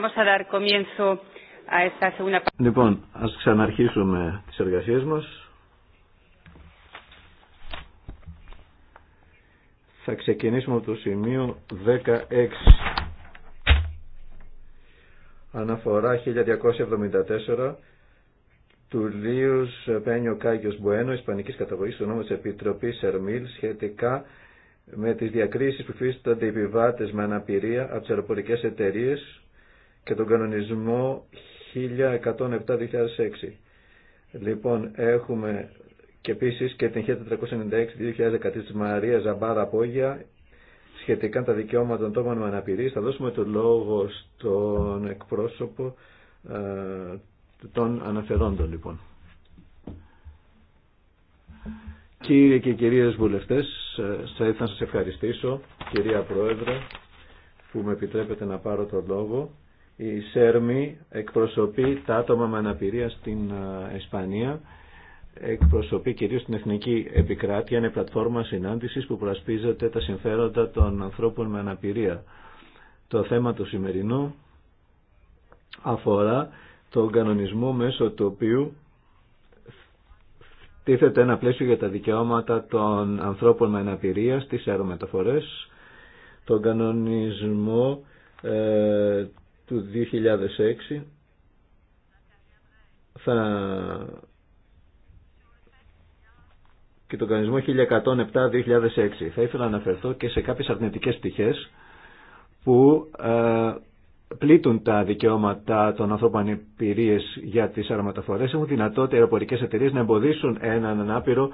Vamos Λοιπόν, ας ξαναρχίσουμε τις εργασίες μας. Θα ξεκινήσουμε από το σημείο 16. Αναφορά 1274 του Λίους Πένιο Κάγιος Μποένο, Ισπανικής καταγωγή του νόμου της Επιτροπής Ερμίλ, σχετικά με τις διακρίσεις που φύστανται οι επιβάτες με αναπηρία από τι αεροπορικές εταιρείες και τον κανονισμό 1107-2006. Λοιπόν, έχουμε και επίση και την 1496-2013 τη Μαρία Ζαμπάρα Απόγεια σχετικά τα δικαιώματα των τόμων με αναπηρή. Θα δώσουμε το λόγο στον εκπρόσωπο ε, των αναφερόντων λοιπόν. Κύριε και κυρίες βουλευτές, ε, θα ήθελα να σας ευχαριστήσω, κυρία Πρόεδρε, που με επιτρέπετε να πάρω το λόγο. Η ΣΕΡΜΗ εκπροσωπεί τα άτομα με αναπηρία στην ε, Ισπανία. Εκπροσωπεί κυρίως την Εθνική Επικράτεια, είναι πλατφόρμα συνάντησης που προασπίζεται τα συμφέροντα των ανθρώπων με αναπηρία. Το θέμα του σημερινού αφορά τον κανονισμό μέσω του οποίου τίθεται ένα πλαίσιο για τα δικαιώματα των ανθρώπων με αναπηρία στις αερομεταφορές, τον κανονισμό ε, του 2006 θα και τον κανονισμό 1107-2006. Θα ήθελα να αναφερθώ και σε κάποιες αρνητικές πτυχές που ε, πλήττουν τα δικαιώματα των ανθρώπων ανεπηρίες για τις αερομεταφορές. Έχουν δυνατότητα οι αεροπορικές εταιρείες να εμποδίσουν έναν ανάπηρο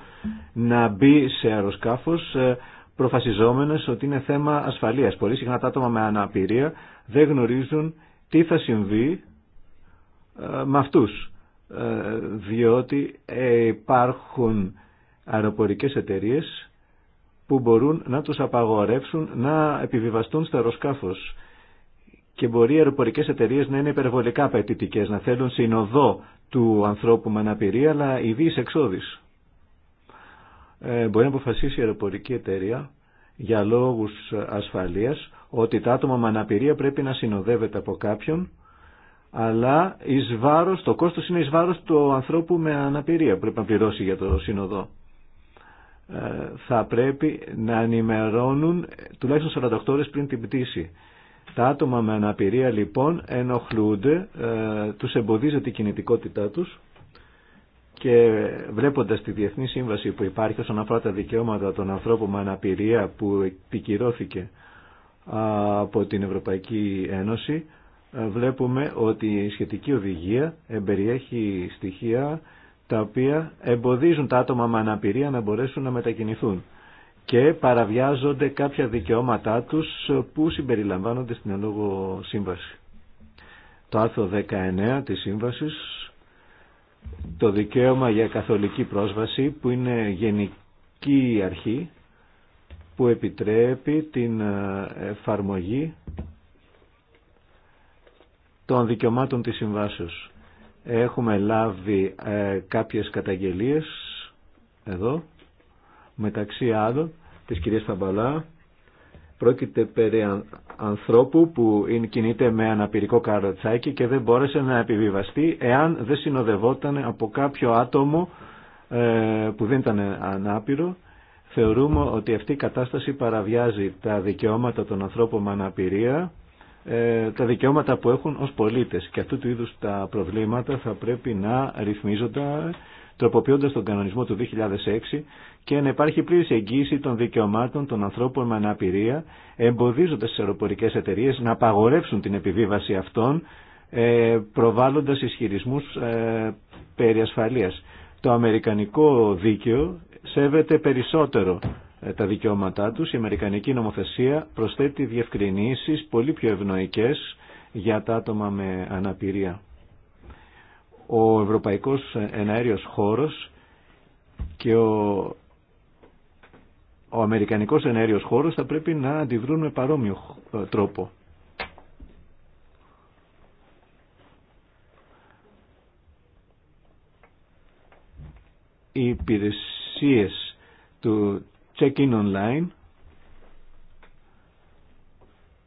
να μπει σε αεροσκάφος ε, προφασιζόμενε ότι είναι θέμα ασφαλείας. Πολύ συχνά τα άτομα με αναπηρία δεν γνωρίζουν τι θα συμβεί ε, με αυτούς, ε, διότι ε, υπάρχουν αεροπορικέ εταιρείε που μπορούν να τους απαγορεύσουν να επιβιβαστούν στο αεροσκάφο. Και μπορεί οι αεροπορικέ εταιρείε να είναι υπερβολικά απαιτητικέ, να θέλουν συνοδό του ανθρώπου με αναπηρία, αλλά ειδή εξόδου. Ε, μπορεί να αποφασίσει η αεροπορική εταιρεία για λόγους ασφαλείας ότι τα άτομα με αναπηρία πρέπει να συνοδεύεται από κάποιον αλλά εις το κόστος είναι εις βάρος του ανθρώπου με αναπηρία πρέπει να πληρώσει για το σύνοδο. Ε, θα πρέπει να ενημερώνουν τουλάχιστον 48 ώρες πριν την πτήση. Τα άτομα με αναπηρία λοιπόν ενοχλούνται, ε, τους εμποδίζεται η κινητικότητά τους και βλέποντας τη Διεθνή Σύμβαση που υπάρχει όσον αφορά τα δικαιώματα των ανθρώπων με αναπηρία που επικυρώθηκε από την Ευρωπαϊκή Ένωση βλέπουμε ότι η σχετική οδηγία εμπεριέχει στοιχεία τα οποία εμποδίζουν τα άτομα με αναπηρία να μπορέσουν να μετακινηθούν και παραβιάζονται κάποια δικαιώματά τους που συμπεριλαμβάνονται στην ελόγω σύμβαση. Το άρθρο 19 της σύμβασης το δικαίωμα για καθολική πρόσβαση που είναι γενική αρχή που επιτρέπει την ε, εφαρμογή των δικαιωμάτων της συμβάσεως. Έχουμε λάβει ε, κάποιες καταγγελίες εδώ μεταξύ άλλων της κυρίας Θαμπαλά Πρόκειται περί ανθρώπου που κινείται με αναπηρικό καροτσάκι και δεν μπόρεσε να επιβιβαστεί εάν δεν συνοδευόταν από κάποιο άτομο ε, που δεν ήταν ανάπηρο. Θεωρούμε ότι αυτή η κατάσταση παραβιάζει τα δικαιώματα των ανθρώπων με αναπηρία, ε, τα δικαιώματα που έχουν ως πολίτες. Και αυτού του είδους τα προβλήματα θα πρέπει να ρυθμίζονται τροποποιώντας τον κανονισμό του 2006 και να υπάρχει πλήρης εγγύηση των δικαιωμάτων των ανθρώπων με αναπηρία, εμποδίζοντας τις αεροπορικές εταιρείες να απαγορεύσουν την επιβίβαση αυτών, ε, προβάλλοντας ισχυρισμούς ε, περί ασφαλείας. Το αμερικανικό δίκαιο σέβεται περισσότερο ε, τα δικαιώματά τους. Η Αμερικανική νομοθεσία προσθέτει διευκρινήσεις πολύ πιο ευνοϊκές για τα άτομα με αναπηρία ο ευρωπαϊκός εναέριος χώρος και ο, ο αμερικανικός εναέριος χώρος θα πρέπει να αντιβρούν με παρόμοιο ε, τρόπο. Οι υπηρεσίες του check-in online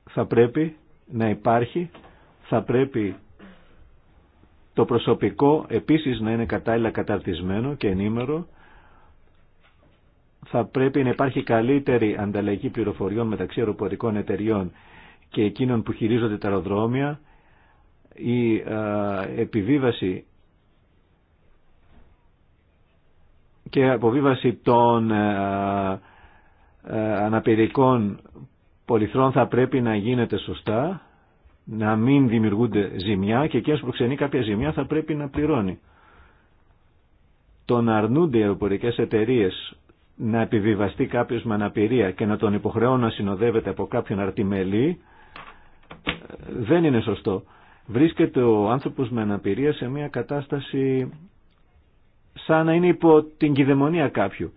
θα πρέπει να υπάρχει, θα πρέπει το προσωπικό επίσης να είναι κατάλληλα καταρτισμένο και ενήμερο. Θα πρέπει να υπάρχει καλύτερη ανταλλαγή πληροφοριών μεταξύ αεροπορικών εταιριών και εκείνων που χειρίζονται τα αεροδρόμια. Η επιβίβαση και αποβίβαση των αναπηρικών πολυθρών θα πρέπει να γίνεται σωστά να μην δημιουργούνται ζημιά και εκεί που προξενεί κάποια ζημιά θα πρέπει να πληρώνει. Το να αρνούνται οι αεροπορικές εταιρείε να επιβιβαστεί κάποιος με αναπηρία και να τον υποχρεώνουν να συνοδεύεται από κάποιον αρτιμελή ε, δεν είναι σωστό. Βρίσκεται ο άνθρωπος με αναπηρία σε μια κατάσταση σαν να είναι υπό την κυδαιμονία κάποιου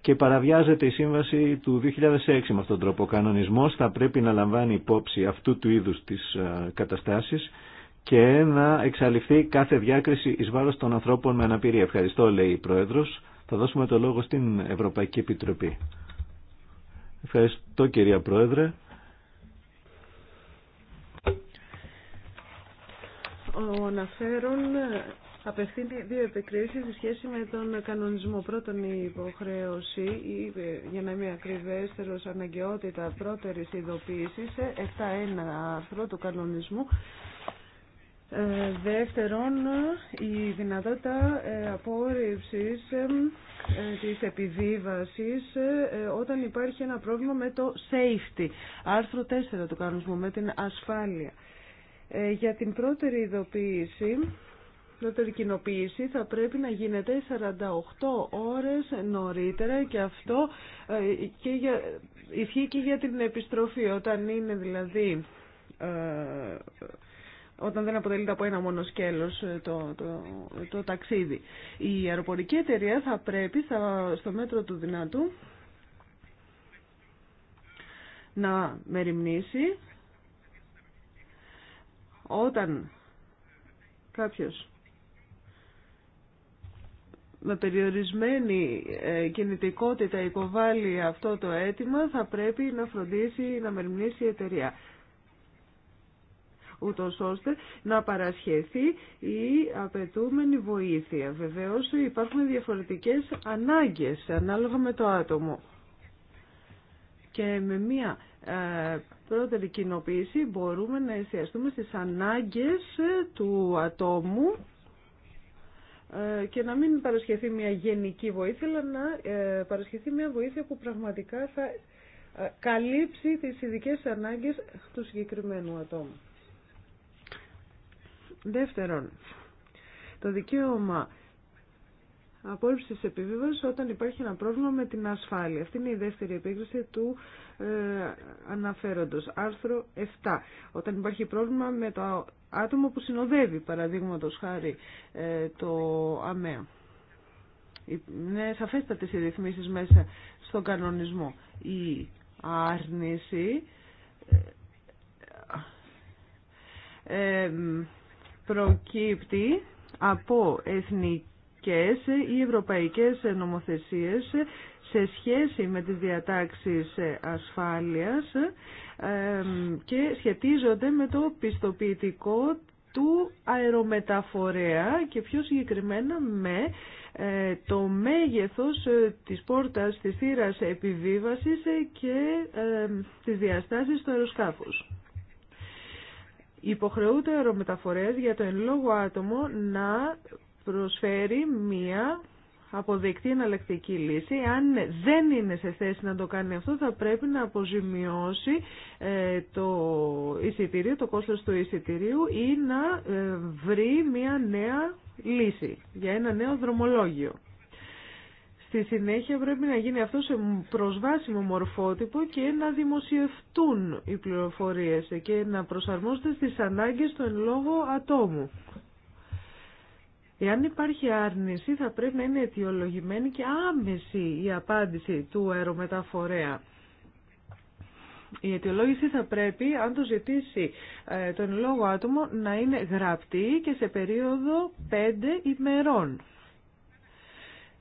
και παραβιάζεται η σύμβαση του 2006 με αυτόν τον τρόπο. Ο κανονισμός θα πρέπει να λαμβάνει υπόψη αυτού του είδους της ε, καταστάσεις και να εξαλειφθεί κάθε διάκριση εις βάρος των ανθρώπων με αναπηρία. Ευχαριστώ, λέει η Πρόεδρος. Θα δώσουμε το λόγο στην Ευρωπαϊκή Επιτροπή. Ευχαριστώ, κυρία Πρόεδρε. Ο αναφέρον απευθύνει δύο επικρίσεις σε σχέση με τον κανονισμό. Πρώτον, η υποχρέωση, ή, ε, για να είμαι ακριβέστερος, αναγκαιότητα πρώτερης ειδοποίησης, 7-1 άρθρο του κανονισμού, ε, δεύτερον, η δυνατότητα ε, απόρριψης ε, της επιβίβασης όταν υπάρχει ένα πρόβλημα με το safety, άρθρο 4 του κανονισμού, με την ασφάλεια. για την πρώτερη ειδοποίηση, πρώτερη κοινοποίηση θα πρέπει να γίνεται 48 ώρες νωρίτερα και αυτό ε, και για, ισχύει και για την επιστροφή όταν είναι δηλαδή ε, όταν δεν αποτελείται από ένα μόνο σκέλος ε, το, το, το ταξίδι. Η αεροπορική εταιρεία θα πρέπει στο μέτρο του δυνατού να μεριμνήσει όταν κάποιος με περιορισμένη ε, κινητικότητα υποβάλει αυτό το αίτημα, θα πρέπει να φροντίσει να μερμηνήσει η εταιρεία ούτω ώστε να παρασχεθεί η απαιτούμενη βοήθεια. Βεβαίως υπάρχουν διαφορετικές ανάγκες ανάλογα με το άτομο. Και με μία ε, πρώτερη κοινοποίηση μπορούμε να εστιαστούμε στις ανάγκες ε, του ατόμου ε, και να μην παρασχεθεί μια γενική βοήθεια, αλλά να ε, παρασχεθεί μια βοήθεια που πραγματικά θα ε, καλύψει τις ειδικέ ανάγκες του συγκεκριμένου ατόμου. Δεύτερον, το δικαίωμα απόρριψη τη επιβίβαση όταν υπάρχει ένα πρόβλημα με την ασφάλεια. Αυτή είναι η δεύτερη επίκριση του ε, αναφέροντος. Άρθρο 7. Όταν υπάρχει πρόβλημα με το άτομο που συνοδεύει, παραδείγματο χάρη, ε, το ΑΜΕΑ. Είναι σαφέστατε οι ρυθμίσεις μέσα στον κανονισμό. Η άρνηση ε, ε, προκύπτει από εθνική και οι ευρωπαϊκές νομοθεσίες σε σχέση με τις διατάξεις ασφάλειας και σχετίζονται με το πιστοποιητικό του αερομεταφορέα και πιο συγκεκριμένα με ε, το μέγεθος ε, της πόρτας της θύρας επιβίβασης ε, και της διαστάσεις του αεροσκάφους. Υποχρεούται ο αερομεταφορέας για το εν λόγω άτομο να προσφέρει μία αποδεκτή εναλλακτική λύση. Αν δεν είναι σε θέση να το κάνει αυτό, θα πρέπει να αποζημιώσει ε, το εισιτήριο, το κόστος του εισιτηρίου ή να ε, βρει μία νέα λύση για ένα νέο δρομολόγιο. Στη συνέχεια πρέπει να γίνει αυτό σε προσβάσιμο μορφότυπο και να δημοσιευτούν οι πληροφορίες και να προσαρμόζονται στις ανάγκες των λόγω ατόμου. Εάν υπάρχει άρνηση θα πρέπει να είναι αιτιολογημένη και άμεση η απάντηση του αερομεταφορέα. Η αιτιολόγηση θα πρέπει, αν το ζητήσει ε, τον λόγο άτομο, να είναι γραπτή και σε περίοδο πέντε ημερών.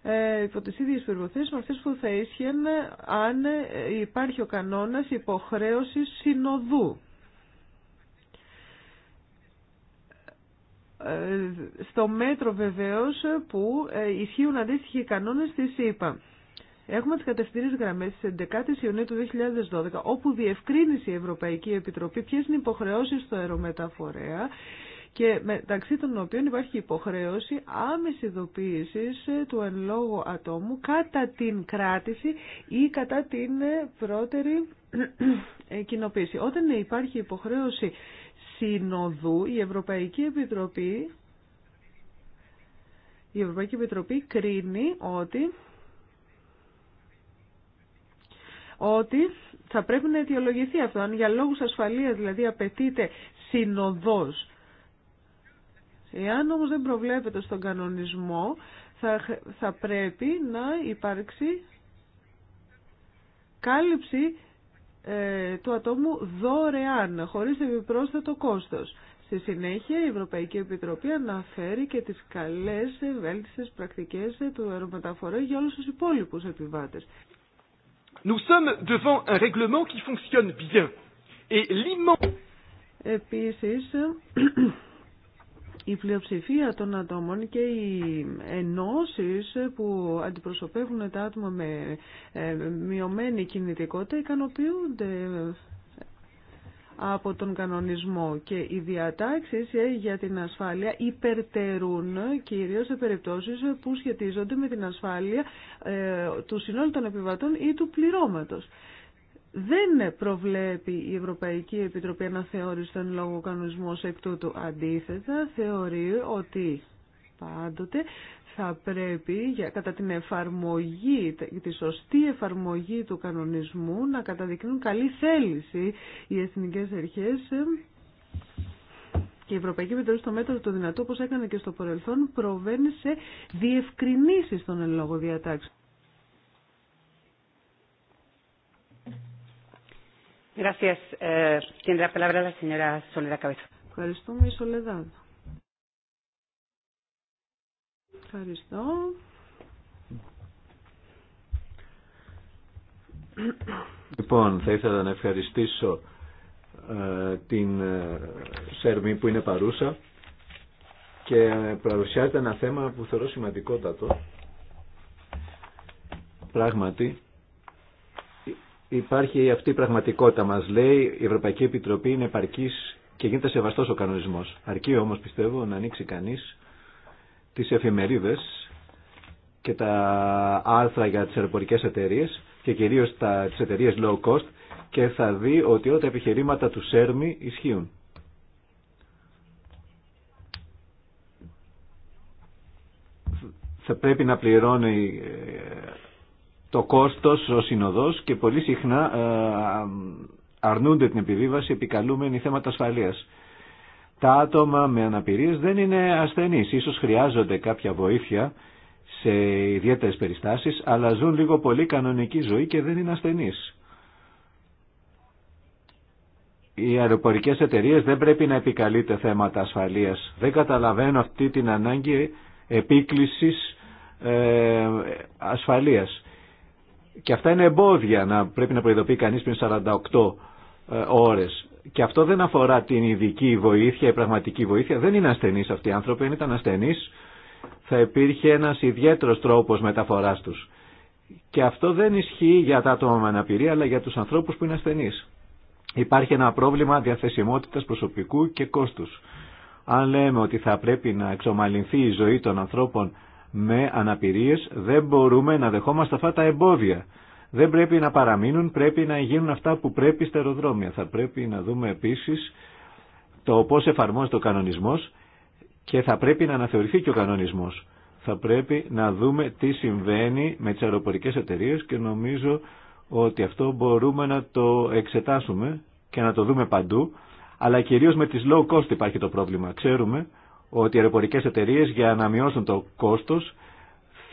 Ε, υπό τις ίδιες με που θα ίσχυαν αν ε, υπάρχει ο κανόνας υποχρέωσης συνοδού. Ε, στο μέτρο βεβαίως που ε, ισχύουν αντίστοιχοι κανόνες στη ΕΠΑ. Έχουμε τις κατευθυντήριες γραμμές στις 11 Ιουνίου του 2012, όπου διευκρίνησε η Ευρωπαϊκή Επιτροπή ποιες είναι οι υποχρεώσεις στο αερομεταφορέα και μεταξύ των οποίων υπάρχει υποχρέωση άμεση ειδοποίηση ε, του εν λόγω ατόμου κατά την κράτηση ή κατά την πρώτερη κοινοποίηση. Όταν υπάρχει υποχρέωση Συνοδού η Ευρωπαϊκή Επιτροπή η Ευρωπαϊκή Επιτροπή κρίνει ότι ότι θα πρέπει να αιτιολογηθεί αυτό. Αν για λόγους ασφαλείας δηλαδή απαιτείται συνοδός. Εάν όμως δεν προβλέπεται στον κανονισμό θα, θα πρέπει να υπάρξει κάλυψη ε, του ατόμου δωρεάν, χωρίς επιπρόσθετο κόστος. Στη συνέχεια, η Ευρωπαϊκή Επιτροπή αναφέρει και τις καλές βέλτισες πρακτικές του αερομεταφορέ για όλους τους υπόλοιπους επιβάτες. Nous sommes devant un règlement qui fonctionne bien. Et Επίσης, η πλειοψηφία των ατόμων και οι ενώσεις που αντιπροσωπεύουν τα άτομα με ε, μειωμένη κινητικότητα ικανοποιούνται από τον κανονισμό και οι διατάξεις ε, για την ασφάλεια υπερτερούν κυρίως σε περιπτώσεις που σχετίζονται με την ασφάλεια ε, του συνόλου των επιβατών ή του πληρώματος δεν προβλέπει η Ευρωπαϊκή Επιτροπή αναθεώρηση των λόγων κανονισμό εκ τούτου. Αντίθετα, θεωρεί ότι πάντοτε θα πρέπει για, κατά την εφαρμογή, τη σωστή εφαρμογή του κανονισμού να καταδεικνύουν καλή θέληση οι εθνικές αρχές ε, και η Ευρωπαϊκή Επιτροπή στο μέτρο του δυνατού, όπως έκανε και στο παρελθόν, προβαίνει σε διευκρινήσεις των εν Gracias. Eh, tiene la palabra Ευχαριστούμε η Σολεδάδο. Ευχαριστώ. Λοιπόν, θα ήθελα να ευχαριστήσω ε, την ε, Σέρμη που είναι παρούσα και παρουσιάζεται ένα θέμα που θεωρώ σημαντικότατο. Πράγματι, Υπάρχει αυτή η πραγματικότητα. Μα λέει η Ευρωπαϊκή Επιτροπή είναι επαρκή και γίνεται σεβαστό ο κανονισμό. Αρκεί όμω πιστεύω να ανοίξει κανεί τι εφημερίδε και τα άρθρα για τι αεροπορικέ εταιρείε και κυρίω τι εταιρείε low cost και θα δει ότι όλα τα επιχειρήματα του ΣΕΡΜΗ ισχύουν. θα πρέπει να πληρώνει ε, το κόστος ο συνοδός και πολύ συχνά ε, αρνούνται την επιβίβαση επικαλούμενοι θέματα ασφαλείας. Τα άτομα με αναπηρίες δεν είναι ασθενείς, ίσως χρειάζονται κάποια βοήθεια σε ιδιαίτερες περιστάσεις, αλλά ζουν λίγο πολύ κανονική ζωή και δεν είναι ασθενείς. Οι αεροπορικές εταιρείες δεν πρέπει να επικαλείται θέματα ασφαλείας. Δεν καταλαβαίνω αυτή την ανάγκη επίκλησης ε, ασφαλείας. Και αυτά είναι εμπόδια να πρέπει να προειδοποιεί κανείς πριν 48 ε, ώρες. Και αυτό δεν αφορά την ειδική βοήθεια, η πραγματική βοήθεια. Δεν είναι ασθενείς αυτοί οι άνθρωποι. Αν ήταν ασθενείς θα υπήρχε ένας ιδιαίτερος τρόπος μεταφοράς τους. Και αυτό δεν ισχύει για τα άτομα με αναπηρία, αλλά για τους ανθρώπους που είναι ασθενείς. Υπάρχει ένα πρόβλημα διαθεσιμότητας προσωπικού και κόστους. Αν λέμε ότι θα πρέπει να εξομαλυνθεί η ζωή των ανθρώπων με αναπηρίες δεν μπορούμε να δεχόμαστε αυτά τα εμπόδια. Δεν πρέπει να παραμείνουν, πρέπει να γίνουν αυτά που πρέπει στα αεροδρόμια. Θα πρέπει να δούμε επίσης το πώς εφαρμόζεται ο κανονισμός και θα πρέπει να αναθεωρηθεί και ο κανονισμός. Θα πρέπει να δούμε τι συμβαίνει με τις αεροπορικές εταιρείες και νομίζω ότι αυτό μπορούμε να το εξετάσουμε και να το δούμε παντού, αλλά κυρίως με τις low cost υπάρχει το πρόβλημα. Ξέρουμε ότι οι αεροπορικές εταιρείες για να μειώσουν το κόστος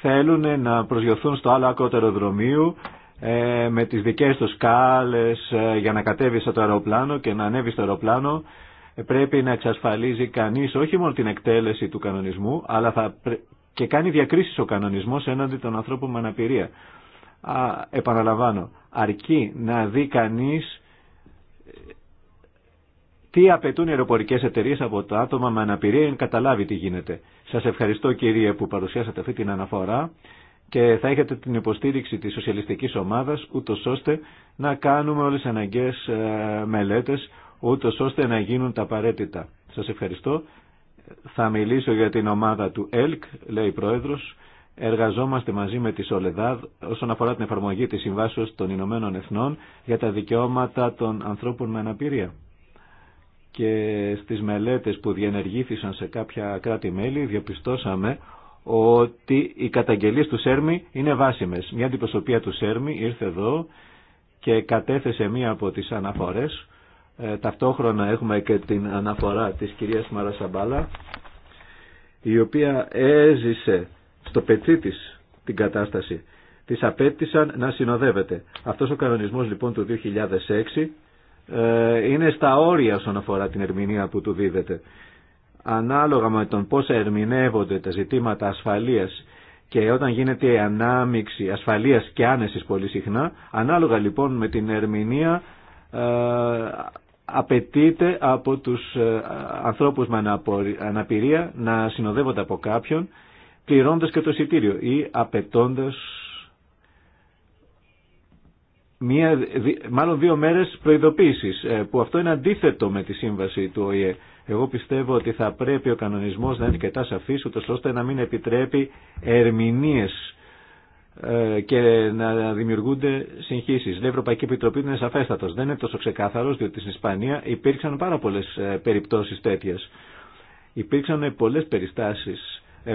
θέλουν να προσγειωθούν στο άλλο άκρο του αεροδρομίου ε, με τις δικές τους κάλες ε, για να κατέβει στο αεροπλάνο και να ανέβει στο αεροπλάνο ε, πρέπει να εξασφαλίζει κανείς όχι μόνο την εκτέλεση του κανονισμού αλλά θα και κάνει διακρίσεις ο κανονισμός έναντι των ανθρώπων με αναπηρία. επαναλαμβάνω, αρκεί να δει κανείς τι απαιτούν οι αεροπορικές εταιρείες από το άτομα με αναπηρία για καταλάβει τι γίνεται. Σας ευχαριστώ κύριε που παρουσιάσατε αυτή την αναφορά και θα έχετε την υποστήριξη της σοσιαλιστικής ομάδας ούτω ώστε να κάνουμε όλες τις αναγκαίες ε, μελέτες ούτω ώστε να γίνουν τα απαραίτητα. Σας ευχαριστώ. Θα μιλήσω για την ομάδα του ΕΛΚ, λέει η Πρόεδρος. Εργαζόμαστε μαζί με τη Σολεδάδ όσον αφορά την εφαρμογή της Συμβάσεως των Ηνωμένων Εθνών για τα δικαιώματα των ανθρώπων με αναπηρία και στις μελέτες που διενεργήθησαν σε κάποια κράτη-μέλη διαπιστώσαμε ότι οι καταγγελίες του Σέρμι είναι βάσιμες. Μια αντιπροσωπεία του Σέρμι ήρθε εδώ και κατέθεσε μία από τις αναφορές. Ε, ταυτόχρονα έχουμε και την αναφορά της κυρίας Μαρασαμπάλα, η οποία έζησε στο πετσί τη την κατάσταση. Της απέτησαν να συνοδεύεται. Αυτός ο κανονισμός λοιπόν του 2006 ε, είναι στα όρια όσον αφορά την ερμηνεία που του δίδεται. Ανάλογα με τον πώς ερμηνεύονται τα ζητήματα ασφαλείας και όταν γίνεται η ανάμιξη ασφαλείας και άνεσης πολύ συχνά, ανάλογα λοιπόν με την ερμηνεία ε, απαιτείται από τους ε, ανθρώπους με αναπηρία να συνοδεύονται από κάποιον πληρώντας και το εισιτήριο ή απαιτώντας μία, μάλλον δύο μέρες προειδοποίησης, ε, που αυτό είναι αντίθετο με τη σύμβαση του ΟΗΕ. Εγώ πιστεύω ότι θα πρέπει ο κανονισμός να είναι αρκετά σαφής, ούτως ώστε να μην επιτρέπει ερμηνείες ε, και να δημιουργούνται συγχύσει. η Ευρωπαϊκή Επιτροπή είναι σαφέστατο. Δεν είναι τόσο ξεκάθαρο, διότι στην Ισπανία υπήρξαν πάρα πολλέ ε, περιπτώσει τέτοιε. Υπήρξαν πολλέ περιστάσει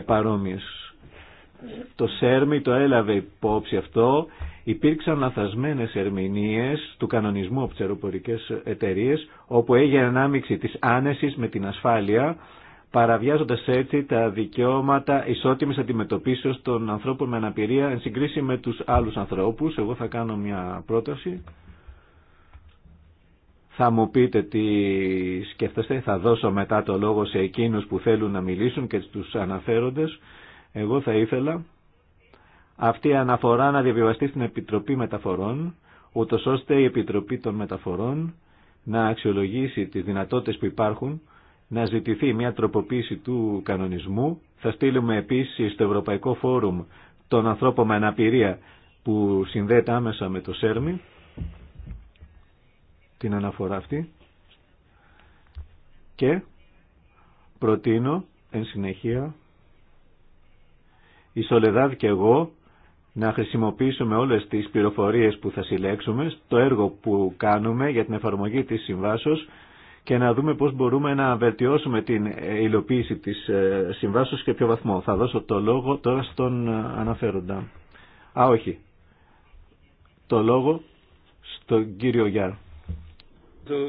παρόμοιε το ΣΕΡΜΙ το έλαβε υπόψη αυτό. Υπήρξαν λαθασμένες ερμηνείες του κανονισμού από τι αεροπορικέ εταιρείε όπου έγινε ανάμειξη της άνεσης με την ασφάλεια, παραβιάζοντας έτσι τα δικαιώματα ισότιμης αντιμετωπίσεως των ανθρώπων με αναπηρία εν συγκρίση με τους άλλους ανθρώπους. Εγώ θα κάνω μια πρόταση. Θα μου πείτε τι σκέφτεστε, θα δώσω μετά το λόγο σε εκείνους που θέλουν να μιλήσουν και στους αναφέροντες. Εγώ θα ήθελα αυτή η αναφορά να διαβιβαστεί στην Επιτροπή Μεταφορών, ούτω ώστε η Επιτροπή των Μεταφορών να αξιολογήσει τις δυνατότητες που υπάρχουν, να ζητηθεί μια τροποποίηση του κανονισμού. Θα στείλουμε επίσης στο Ευρωπαϊκό Φόρουμ τον ανθρώπο με αναπηρία που συνδέεται άμεσα με το ΣΕΡΜΗ την αναφορά αυτή. Και προτείνω εν συνεχεία η Σολεδάδ και εγώ να χρησιμοποιήσουμε όλες τις πληροφορίες που θα συλλέξουμε στο έργο που κάνουμε για την εφαρμογή της συμβάσεως και να δούμε πώς μπορούμε να βελτιώσουμε την ε, υλοποίηση της ε, συμβάσεως και ποιο βαθμό. Θα δώσω το λόγο τώρα στον ε, αναφέροντα. Α, όχι. Το λόγο στον κύριο Γιάρ. Δεν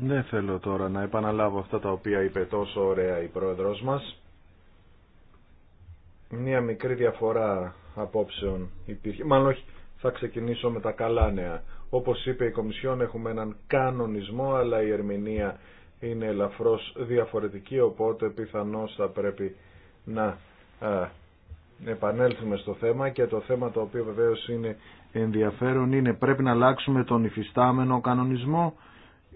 ναι, θέλω τώρα να επαναλάβω αυτά τα οποία είπε τόσο ωραία η πρόεδρος μας. Μία μικρή διαφορά απόψεων υπήρχε. Μάλλον όχι, θα ξεκινήσω με τα καλά νέα. Όπως είπε η Κομισιόν έχουμε έναν κανονισμό αλλά η ερμηνεία είναι ελαφρώς διαφορετική οπότε πιθανώς θα πρέπει να επανέλθουμε στο θέμα και το θέμα το οποίο βεβαίως είναι ενδιαφέρον είναι πρέπει να αλλάξουμε τον υφιστάμενο κανονισμό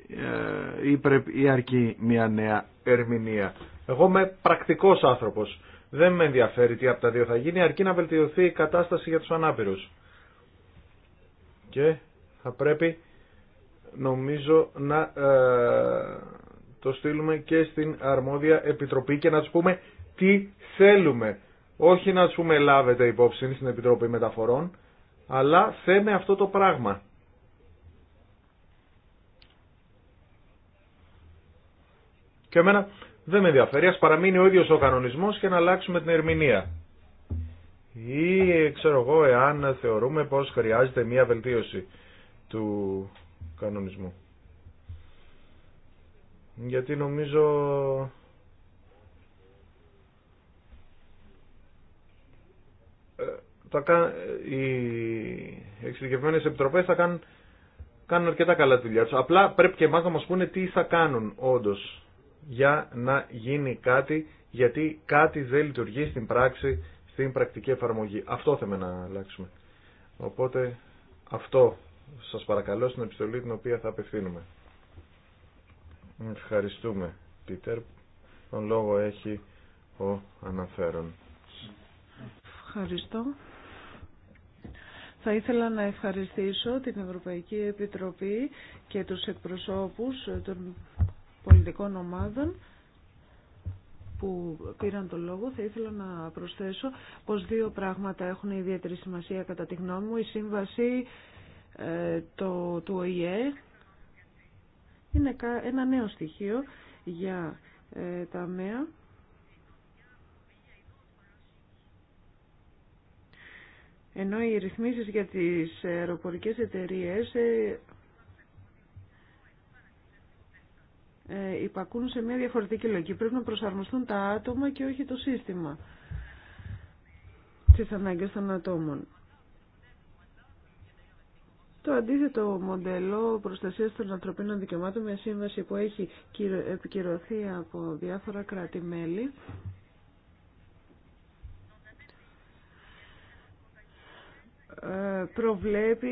ε, ή, ή αρκεί μια νέα ερμηνεία. Εγώ είμαι πρακτικός άνθρωπος. Δεν με ενδιαφέρει τι από τα δύο θα γίνει, αρκεί να βελτιωθεί η κατάσταση για τους ανάπηρους. Και θα πρέπει νομίζω να ε, το στείλουμε και στην αρμόδια επιτροπή και να τους πούμε τι θέλουμε. Όχι να τους πούμε λάβετε υπόψη στην Επιτροπή Μεταφορών, αλλά θέμε αυτό το πράγμα. Και εμένα δεν με ενδιαφέρει, ας παραμείνει ο ίδιος ο κανονισμός και να αλλάξουμε την ερμηνεία. Ή ξέρω εγώ εάν θεωρούμε πως χρειάζεται μία βελτίωση του κανονισμού. Γιατί νομίζω τα, ε, οι εξειδικευμένες επιτροπές θα κάνουν, κάνουν αρκετά καλά τη δουλειά τους. Απλά πρέπει και εμάς να μας πούνε τι θα κάνουν όντως για να γίνει κάτι γιατί κάτι δεν λειτουργεί στην πράξη, στην πρακτική εφαρμογή. Αυτό θέλουμε να αλλάξουμε. Οπότε αυτό σας παρακαλώ στην επιστολή την οποία θα απευθύνουμε. Ευχαριστούμε Πίτερ. Τον λόγο έχει ο αναφέρον. Ευχαριστώ. Θα ήθελα να ευχαριστήσω την Ευρωπαϊκή Επιτροπή και τους εκπροσώπους των πολιτικών ομάδων που πήραν το λόγο, θα ήθελα να προσθέσω πως δύο πράγματα έχουν ιδιαίτερη σημασία κατά τη γνώμη μου. Η σύμβαση ε, το, του ΟΗΕ είναι ένα νέο στοιχείο για ε, τα ΜΕΑ. Ενώ οι ρυθμίσεις για τις αεροπορικές εταιρείες ε, Ε, υπακούν σε μια διαφορετική λογική. Πρέπει να προσαρμοστούν τα άτομα και όχι το σύστημα στις ανάγκες των ατόμων. Το αντίθετο μοντέλο προστασίας των ανθρωπίνων δικαιωμάτων με σύμβαση που έχει επικυρωθεί από διάφορα κράτη-μέλη προβλέπει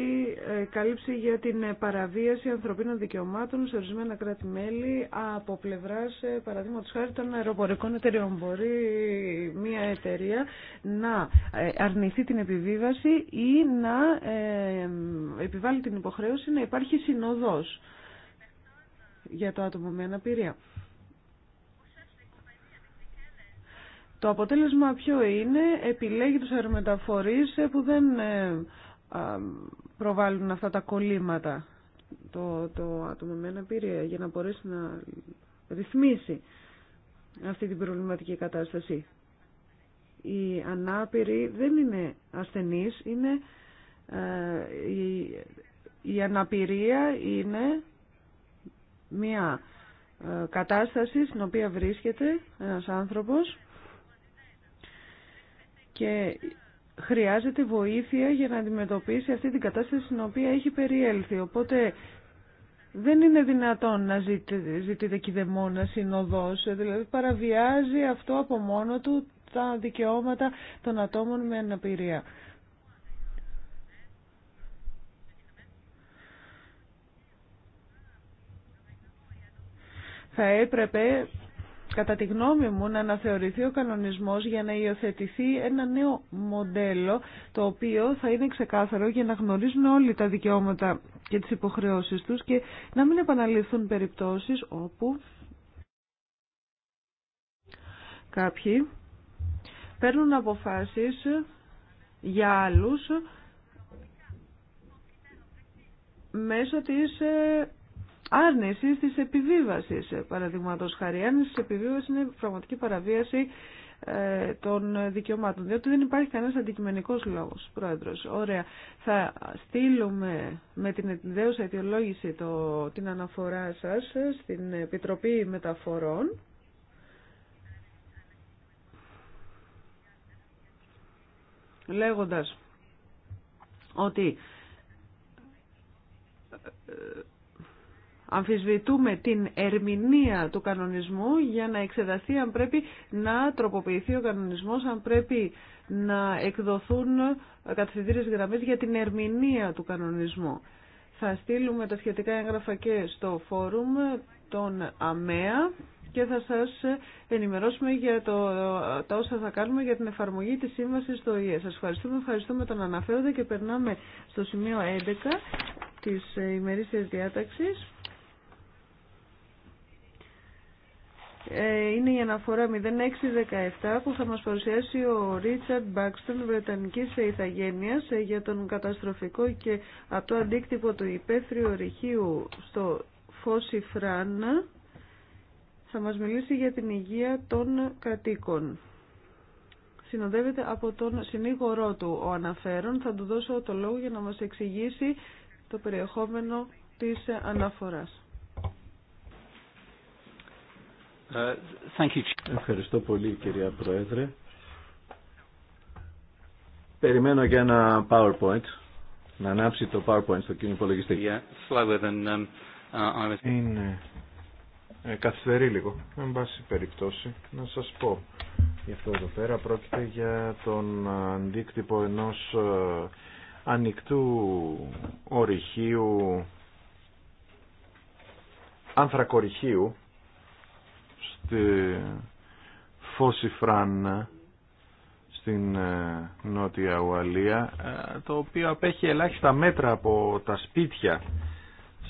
ε, κάλυψη για την παραβίαση ανθρωπίνων δικαιωμάτων σε ορισμένα κράτη-μέλη από πλευρά, ε, παραδείγματο χάρη, των αεροπορικών εταιρεών. Μπορεί μια εταιρεία να ε, αρνηθεί την επιβίβαση ή να επιβάλλει την υποχρέωση να υπάρχει συνοδός για το άτομο με αναπηρία. Το αποτέλεσμα ποιο είναι, επιλέγει τους αερομεταφορείς που δεν ε, προβάλλουν αυτά τα κολλήματα το, το άτομο με αναπηρία για να μπορέσει να ρυθμίσει αυτή την προβληματική κατάσταση. Οι ανάπηροι δεν είναι ασθενείς, είναι, ε, η, η αναπηρία είναι μια ε, κατάσταση στην οποία βρίσκεται ένας άνθρωπος και χρειάζεται βοήθεια για να αντιμετωπίσει αυτή την κατάσταση στην οποία έχει περιέλθει. Οπότε δεν είναι δυνατόν να ζητείτε να συνοδός, δηλαδή παραβιάζει αυτό από μόνο του τα δικαιώματα των ατόμων με αναπηρία. Θα έπρεπε κατά τη γνώμη μου, να αναθεωρηθεί ο κανονισμός για να υιοθετηθεί ένα νέο μοντέλο, το οποίο θα είναι ξεκάθαρο για να γνωρίζουν όλοι τα δικαιώματα και τις υποχρεώσεις τους και να μην επαναληφθούν περιπτώσεις όπου κάποιοι παίρνουν αποφάσεις για άλλους μέσω της ε, άρνηση της επιβίβασης, παραδείγματο χάρη. Η άρνηση τη επιβίβαση είναι πραγματική παραβίαση ε, των δικαιωμάτων, διότι δεν υπάρχει κανένας αντικειμενικός λόγος, πρόεδρος. Ωραία, θα στείλουμε με την δέουσα αιτιολόγηση το, την αναφορά σας ε, στην Επιτροπή Μεταφορών. Λέγοντας ότι ε, αμφισβητούμε την ερμηνεία του κανονισμού για να εξεταστεί αν πρέπει να τροποποιηθεί ο κανονισμός, αν πρέπει να εκδοθούν καθηγητήρες γραμμές για την ερμηνεία του κανονισμού. Θα στείλουμε τα σχετικά έγγραφα και στο φόρουμ των ΑΜΕΑ και θα σας ενημερώσουμε για το, τα όσα θα κάνουμε για την εφαρμογή της σύμβασης στο ΙΕ. Σας ευχαριστούμε, ευχαριστούμε τον αναφέροντα και περνάμε στο σημείο 11 της ημερήσιας διάταξης Ε, είναι η αναφορά 0617 που θα μας παρουσιάσει ο Ρίτσαρντ Μπάξτον Βρετανικής Ιθαγένειας ε, για τον καταστροφικό και αυτό το αντίκτυπο του υπαίθριου ρηχείου στο Φώση Φράνα θα μας μιλήσει για την υγεία των κατοίκων. Συνοδεύεται από τον συνήγορό του ο αναφέρον. Θα του δώσω το λόγο για να μας εξηγήσει το περιεχόμενο της αναφοράς. Ευχαριστώ πολύ κυρία Πρόεδρε. Περιμένω για ένα PowerPoint, να ανάψει το PowerPoint στο κοινό υπολογιστή. Um, uh, Είναι καθυστερή καθυστερεί λίγο, εν πάση περιπτώσει, να σας πω. Γι' αυτό εδώ πέρα πρόκειται για τον αντίκτυπο ενός ε, ανοιχτού ορυχείου, ανθρακορυχείου, στη Φώση Φράν στην ε, Νότια Ουαλία ε, το οποίο απέχει ελάχιστα μέτρα από τα σπίτια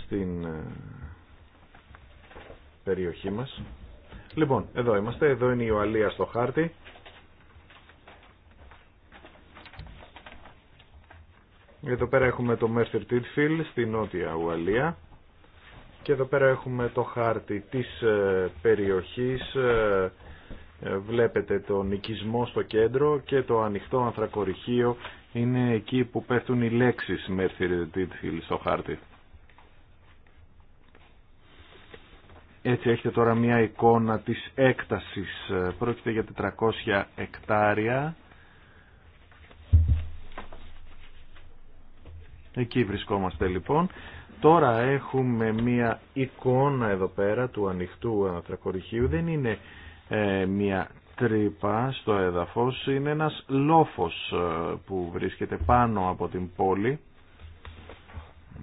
στην ε, περιοχή μας. Λοιπόν, εδώ είμαστε, εδώ είναι η Ουαλία στο χάρτη. Εδώ πέρα έχουμε το Μέρθυρ Τίτφιλ στη Νότια Ουαλία. Και εδώ πέρα έχουμε το χάρτη της ε, περιοχής, ε, ε, βλέπετε τον οικισμό στο κέντρο και το ανοιχτό ανθρακοριχείο είναι εκεί που πέφτουν οι λέξεις Merthyr στο χάρτη. Έτσι έχετε τώρα μία εικόνα της έκτασης. Πρόκειται για 400 εκτάρια. Εκεί βρισκόμαστε λοιπόν Τώρα έχουμε μία εικόνα εδώ πέρα του ανοιχτού ανθρακοριχείου. Δεν είναι ε, μία τρύπα στο έδαφος, είναι ένας λόφος ε, που βρίσκεται πάνω από την πόλη.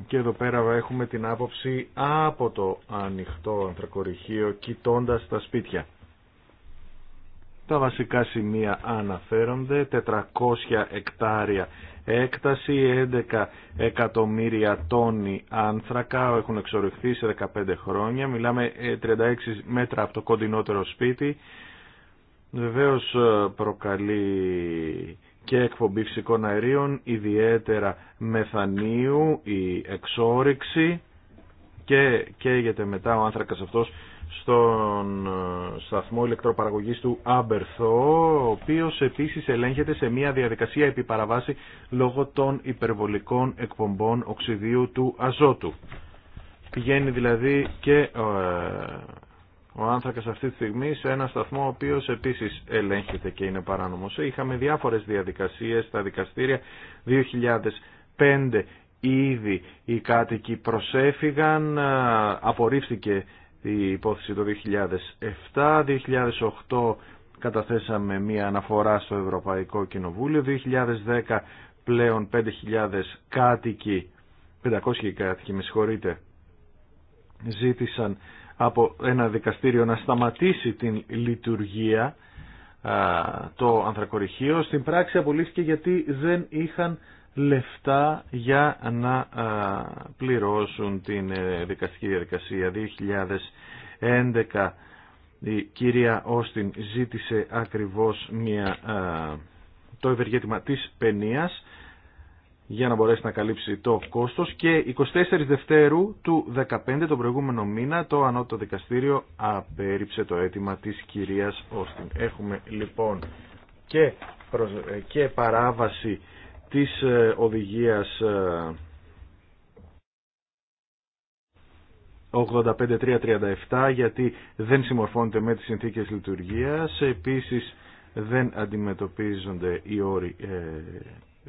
Και εδώ πέρα έχουμε την άποψη από το ανοιχτό ανθρακοριχείο κοιτώντας τα σπίτια. Τα βασικά σημεία αναφέρονται, 400 εκτάρια έκταση, 11 εκατομμύρια τόνοι άνθρακα έχουν εξορυχθεί σε 15 χρόνια, μιλάμε 36 ε, μέτρα από το κοντινότερο σπίτι, βεβαίως ε, προκαλεί και εκπομπή φυσικών αερίων, ιδιαίτερα μεθανίου, η εξόρυξη και καίγεται μετά ο άνθρακας αυτός στον ε, σταθμό ηλεκτροπαραγωγής του Άμπερθο, ο οποίος επίσης ελέγχεται σε μια διαδικασία επιπαραβάση λόγω των υπερβολικών εκπομπών οξυδίου του αζότου. Πηγαίνει δηλαδή και ε, ο άνθρακας αυτή τη στιγμή σε ένα σταθμό ο οποίος επίσης ελέγχεται και είναι παράνομος. Είχαμε διάφορες διαδικασίες στα δικαστήρια 2005 ήδη οι κάτοικοι προσέφυγαν, ε, απορρίφθηκε η υπόθεση το 2007, 2008 καταθέσαμε μία αναφορά στο Ευρωπαϊκό Κοινοβούλιο, 2010 πλέον 5.000 κάτοικοι, 500 κάτοικοι με συγχωρείτε, ζήτησαν από ένα δικαστήριο να σταματήσει την λειτουργία το ανθρακοριχείο. Στην πράξη απολύθηκε γιατί δεν είχαν λεφτά για να πληρώσουν την ε, δικαστική διαδικασία. 2011 η κυρία Όστιν ζήτησε ακριβώς μια, το ευεργέτημα της παινίας για να μπορέσει να καλύψει το κόστος και 24 Δευτέρου του 15 τον προηγούμενο μήνα το ανώτατο δικαστήριο απέριψε το αίτημα της κυρίας Όστιν. Έχουμε λοιπόν και, και παράβαση της ε, οδηγίας 85337 ε, γιατί δεν συμμορφώνεται με τις συνθήκες λειτουργίας. Επίσης δεν αντιμετωπίζονται οι όροι ε,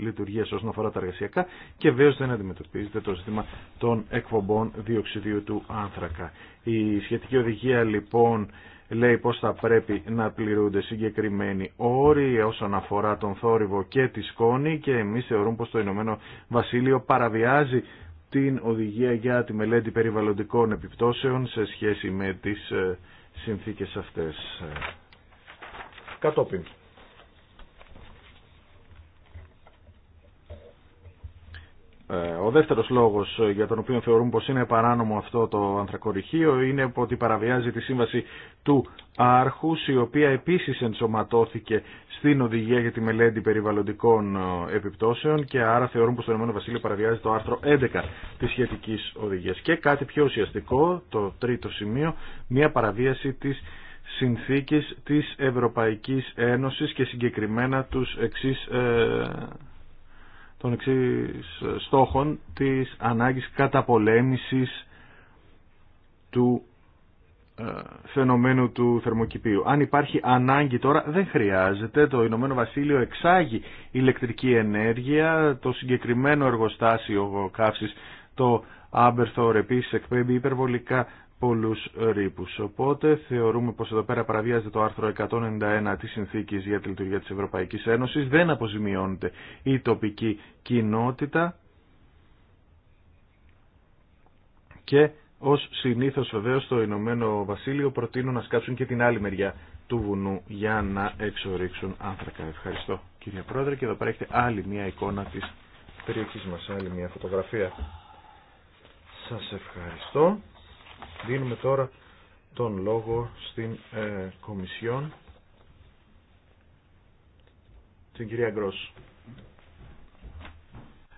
λειτουργίας όσον αφορά τα εργασιακά και βέβαια δεν αντιμετωπίζεται το ζήτημα των εκπομπών διοξιδίου του άνθρακα. Η σχετική οδηγία λοιπόν λέει πως θα πρέπει να πληρούνται συγκεκριμένοι όροι όσον αφορά τον θόρυβο και τη σκόνη και εμείς θεωρούμε πως το Ηνωμένο Βασίλειο παραβιάζει την οδηγία για τη μελέτη περιβαλλοντικών επιπτώσεων σε σχέση με τις ε, συνθήκες αυτές. Ε, κατόπιν. Ε, ο δεύτερος λόγος για τον οποίο θεωρούν πως είναι παράνομο αυτό το ανθρακοριχείο είναι ότι παραβιάζει τη σύμβαση του Άρχους η οποία επίσης ενσωματώθηκε στην οδηγία για τη μελέτη περιβαλλοντικών ε, επιπτώσεων και άρα θεωρούν πως το Ηνωμένο Βασίλειο παραβιάζει το άρθρο 11 της σχετικής οδηγίας. Και κάτι πιο ουσιαστικό, το τρίτο σημείο, μια παραβίαση της συνθήκης της Ευρωπαϊκής Ένωσης και συγκεκριμένα τους εξή. Ε, των εξή στόχων της ανάγκης καταπολέμησης του ε, φαινομένου του θερμοκηπίου. Αν υπάρχει ανάγκη τώρα δεν χρειάζεται. Το Ηνωμένο Βασίλειο εξάγει ηλεκτρική ενέργεια. Το συγκεκριμένο εργοστάσιο καύσης το Άμπερθορ επίσης εκπέμπει υπερβολικά πολλούς ρήπους. Οπότε θεωρούμε πως εδώ πέρα παραβιάζεται το άρθρο 191 της Συνθήκης για τη Λειτουργία της Ευρωπαϊκής Ένωσης. Δεν αποζημιώνεται η τοπική κοινότητα και ως συνήθως βεβαίω το Ηνωμένο Βασίλειο προτείνω να σκάψουν και την άλλη μεριά του βουνού για να εξορίξουν άνθρακα. Ευχαριστώ κύριε Πρόεδρε και εδώ πέρα έχετε άλλη μια εικόνα της περιοχής μας, άλλη μια φωτογραφία. Σας ευχαριστώ. Δίνουμε τώρα τον λόγο στην ε, Κομισιόν, την κυρία Γκρός.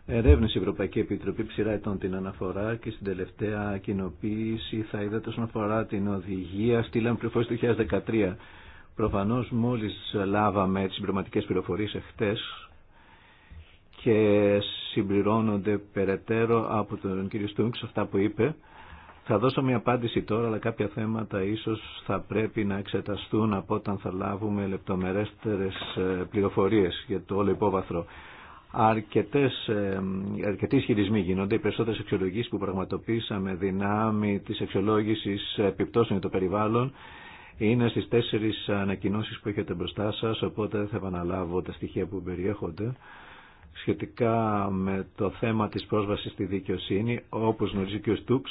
Ερεύνηση Ευρωπαϊκή Επιτροπή ψηρά ετών την αναφορά και στην τελευταία κοινοποίηση θα είδατε όσον αφορά την οδηγία στείλαν πληροφορίες του 2013. Προφανώς μόλις λάβαμε τις συμπληρωματικές πληροφορίες εχθές και συμπληρώνονται περαιτέρω από τον κύριο Στούγκ αυτά που είπε θα δώσω μια απάντηση τώρα, αλλά κάποια θέματα ίσως θα πρέπει να εξεταστούν από όταν θα λάβουμε λεπτομερέστερες ε, πληροφορίες για το όλο υπόβαθρο. Αρκετές, ε, αρκετοί ισχυρισμοί γίνονται, οι περισσότερες αξιολογήσεις που πραγματοποίησαμε δυνάμει της αξιολόγησης επιπτώσεων για το περιβάλλον είναι στις τέσσερις ανακοινώσεις που έχετε μπροστά σας, οπότε δεν θα επαναλάβω τα στοιχεία που περιέχονται σχετικά με το θέμα της πρόσβασης στη δικαιοσύνη, όπως γνωρίζει και ο Στούξ,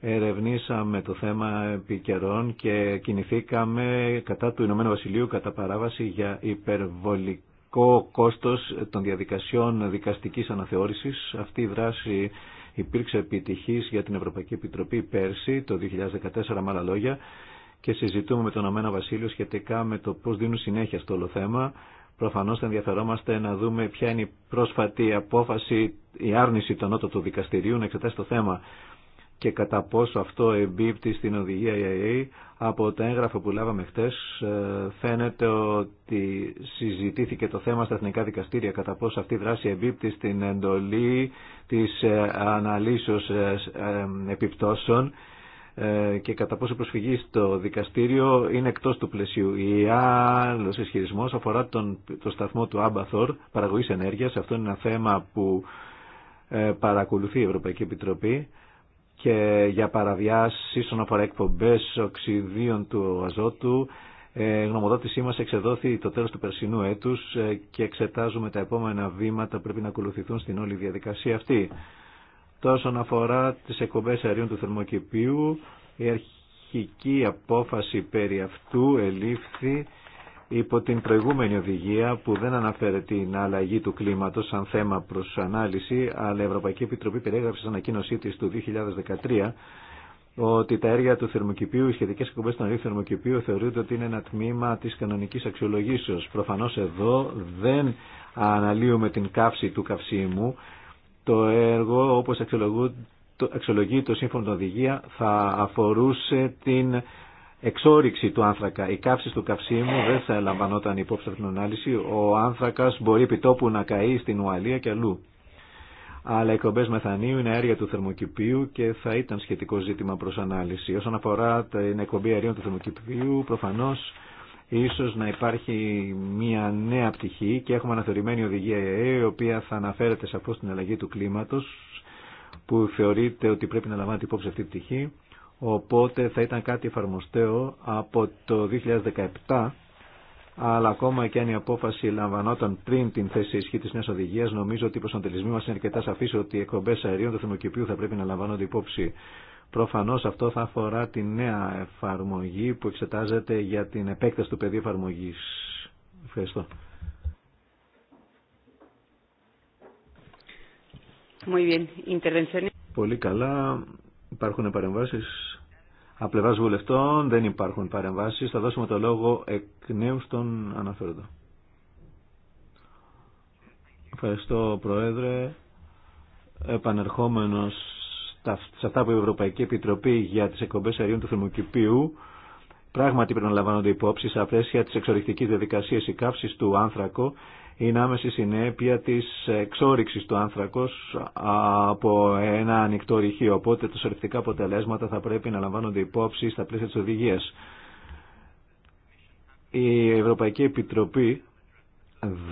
ερευνήσαμε το θέμα επί καιρών και κινηθήκαμε κατά του Ηνωμένου Βασιλείου κατά παράβαση για υπερβολικό κόστος των διαδικασιών δικαστικής αναθεώρησης. Αυτή η δράση υπήρξε επιτυχής για την Ευρωπαϊκή Επιτροπή πέρσι, το 2014 με άλλα λόγια, και συζητούμε με τον Ηνωμένο Βασίλειο σχετικά με το πώς δίνουν συνέχεια στο όλο θέμα. Προφανώς θα ενδιαφερόμαστε να δούμε ποια είναι η πρόσφατη απόφαση, η άρνηση του δικαστηρίου να εξετάσει το θέμα και κατά πόσο αυτό εμπίπτει στην οδηγία EIA. Από το έγγραφο που λάβαμε χτες ε, φαίνεται ότι συζητήθηκε το θέμα στα εθνικά δικαστήρια κατά πόσο αυτή η δράση εμπίπτει στην εντολή της ε, αναλύσεως ε, επιπτώσεων και κατά πόσο προσφυγή στο δικαστήριο είναι εκτός του πλαισίου. Η άλλο ισχυρισμό αφορά τον, το σταθμό του Άμπαθορ, παραγωγή ενέργειας. Αυτό είναι ένα θέμα που παρακολουθεί η Ευρωπαϊκή Επιτροπή και για παραβιάσει όσον αφορά εκπομπέ οξυδίων του αζότου. Ε, η γνωμοδότησή μας εξεδόθη το τέλος του περσινού έτους ε, και εξετάζουμε τα επόμενα βήματα που πρέπει να ακολουθηθούν στην όλη διαδικασία αυτή. Τόσο αφορά τις εκπομπέ αερίων του θερμοκηπίου, η αρχική απόφαση περί αυτού ελήφθη υπό την προηγούμενη οδηγία που δεν αναφέρει την αλλαγή του κλίματος σαν θέμα προς ανάλυση, αλλά η Ευρωπαϊκή Επιτροπή περιέγραψε στην ανακοίνωσή της του 2013 ότι τα έργα του θερμοκηπίου, οι σχετικέ εκπομπέ των αερίων θερμοκηπίου θεωρούνται ότι είναι ένα τμήμα τη κανονική αξιολογήσεω. Προφανώ εδώ δεν αναλύουμε την καύση του καυσίμου. Το έργο, όπω αξιολογεί το σύμφωνο οδηγία, θα αφορούσε την εξόριξη του άνθρακα. Η καύση του καυσίμου δεν θα λαμβανόταν υπόψη από την ανάλυση. Ο άνθρακα μπορεί επιτόπου να καεί στην Ουαλία και αλλού. Αλλά οι κομπέ μεθανίου είναι αέρια του θερμοκηπίου και θα ήταν σχετικό ζήτημα προ ανάλυση. Όσον αφορά την εκπομπή αερίων του θερμοκηπίου, προφανώ ίσω να υπάρχει μια νέα πτυχή και έχουμε αναθεωρημένη οδηγία ΕΕ, η οποία θα αναφέρεται σαφώ στην αλλαγή του κλίματο, που θεωρείται ότι πρέπει να λαμβάνεται υπόψη αυτή πτυχή οπότε θα ήταν κάτι εφαρμοστέο από το 2017 αλλά ακόμα και αν η απόφαση λαμβανόταν πριν την θέση ισχύ της νέα οδηγία, νομίζω ότι οι προσανατολισμοί μας είναι αρκετά σαφής ότι οι εκπομπέ αερίων του θερμοκηπίου θα πρέπει να λαμβάνονται υπόψη. Προφανώς αυτό θα αφορά τη νέα εφαρμογή που εξετάζεται για την επέκταση του πεδίου εφαρμογή. Ευχαριστώ. Πολύ καλά. Υπάρχουν παρεμβάσεις. Απλευρά βουλευτών δεν υπάρχουν παρεμβάσει. Θα δώσουμε το λόγο εκ νέου στον αναφέροντα. Ευχαριστώ Προέδρε. Επανερχόμενο σε αυτά που η Ευρωπαϊκή Επιτροπή για τι εκπομπέ αερίων του θερμοκηπίου πράγματι πρέπει να λαμβάνονται υπόψη στα πλαίσια της εξορυκτικής διαδικασίας η καύση του άνθρακο είναι άμεση συνέπεια της εξόριξης του άνθρακος από ένα ανοιχτό ρηχείο. Οπότε τα σωρευτικά αποτελέσματα θα πρέπει να λαμβάνονται υπόψη στα πλαίσια της οδηγίας. Η Ευρωπαϊκή Επιτροπή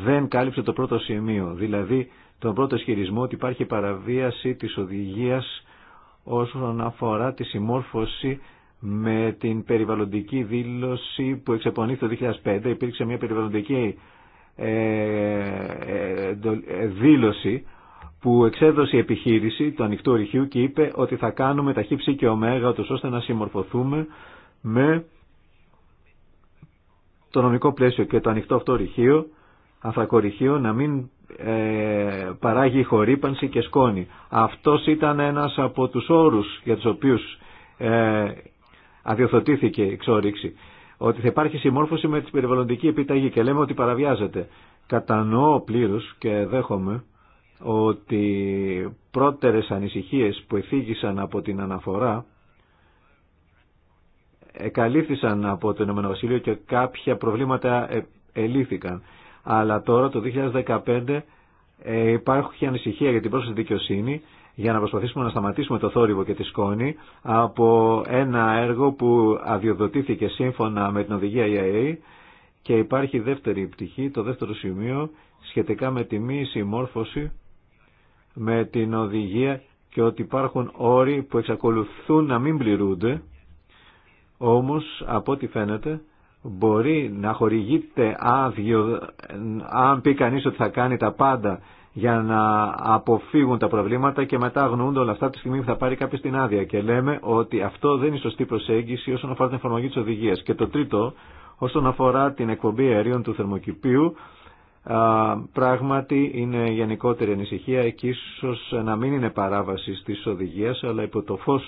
δεν κάλυψε το πρώτο σημείο, δηλαδή τον πρώτο ισχυρισμό ότι υπάρχει παραβίαση της οδηγίας όσον αφορά τη συμμόρφωση με την περιβαλλοντική δήλωση που εξεπονήθηκε το 2005. Υπήρξε μια περιβαλλοντική ε, ε, ε, δήλωση που εξέδωσε η επιχείρηση του ανοιχτού ρηχείου και είπε ότι θα κάνουμε τα χύψη και ωμέγα ώστε να συμμορφωθούμε με το νομικό πλαίσιο και το ανοιχτό αυτό ρηχείο, ανθρακορυχείο, να μην παράγει χορύπανση και σκόνη. Αυτός ήταν ένας από τους όρους για τους οποίους ε, η εξόριξη ότι θα υπάρχει συμμόρφωση με την περιβαλλοντική επιταγή και λέμε ότι παραβιάζεται. Κατανοώ πλήρω και δέχομαι ότι πρώτερες ανησυχίες που εφήγησαν από την αναφορά εκαλύφθησαν από το Ηνωμένο και κάποια προβλήματα ε, ελήφθηκαν. Αλλά τώρα το 2015 ε, υπάρχει ανησυχία για την πρόσφατη δικαιοσύνη για να προσπαθήσουμε να σταματήσουμε το θόρυβο και τη σκόνη από ένα έργο που αδειοδοτήθηκε σύμφωνα με την οδηγία e IAA και υπάρχει δεύτερη πτυχή, το δεύτερο σημείο σχετικά με τη μη συμμόρφωση με την οδηγία και ότι υπάρχουν όροι που εξακολουθούν να μην πληρούνται όμως από ό,τι φαίνεται μπορεί να χορηγείται άδειο αν πει κανείς ότι θα κάνει τα πάντα για να αποφύγουν τα προβλήματα και μετά αγνοούνται όλα αυτά τη στιγμή που θα πάρει κάποιο την άδεια. Και λέμε ότι αυτό δεν είναι σωστή προσέγγιση όσον αφορά την εφαρμογή τη οδηγία. Και το τρίτο, όσον αφορά την εκπομπή αερίων του θερμοκηπίου, πράγματι είναι γενικότερη ανησυχία και ίσω να μην είναι παράβαση τη οδηγία, αλλά υπό το φω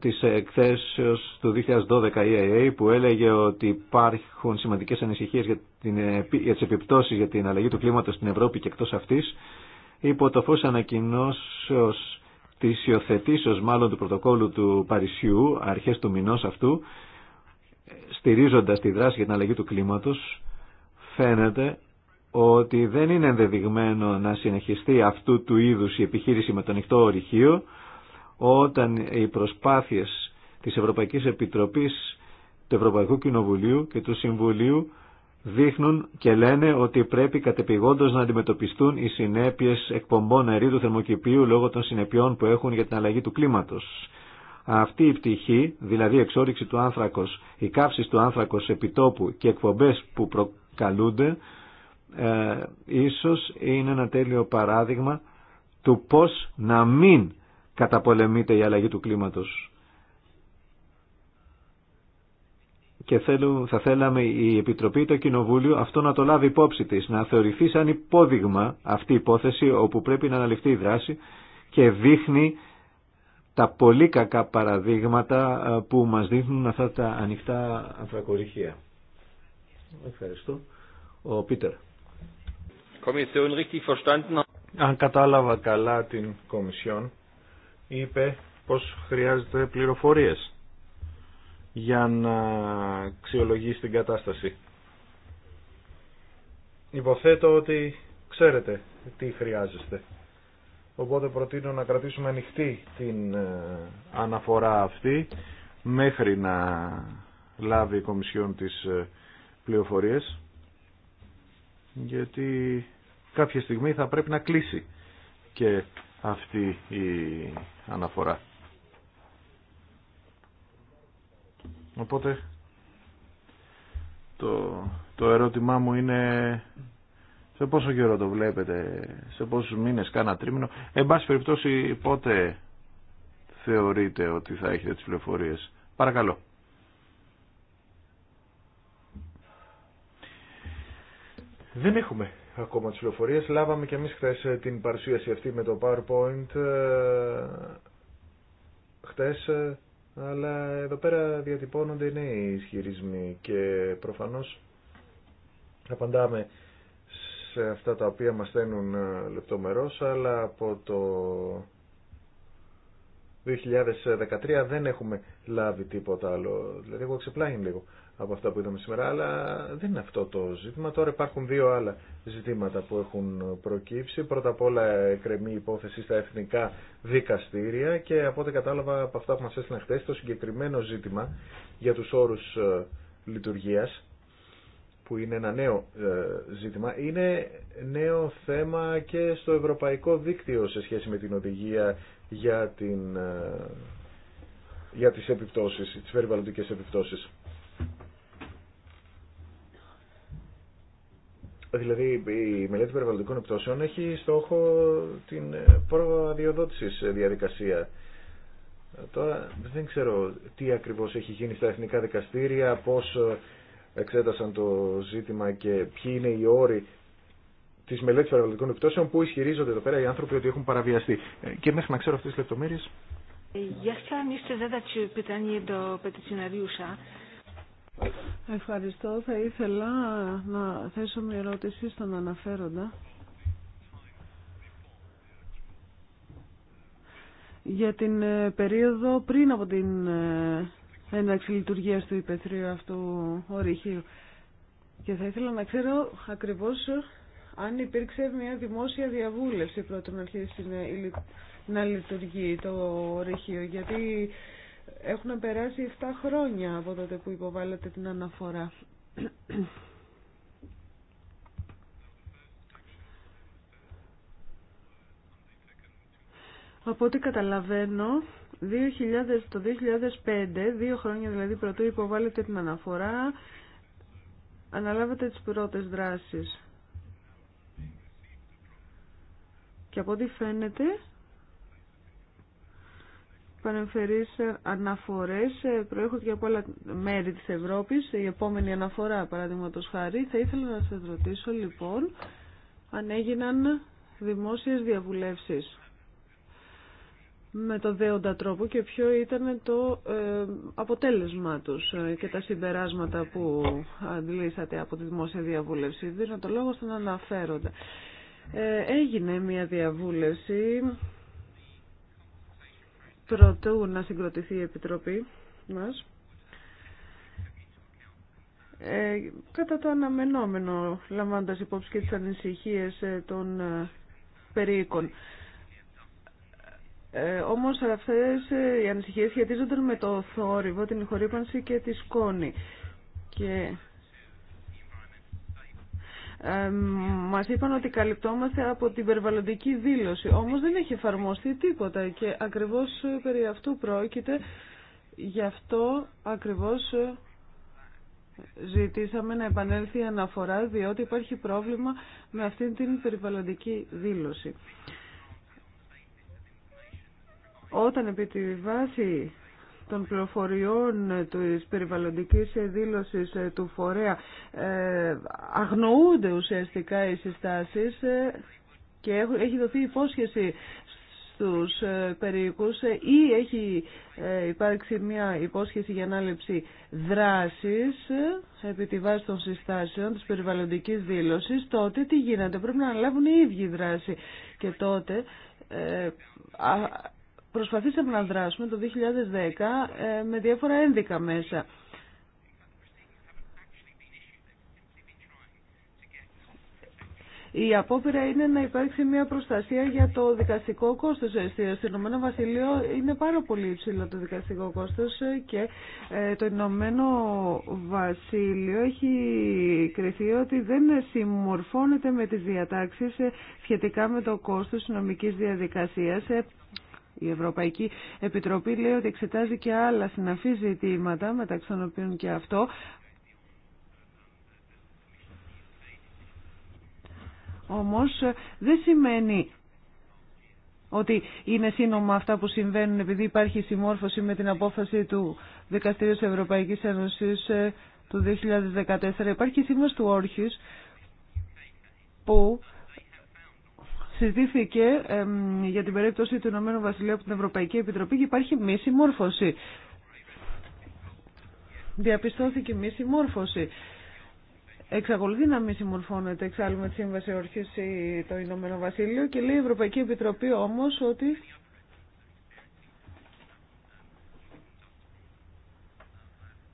της εκθέσεως του 2012 EAA που έλεγε ότι υπάρχουν σημαντικές ανησυχίες για, την, για τις επιπτώσεις για την αλλαγή του κλίματος στην Ευρώπη και εκτός αυτής υπό το φως ανακοινώσεως της υιοθετήσεως μάλλον του πρωτοκόλου του Παρισιού αρχές του μηνός αυτού στηρίζοντας τη δράση για την αλλαγή του κλίματος φαίνεται ότι δεν είναι ενδεδειγμένο να συνεχιστεί αυτού του είδους η επιχείρηση με το ανοιχτό ορυχείο όταν οι προσπάθειες της Ευρωπαϊκής Επιτροπής, του Ευρωπαϊκού Κοινοβουλίου και του Συμβουλίου δείχνουν και λένε ότι πρέπει κατεπηγόντως να αντιμετωπιστούν οι συνέπειες εκπομπών αερίου του θερμοκηπίου λόγω των συνεπειών που έχουν για την αλλαγή του κλίματος. Αυτή η πτυχή, δηλαδή η εξόριξη του άνθρακος, η κάψη του άνθρακος επιτόπου και εκπομπές που προκαλούνται, ε, ίσως είναι ένα τέλειο παράδειγμα του πώς να μην καταπολεμείται η αλλαγή του κλίματος. Και θέλω, θα θέλαμε η Επιτροπή, το Κοινοβούλιο, αυτό να το λάβει υπόψη της, να θεωρηθεί σαν υπόδειγμα αυτή η υπόθεση όπου πρέπει να αναλυφθεί η δράση και δείχνει τα πολύ κακά παραδείγματα ε, που μας δείχνουν αυτά τα ανοιχτά ανθρακοριχεία. Ευχαριστώ. Ο Πίτερ. Αν κατάλαβα καλά την Κομισιόν, είπε πως χρειάζεται πληροφορίες για να αξιολογήσει την κατάσταση. Υποθέτω ότι ξέρετε τι χρειάζεστε. Οπότε προτείνω να κρατήσουμε ανοιχτή την ε, αναφορά αυτή μέχρι να λάβει η Κομισιόν τις ε, πληροφορίες γιατί κάποια στιγμή θα πρέπει να κλείσει και αυτή η αναφορά. Οπότε το, το ερώτημά μου είναι σε πόσο καιρό το βλέπετε, σε πόσους μήνες, κάνα τρίμηνο. Εν πάση περιπτώσει πότε θεωρείτε ότι θα έχετε τις πληροφορίες. Παρακαλώ. Δεν έχουμε ακόμα τις πληροφορίες. Λάβαμε και εμείς χθες ε, την παρουσίαση αυτή με το PowerPoint ε, χθες, ε, αλλά εδώ πέρα διατυπώνονται νέοι ισχυρισμοί και προφανώς απαντάμε σε αυτά τα οποία μας στέλνουν λεπτομερώς, αλλά από το 2013 δεν έχουμε λάβει τίποτα άλλο. Δηλαδή, εγώ ξεπλάγει λίγο από αυτά που είδαμε σήμερα, αλλά δεν είναι αυτό το ζήτημα. Τώρα υπάρχουν δύο άλλα ζητήματα που έχουν προκύψει. Πρώτα απ' όλα εκρεμεί υπόθεση στα εθνικά δικαστήρια και από ό,τι κατάλαβα από αυτά που μας έστειλαν χθε, το συγκεκριμένο ζήτημα για τους όρους ε, λειτουργίας, που είναι ένα νέο ε, ζήτημα, είναι νέο θέμα και στο ευρωπαϊκό δίκτυο σε σχέση με την οδηγία για, την, ε, για τις επιπτώσεις, τις περιβαλλοντικές επιπτώσεις. Δηλαδή η μελέτη περιβαλλοντικών επιπτώσεων έχει στόχο την προαδειοδότηση διαδικασία. Τώρα δεν ξέρω τι ακριβώς έχει γίνει στα εθνικά δικαστήρια, πώς εξέτασαν το ζήτημα και ποιοι είναι οι όροι τη μελέτη περιβαλλοντικών επιπτώσεων που ισχυρίζονται εδώ πέρα οι άνθρωποι ότι έχουν παραβιαστεί. Ε, και μέχρι να ξέρω αυτέ τι λεπτομέρειε. Ευχαριστώ. Θα ήθελα να θέσω μια ερώτηση στον αναφέροντα. Για την ε, περίοδο πριν από την ε, ένταξη λειτουργίας του υπεθρίου αυτού ορυχείου. Και θα ήθελα να ξέρω ακριβώς ε, αν υπήρξε μια δημόσια διαβούλευση πρώτον αρχίσει να λειτουργεί το ορυχείο. Γιατί έχουν περάσει 7 χρόνια από τότε που υποβάλλατε την αναφορά. Από ό,τι καταλαβαίνω, 2000, το 2005, δύο χρόνια δηλαδή πρωτού υποβάλλετε την αναφορά, αναλάβατε τις πρώτες δράσεις. Και από ό,τι φαίνεται, παρεμφερείς αναφορές ε, προέρχονται και από όλα μέρη της Ευρώπης. Η επόμενη αναφορά, παραδείγματος χάρη, θα ήθελα να σας ρωτήσω λοιπόν αν έγιναν δημόσιες διαβουλεύσεις με το δέοντα τρόπο και ποιο ήταν το ε, αποτέλεσμα τους ε, και τα συμπεράσματα που αντλήσατε από τη δημόσια διαβούλευση. Δίνω το λόγο στον αναφέροντα. έγινε μια διαβούλευση προτού να συγκροτηθεί η Επιτροπή μας. Ε, κατά το αναμενόμενο, λαμβάνοντας υπόψη και τις ανησυχίες ε, των ε, περίοικων. Ε, όμως αυτές ε, οι ανησυχίες σχετίζονται με το θόρυβο, την χορύπανση και τη σκόνη. Και ε, μας είπαν ότι καλυπτόμαστε από την περιβαλλοντική δήλωση. Όμως δεν έχει εφαρμοστεί τίποτα και ακριβώς ε, περί αυτού πρόκειται. Γι' αυτό ακριβώς ε, ζητήσαμε να επανέλθει η αναφορά διότι υπάρχει πρόβλημα με αυτήν την περιβαλλοντική δήλωση. Όταν επί τη των πληροφοριών ε, της περιβαλλοντικής δήλωσης ε, του φορέα ε, αγνοούνται ουσιαστικά οι συστάσεις και έχει δοθεί υπόσχεση στους περιοικού ή έχει υπάρξει μια υπόσχεση για ανάληψη δράσης επί τη βάση των συστάσεων της περιβαλλοντικής δήλωσης, τότε τι γίνεται, πρέπει να αναλάβουν οι ίδιοι δράση και τότε προσπαθήσαμε να δράσουμε το 2010 ε, με διάφορα ένδικα μέσα. Η απόπειρα είναι να υπάρξει μια προστασία για το δικαστικό κόστος. Ε, Στο Ηνωμένο Βασιλείο είναι πάρα πολύ υψηλό το δικαστικό κόστος ε, και το Ηνωμένο Βασίλειο έχει κρυθεί ότι δεν συμμορφώνεται με τις διατάξεις σχετικά με το κόστος νομικής διαδικασίας η Ευρωπαϊκή Επιτροπή λέει ότι εξετάζει και άλλα συναφή ζητήματα, μεταξύ των οποίων και αυτό. Όμως δεν σημαίνει ότι είναι σύνομα αυτά που συμβαίνουν επειδή υπάρχει συμμόρφωση με την απόφαση του Δικαστήριου της Ευρωπαϊκής Ένωσης ε, του 2014. Υπάρχει σύμβαση του Όρχης που συζητήθηκε για την περίπτωση του Ηνωμένου Βασιλείου από την Ευρωπαϊκή Επιτροπή και υπάρχει μη συμμόρφωση. Διαπιστώθηκε μη συμμόρφωση. Εξακολουθεί να μη συμμορφώνεται εξάλλου με τη Σύμβαση ορχήση το Ηνωμένο Βασίλειο και λέει η Ευρωπαϊκή Επιτροπή όμως ότι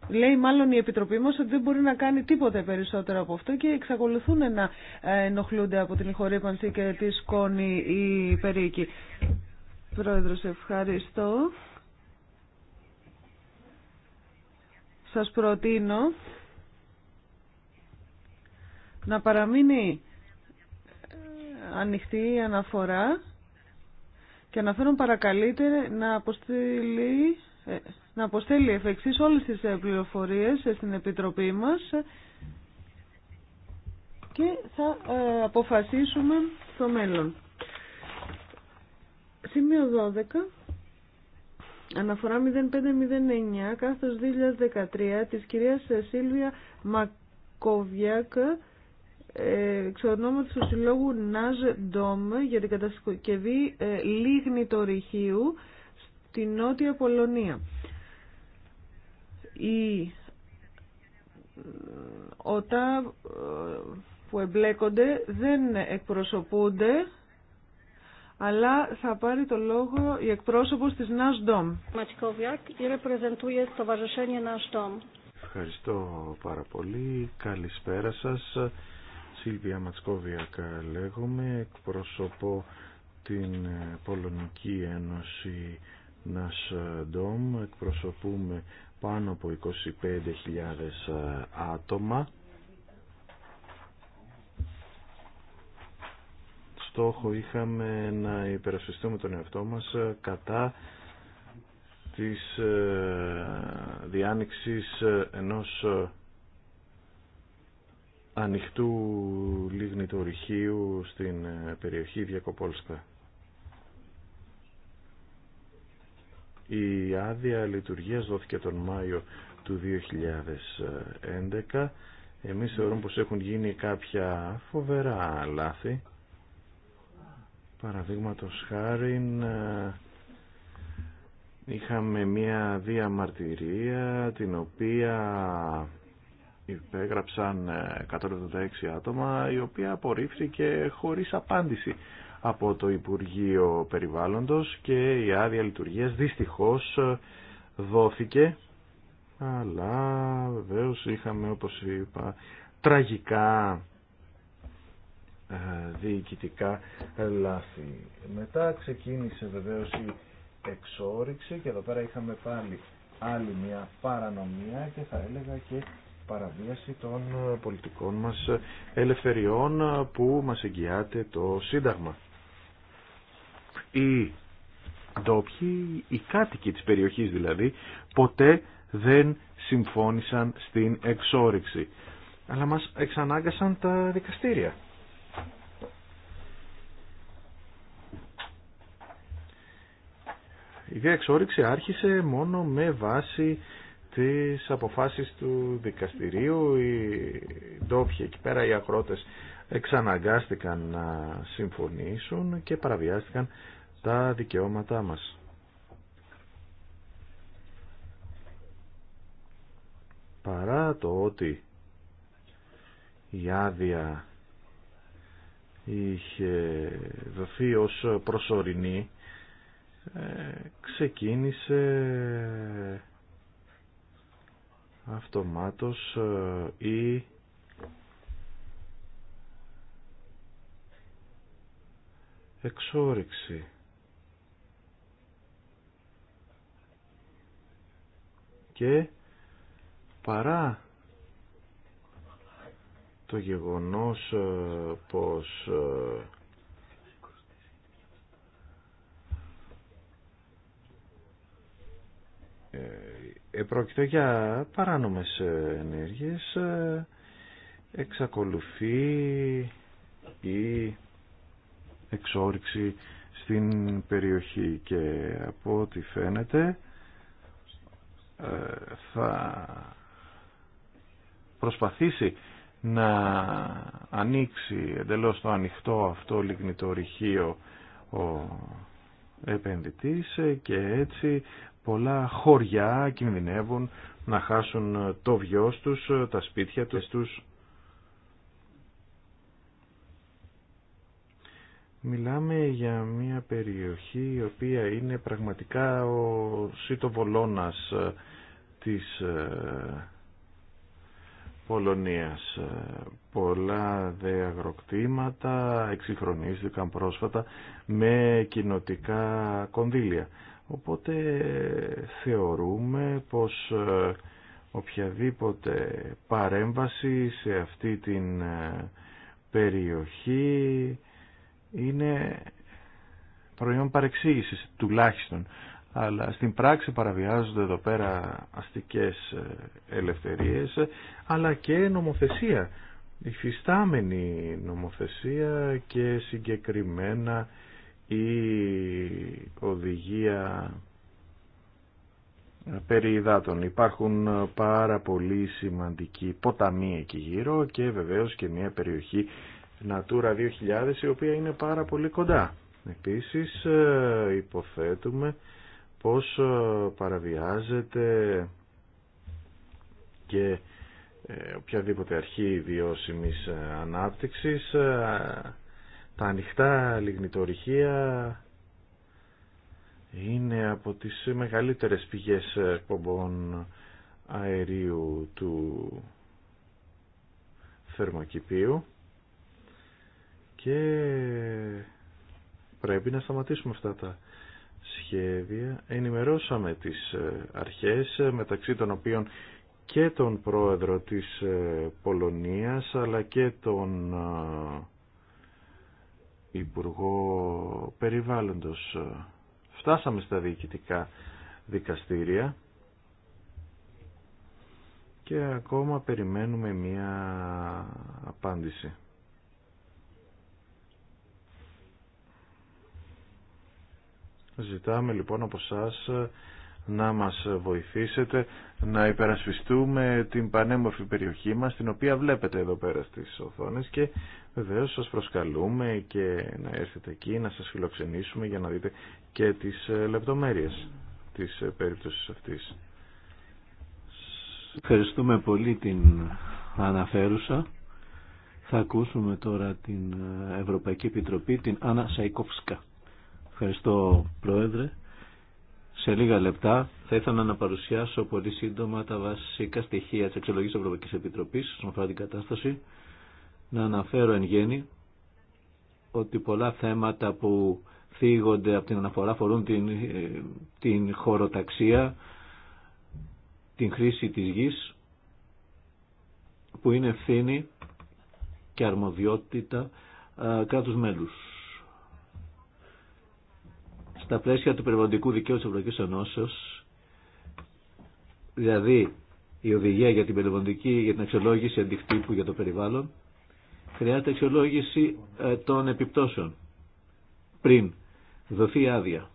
Λέει μάλλον η Επιτροπή μας ότι δεν μπορεί να κάνει τίποτε περισσότερο από αυτό και εξακολουθούν να ε, ενοχλούνται από την χορύπανση και τη σκόνη η περίκη. Πρόεδρος, ευχαριστώ. Σας προτείνω να παραμείνει ε, ανοιχτή η αναφορά και να αναφέρον παρακαλείται να αποστείλει ε, να αποστέλει εφ' εξής όλες τις ε, πληροφορίες ε, στην Επιτροπή μας ε, και θα αποφασίσουμε στο μέλλον. Σημείο 12. Αναφορά 0509 κάθος 2013 της κυρίας Σίλβια Μακοβιάκ εξ του συλλόγου Ναζ Ντόμ για την κατασκευή ε, λίγνη του στην Νότια Πολωνία η ΟΤΑ ε, που εμπλέκονται δεν εκπροσωπούνται αλλά θα πάρει το λόγο η εκπρόσωπος της ΝΑΣ Ευχαριστώ πάρα πολύ. Καλησπέρα σας. Σίλβια Ματσκόβιακ λέγομαι, εκπροσωπώ την Πολωνική Ένωση ΝΑΣ εκπροσωπούμε πάνω από 25.000 ε, άτομα. Στόχο είχαμε να υπερασπιστούμε τον εαυτό μας ε, κατά της ε, διάνοιξης ενός ανοιχτού λίγνητορυχείου στην περιοχή Διακοπόλσκα. Η άδεια λειτουργίας δόθηκε τον Μάιο του 2011. Εμείς θεωρούμε πως έχουν γίνει κάποια φοβερά λάθη. Παραδείγματος χάρη ε, είχαμε μία διαμαρτυρία την οποία υπέγραψαν 176 ε, άτομα η οποία απορρίφθηκε χωρίς απάντηση από το Υπουργείο Περιβάλλοντος και η άδεια λειτουργίας δυστυχώς ε, δόθηκε αλλά βεβαίως είχαμε όπως είπα τραγικά ε, διοικητικά λάθη. Μετά ξεκίνησε βεβαίως η εξόριξη και εδώ πέρα είχαμε πάλι άλλη μια παρανομία και θα έλεγα και παραβίαση των πολιτικών μας ελευθεριών που μας εγγυάται το Σύνταγμα οι ντόπιοι, οι κάτοικοι της περιοχής δηλαδή, ποτέ δεν συμφώνησαν στην εξόριξη. Αλλά μας εξανάγκασαν τα δικαστήρια. Η διαξόριξη άρχισε μόνο με βάση τις αποφάσεις του δικαστηρίου. Οι ντόπιοι εκεί πέρα, οι αγρότες εξαναγκάστηκαν να συμφωνήσουν και παραβιάστηκαν τα δικαιώματά μας. Παρά το ότι η άδεια είχε δοθεί ως προσωρινή, ε, ξεκίνησε αυτομάτως ε, η εξόριξη και παρά το γεγονός ε, πως ε, ε, επρόκειτο για παράνομες ενέργειες εξακολουθεί η εξόρυξη στην περιοχή και από ό,τι φαίνεται θα προσπαθήσει να ανοίξει εντελώς το ανοιχτό αυτό λιγνητό ρηχείο ο επενδυτής και έτσι πολλά χωριά κινδυνεύουν να χάσουν το βιός τους, τα σπίτια τους, τους Μιλάμε για μια περιοχή η οποία είναι πραγματικά ο Σίτο της ε, Πολωνίας. Ε, πολλά δε αγροκτήματα εξυγχρονίστηκαν πρόσφατα με κοινοτικά κονδύλια. Οπότε θεωρούμε πως ε, οποιαδήποτε παρέμβαση σε αυτή την περιοχή είναι προϊόν παρεξήγησης τουλάχιστον αλλά στην πράξη παραβιάζονται εδώ πέρα αστικές ε, ελευθερίες, ε, αλλά και νομοθεσία, υφιστάμενη νομοθεσία και συγκεκριμένα η οδηγία ε, περί υδάτων. Υπάρχουν πάρα πολύ σημαντικοί ποταμοί εκεί γύρω και βεβαίως και μια περιοχή Natura 2000 η οποία είναι πάρα πολύ κοντά. Επίσης υποθέτουμε πως ε, παραβιάζεται και ε, οποιαδήποτε αρχή βιώσιμης ε, ανάπτυξης τα ανοιχτά λιγνητορυχεία είναι από τις μεγαλύτερες πηγές εκπομπών αερίου του θερμοκηπίου και πρέπει να σταματήσουμε αυτά τα σχέδια ενημερώσαμε τις ε, αρχές ε, μεταξύ των οποίων και τον πρόεδρο της ε, Πολωνίας αλλά και τον Υπουργό Περιβάλλοντος. Φτάσαμε στα διοικητικά δικαστήρια και ακόμα περιμένουμε μία απάντηση. Ζητάμε λοιπόν από σας να μας βοηθήσετε να υπερασπιστούμε την πανέμορφη περιοχή μας την οποία βλέπετε εδώ πέρα στις οθόνες και βεβαίως σας προσκαλούμε και να έρθετε εκεί να σας φιλοξενήσουμε για να δείτε και τις λεπτομέρειες της περίπτωσης αυτής. Ευχαριστούμε πολύ την αναφέρουσα. Θα ακούσουμε τώρα την Ευρωπαϊκή Επιτροπή, την Άννα Σαϊκόφσκα. Ευχαριστώ Πρόεδρε. Σε λίγα λεπτά θα ήθελα να παρουσιάσω πολύ σύντομα τα βασικά στοιχεία της της Ευρωπαϊκής Επιτροπής στον αφορά την κατάσταση. Να αναφέρω εν γέννη ότι πολλά θέματα που θίγονται από την αναφορά φορούν την, ε, την χωροταξία, την χρήση της γης, που είναι ευθύνη και αρμοδιότητα κράτους μέλους στα πλαίσια του περιβαλλοντικού δικαίου της Ευρωπαϊκής Ενώσεως, δηλαδή η οδηγία για την περιβαλλοντική, για την αξιολόγηση αντιχτύπου για το περιβάλλον, χρειάζεται αξιολόγηση ε, των επιπτώσεων πριν δοθεί άδεια.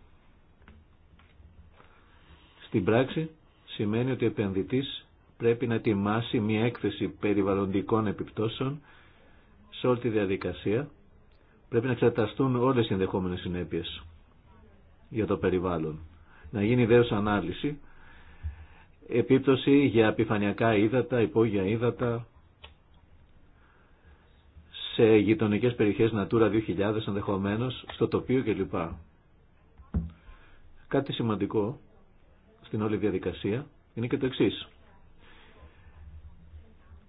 Στην πράξη σημαίνει ότι ο επενδυτής πρέπει να ετοιμάσει μια έκθεση περιβαλλοντικών επιπτώσεων σε όλη τη διαδικασία. Πρέπει να εξεταστούν όλες οι ενδεχόμενες συνέπειες για το περιβάλλον. Να γίνει ιδέως ανάλυση, επίπτωση για επιφανειακά ύδατα, υπόγεια ύδατα, σε γειτονικές περιοχές Natura 2000 ενδεχομένω, στο τοπίο κλπ. Κάτι σημαντικό στην όλη διαδικασία είναι και το εξή.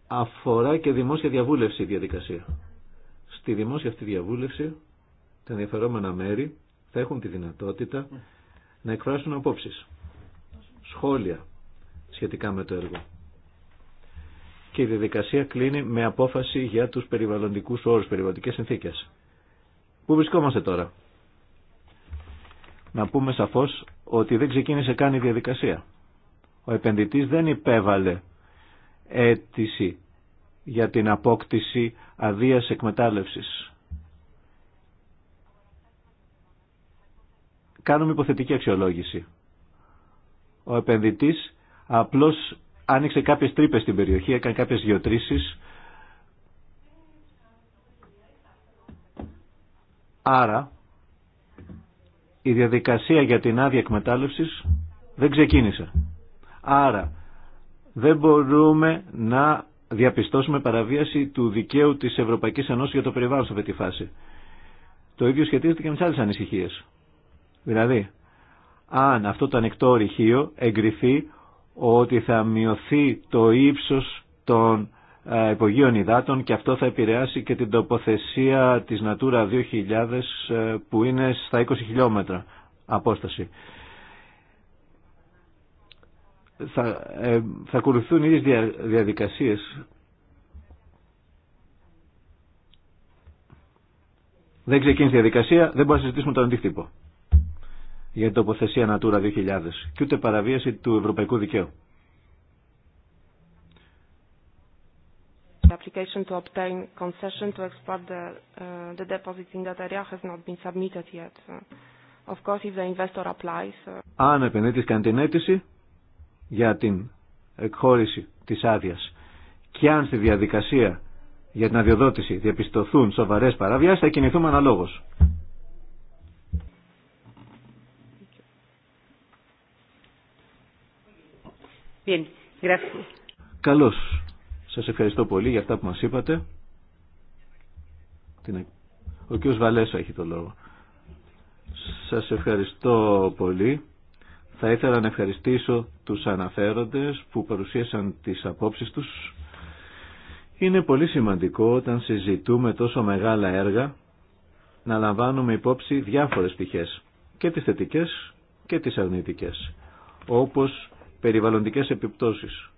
Αφορά και δημόσια διαβούλευση η διαδικασία. Στη δημόσια αυτή διαβούλευση τα ενδιαφερόμενα μέρη θα έχουν τη δυνατότητα να εκφράσουν απόψεις, σχόλια σχετικά με το έργο. Και η διαδικασία κλείνει με απόφαση για τους περιβαλλοντικούς όρους, περιβαλλοντικές συνθήκες. Πού βρισκόμαστε τώρα. Να πούμε σαφώς ότι δεν ξεκίνησε καν η διαδικασία. Ο επενδυτής δεν υπέβαλε αίτηση για την απόκτηση αδείας εκμετάλλευσης. κάνουμε υποθετική αξιολόγηση. Ο επενδυτής απλώς άνοιξε κάποιες τρύπες στην περιοχή, έκανε κάποιες γεωτρήσεις. Άρα, η διαδικασία για την άδεια εκμετάλλευσης δεν ξεκίνησε. Άρα, δεν μπορούμε να διαπιστώσουμε παραβίαση του δικαίου της Ευρωπαϊκής Ενώσης για το περιβάλλον σε αυτή τη φάση. Το ίδιο σχετίζεται και με τις άλλες ανησυχίες. Δηλαδή, αν αυτό το ανοιχτό ρηχείο εγκριθεί ότι θα μειωθεί το ύψος των ε, υπογείων υδάτων και αυτό θα επηρεάσει και την τοποθεσία της Natura 2000 ε, που είναι στα 20 χιλιόμετρα απόσταση. Θα, ε, θα ακολουθούν ίδιες δια, διαδικασίες. Δεν ξεκίνησε η διαδικασία, δεν μπορούμε να συζητήσουμε τον αντίκτυπο για την τοποθεσία Natura 2000 και ούτε παραβίαση του ευρωπαϊκού δικαίου. The application to obtain concession to exploit the, uh, the deposits in that area has not been submitted yet. Uh, of course, if the investor applies... Uh, αν επενδύτης κάνει την αίτηση για την εκχώρηση της άδειας, και αν στη διαδικασία για την αδειοδότηση διαπιστωθούν σοβαρές παραβιάσεις, θα κινηθούμε αναλόγως. Bien, gracias. Καλώς. Σας ευχαριστώ πολύ για αυτά που μας είπατε. Ο κ. Βαλέσο έχει το λόγο. Σας ευχαριστώ πολύ. Θα ήθελα να ευχαριστήσω τους αναφέροντες που παρουσίασαν τις απόψεις τους. Είναι πολύ σημαντικό όταν συζητούμε τόσο μεγάλα έργα να λαμβάνουμε υπόψη διάφορες πτυχές και τις θετικές και τις αρνητικές όπως περιβαλλοντικές επιπτώσεις.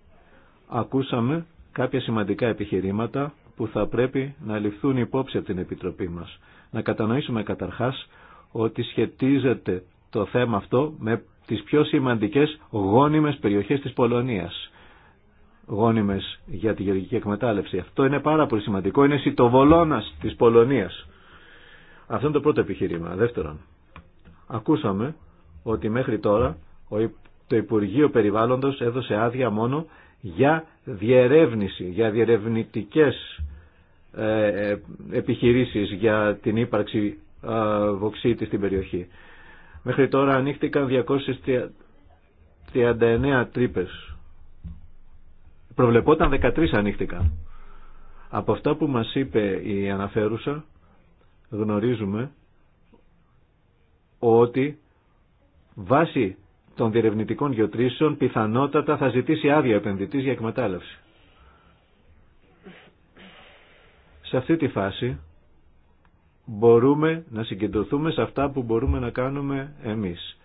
Ακούσαμε κάποια σημαντικά επιχειρήματα που θα πρέπει να ληφθούν υπόψη από την Επιτροπή μας. Να κατανοήσουμε καταρχάς ότι σχετίζεται το θέμα αυτό με τις πιο σημαντικές γόνιμες περιοχές της Πολωνίας. Γόνιμες για τη γεωργική εκμετάλλευση. Αυτό είναι πάρα πολύ σημαντικό. Είναι σιτοβολώνας της Πολωνίας. Αυτό είναι το πρώτο επιχείρημα. Δεύτερον, ακούσαμε ότι μέχρι τώρα το Υπουργείο Περιβάλλοντος έδωσε άδεια μόνο για διερεύνηση, για διερευνητικές ε, ε, επιχειρήσεις για την ύπαρξη ε, βοξίτη στην περιοχή. Μέχρι τώρα ανοίχτηκαν 239 τρύπες. Προβλεπόταν 13 ανοίχτηκαν. Από αυτά που μας είπε η αναφέρουσα γνωρίζουμε ότι βάσει των διερευνητικών γεωτρήσεων πιθανότατα θα ζητήσει άδεια επενδυτής για εκμετάλλευση. Σε αυτή τη φάση μπορούμε να συγκεντρωθούμε σε αυτά που μπορούμε να κάνουμε εμείς.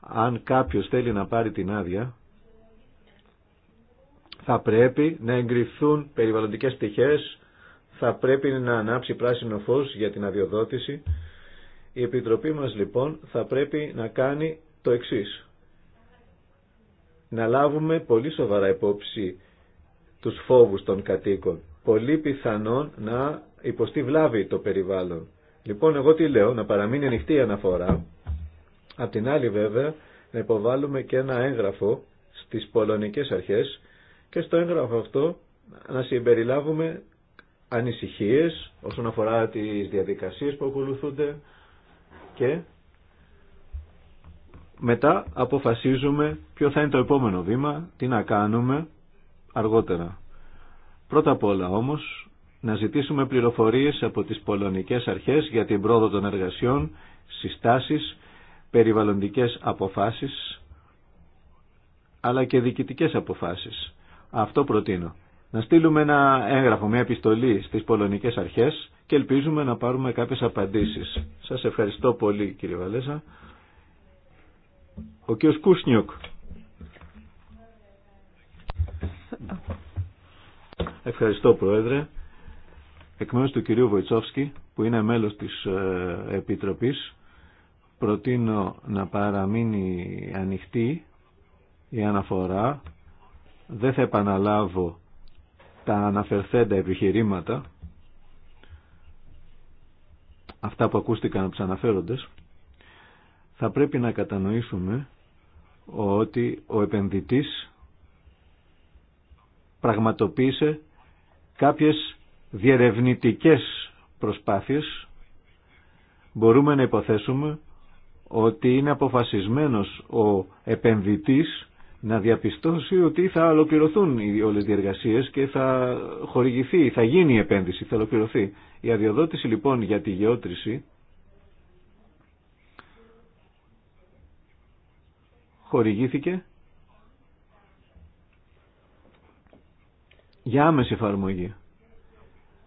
Αν κάποιος θέλει να πάρει την άδεια, θα πρέπει να εγκριθούν περιβαλλοντικές πτυχές, θα πρέπει να ανάψει πράσινο φως για την αδειοδότηση. Η Επιτροπή μας λοιπόν θα πρέπει να κάνει το εξής να λάβουμε πολύ σοβαρά υπόψη τους φόβους των κατοίκων. Πολύ πιθανόν να υποστεί βλάβη το περιβάλλον. Λοιπόν, εγώ τι λέω, να παραμείνει ανοιχτή η αναφορά. Απ' την άλλη βέβαια, να υποβάλουμε και ένα έγγραφο στις πολωνικές αρχές και στο έγγραφο αυτό να συμπεριλάβουμε ανησυχίες όσον αφορά τις διαδικασίες που ακολουθούνται και μετά αποφασίζουμε ποιο θα είναι το επόμενο βήμα, τι να κάνουμε αργότερα. Πρώτα απ' όλα όμως να ζητήσουμε πληροφορίες από τις πολωνικές αρχές για την πρόοδο των εργασιών, συστάσεις, περιβαλλοντικές αποφάσεις, αλλά και διοικητικές αποφάσεις. Αυτό προτείνω. Να στείλουμε ένα έγγραφο, μια επιστολή στις πολωνικές αρχές και ελπίζουμε να πάρουμε κάποιες απαντήσεις. Σας ευχαριστώ πολύ κύριε Βαλέσα. Ο κ. Κούσνιουκ. Ευχαριστώ Πρόεδρε. Εκ μέρους του κυρίου Βοητσόφσκι που είναι μέλος της ε, Επιτροπής προτείνω να παραμείνει ανοιχτή η αναφορά. Δεν θα επαναλάβω τα αναφερθέντα επιχειρήματα αυτά που ακούστηκαν από τους αναφέροντες θα πρέπει να κατανοήσουμε ότι ο επενδυτής πραγματοποίησε κάποιες διερευνητικές προσπάθειες. Μπορούμε να υποθέσουμε ότι είναι αποφασισμένος ο επενδυτής να διαπιστώσει ότι θα ολοκληρωθούν οι όλες οι διεργασίες και θα χορηγηθεί, θα γίνει η επένδυση, θα ολοκληρωθεί. Η αδειοδότηση λοιπόν για τη γεώτρηση χορηγήθηκε για άμεση εφαρμογή.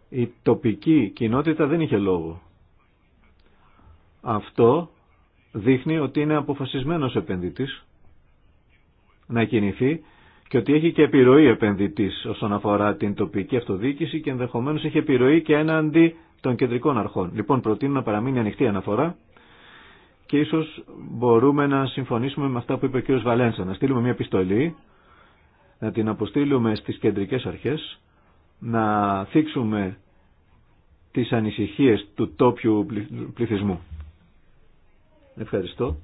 Η τοπική κοινότητα δεν είχε λόγο. Αυτό δείχνει ότι είναι αποφασισμένος επενδυτής να κινηθεί και ότι έχει και επιρροή επενδυτής όσον αφορά την τοπική αυτοδιοίκηση και ενδεχομένως έχει επιρροή και έναντι των κεντρικών αρχών. Λοιπόν, προτείνω να παραμείνει ανοιχτή αναφορά και ίσως μπορούμε να συμφωνήσουμε με αυτά που είπε ο κ. Βαλένσα, να στείλουμε μια επιστολή, να την αποστείλουμε στις κεντρικές αρχές, να θίξουμε τις ανησυχίες του τόπιου πληθυσμού. Ευχαριστώ.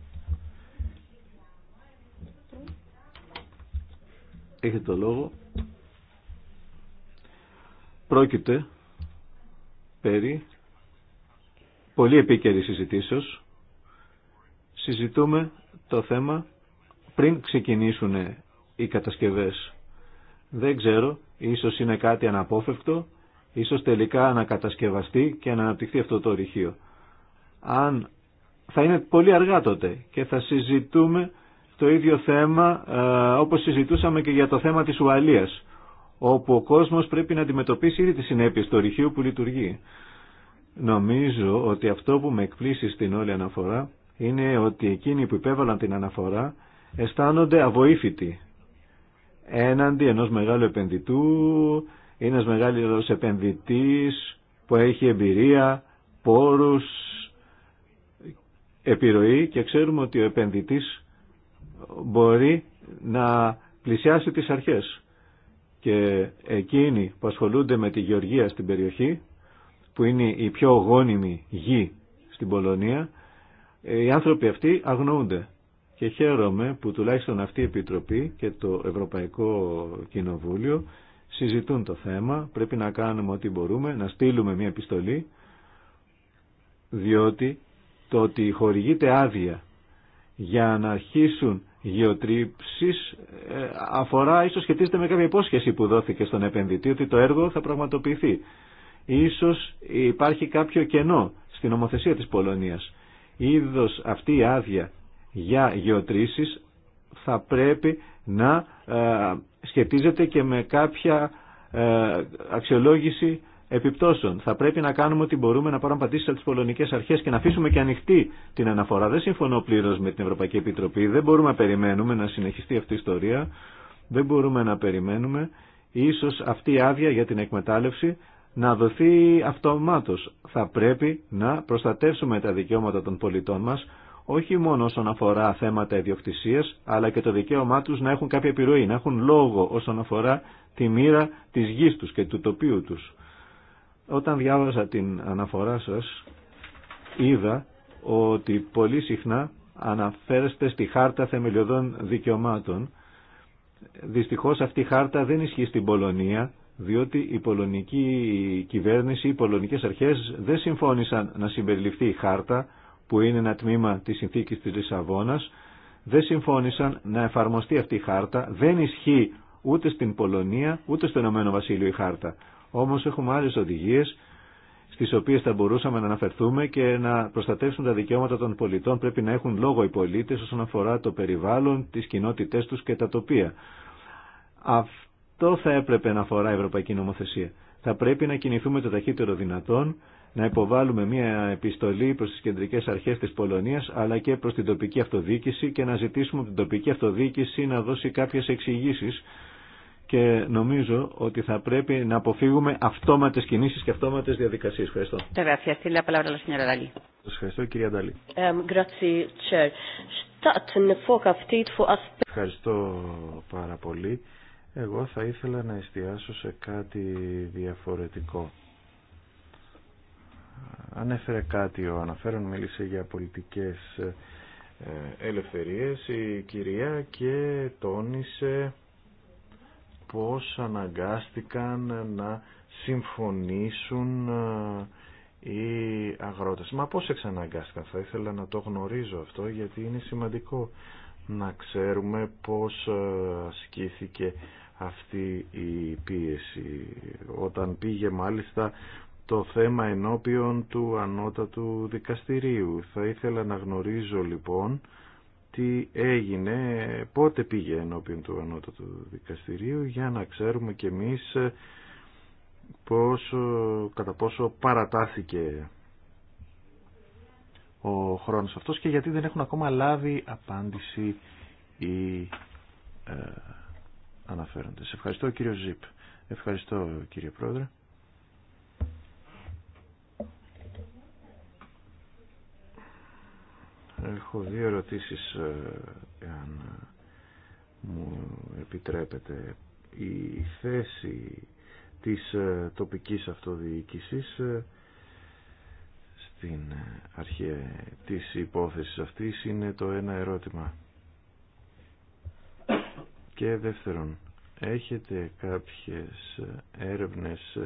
Έχετε το λόγο. Πρόκειται περί πολύ επίκαιρη συζητήσεως συζητούμε το θέμα πριν ξεκινήσουν οι κατασκευές. Δεν ξέρω, ίσως είναι κάτι αναπόφευκτο, ίσως τελικά να κατασκευαστεί και να αναπτυχθεί αυτό το ρηχείο. Αν θα είναι πολύ αργά τότε και θα συζητούμε το ίδιο θέμα ε, όπως συζητούσαμε και για το θέμα της Ουαλίας όπου ο κόσμος πρέπει να αντιμετωπίσει ήδη τις συνέπειες του ρηχείου που λειτουργεί. Νομίζω ότι αυτό που με εκπλήσει στην όλη αναφορά είναι ότι εκείνοι που υπέβαλαν την αναφορά αισθάνονται αβοήθητοι έναντι ενός μεγάλου επενδυτού, ένας μεγάλος επενδυτής που έχει εμπειρία, πόρους, επιρροή και ξέρουμε ότι ο επενδυτής μπορεί να πλησιάσει τις αρχές. Και εκείνοι που ασχολούνται με τη γεωργία στην περιοχή, που είναι η πιο γόνιμη γη στην Πολωνία, ε, οι άνθρωποι αυτοί αγνοούνται. Και χαίρομαι που τουλάχιστον αυτή η Επιτροπή και το Ευρωπαϊκό Κοινοβούλιο συζητούν το θέμα. Πρέπει να κάνουμε ό,τι μπορούμε, να στείλουμε μια επιστολή, διότι το ότι χορηγείται άδεια για να αρχίσουν γεωτρύψεις ε, αφορά, ίσως σχετίζεται με κάποια υπόσχεση που δόθηκε στον επενδυτή ότι το έργο θα πραγματοποιηθεί. Ίσως υπάρχει κάποιο κενό στην ομοθεσία της Πολωνίας είδος αυτή η άδεια για γεωτρήσεις θα πρέπει να ε, σχετίζεται και με κάποια ε, αξιολόγηση επιπτώσεων. Θα πρέπει να κάνουμε ό,τι μπορούμε να πάρουμε πατήσει από τι πολωνικέ αρχέ και να αφήσουμε και ανοιχτή την αναφορά. Δεν συμφωνώ πλήρω με την Ευρωπαϊκή Επιτροπή. Δεν μπορούμε να περιμένουμε να συνεχιστεί αυτή η ιστορία. Δεν μπορούμε να περιμένουμε. Ίσως αυτή η άδεια για την εκμετάλλευση να δοθεί αυτομάτως. Θα πρέπει να προστατεύσουμε τα δικαιώματα των πολιτών μας, όχι μόνο όσον αφορά θέματα ιδιοκτησίας, αλλά και το δικαίωμά τους να έχουν κάποια επιρροή, να έχουν λόγο όσον αφορά τη μοίρα της γης τους και του τοπίου τους. Όταν διάβασα την αναφορά σας, είδα ότι πολύ συχνά αναφέρεστε στη χάρτα θεμελιωδών δικαιωμάτων. Δυστυχώς αυτή η χάρτα δεν ισχύει στην Πολωνία, διότι η πολωνική κυβέρνηση, οι πολωνικές αρχές δεν συμφώνησαν να συμπεριληφθεί η χάρτα που είναι ένα τμήμα της συνθήκης της Λισαβόνας, δεν συμφώνησαν να εφαρμοστεί αυτή η χάρτα, δεν ισχύει ούτε στην Πολωνία ούτε στο Ηνωμένο Βασίλειο η χάρτα. Όμως έχουμε άλλες οδηγίες στις οποίες θα μπορούσαμε να αναφερθούμε και να προστατεύσουν τα δικαιώματα των πολιτών πρέπει να έχουν λόγο οι πολίτες όσον αφορά το περιβάλλον, τις κοινότητές τους και τα τοπία αυτό θα έπρεπε να αφορά η Ευρωπαϊκή Νομοθεσία. Θα πρέπει να κινηθούμε το ταχύτερο δυνατόν, να υποβάλουμε μια επιστολή προ τι κεντρικέ αρχέ τη Πολωνία, αλλά και προ την τοπική αυτοδιοίκηση και να ζητήσουμε την τοπική αυτοδιοίκηση να δώσει κάποιε εξηγήσει. και νομίζω ότι θα πρέπει να αποφύγουμε αυτόματε κινήσει και αυτόματε διαδικασίε. Ευχαριστώ. ευχαριστώ κυρία Νταλή. Ευχαριστώ πάρα πολύ. Εγώ θα ήθελα να εστιάσω σε κάτι διαφορετικό. Ανέφερε κάτι ο αναφέρον, μίλησε για πολιτικές ε, ελευθερίες η κυρία και τόνισε πως αναγκάστηκαν να συμφωνήσουν ε, οι αγρότες. Μα πώς εξαναγκάστηκαν, θα ήθελα να το γνωρίζω αυτό γιατί είναι σημαντικό να ξέρουμε πώς ε, ασκήθηκε αυτή η πίεση. Όταν πήγε μάλιστα το θέμα ενώπιον του ανώτατου δικαστηρίου. Θα ήθελα να γνωρίζω λοιπόν τι έγινε, πότε πήγε ενώπιον του ανώτατου δικαστηρίου για να ξέρουμε και εμείς ε, πόσο, ε, κατά πόσο παρατάθηκε ο χρόνος αυτός και γιατί δεν έχουν ακόμα λάβει απάντηση οι ε, αναφέροντες. Ευχαριστώ κύριο Ζιπ. Ευχαριστώ κύριε Πρόεδρε. Έχω δύο ερωτήσεις αν ε, ε, μου επιτρέπετε. Η θέση της ε, τοπικής αυτοδιοίκησης την ε, αρχή ε, της υπόθεσης αυτής είναι το ένα ερώτημα. Και δεύτερον, έχετε κάποιες ε, έρευνες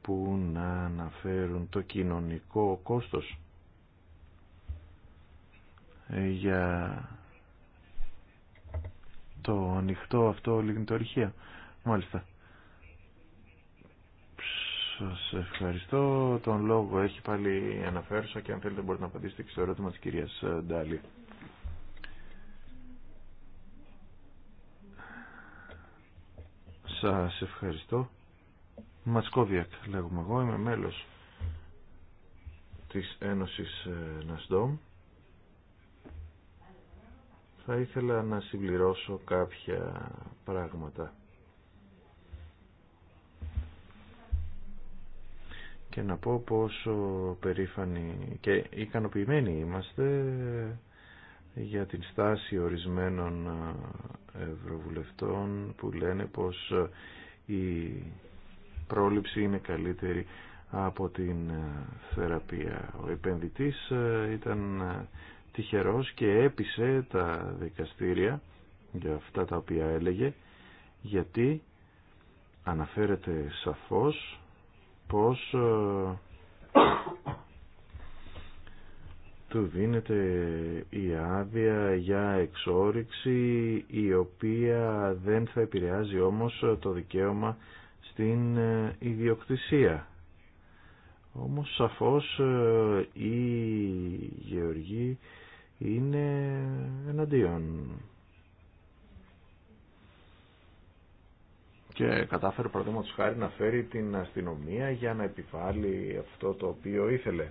που να αναφέρουν το κοινωνικό κόστος για το ανοιχτό αυτό λιγνητορυχία. Μάλιστα. Σας ευχαριστώ. Τον λόγο έχει πάλι αναφέρουσα και αν θέλετε μπορείτε να απαντήσετε και στο ερώτημα της κυρίας Ντάλη. Σας ευχαριστώ. Ματσκόβιακ λέγουμε εγώ, είμαι μέλος της Ένωσης ε, Νασδόμ. Θα ήθελα να συμπληρώσω κάποια πράγματα. και να πω πόσο περήφανοι και ικανοποιημένοι είμαστε για την στάση ορισμένων ε, ευρωβουλευτών που λένε πως ε, η πρόληψη είναι καλύτερη από την ε, θεραπεία. Ο επενδυτής ήταν τυχερός και έπεισε τα δικαστήρια για αυτά τα οποία έλεγε γιατί αναφέρεται σαφώς πως ε, του δίνεται η άδεια για εξόριξη η οποία δεν θα επηρεάζει όμως το δικαίωμα στην ε, ιδιοκτησία. Όμως σαφώς η ε, Γεωργή είναι εναντίον και κατάφερε παραδείγματος χάρη να φέρει την αστυνομία για να επιβάλλει αυτό το οποίο ήθελε.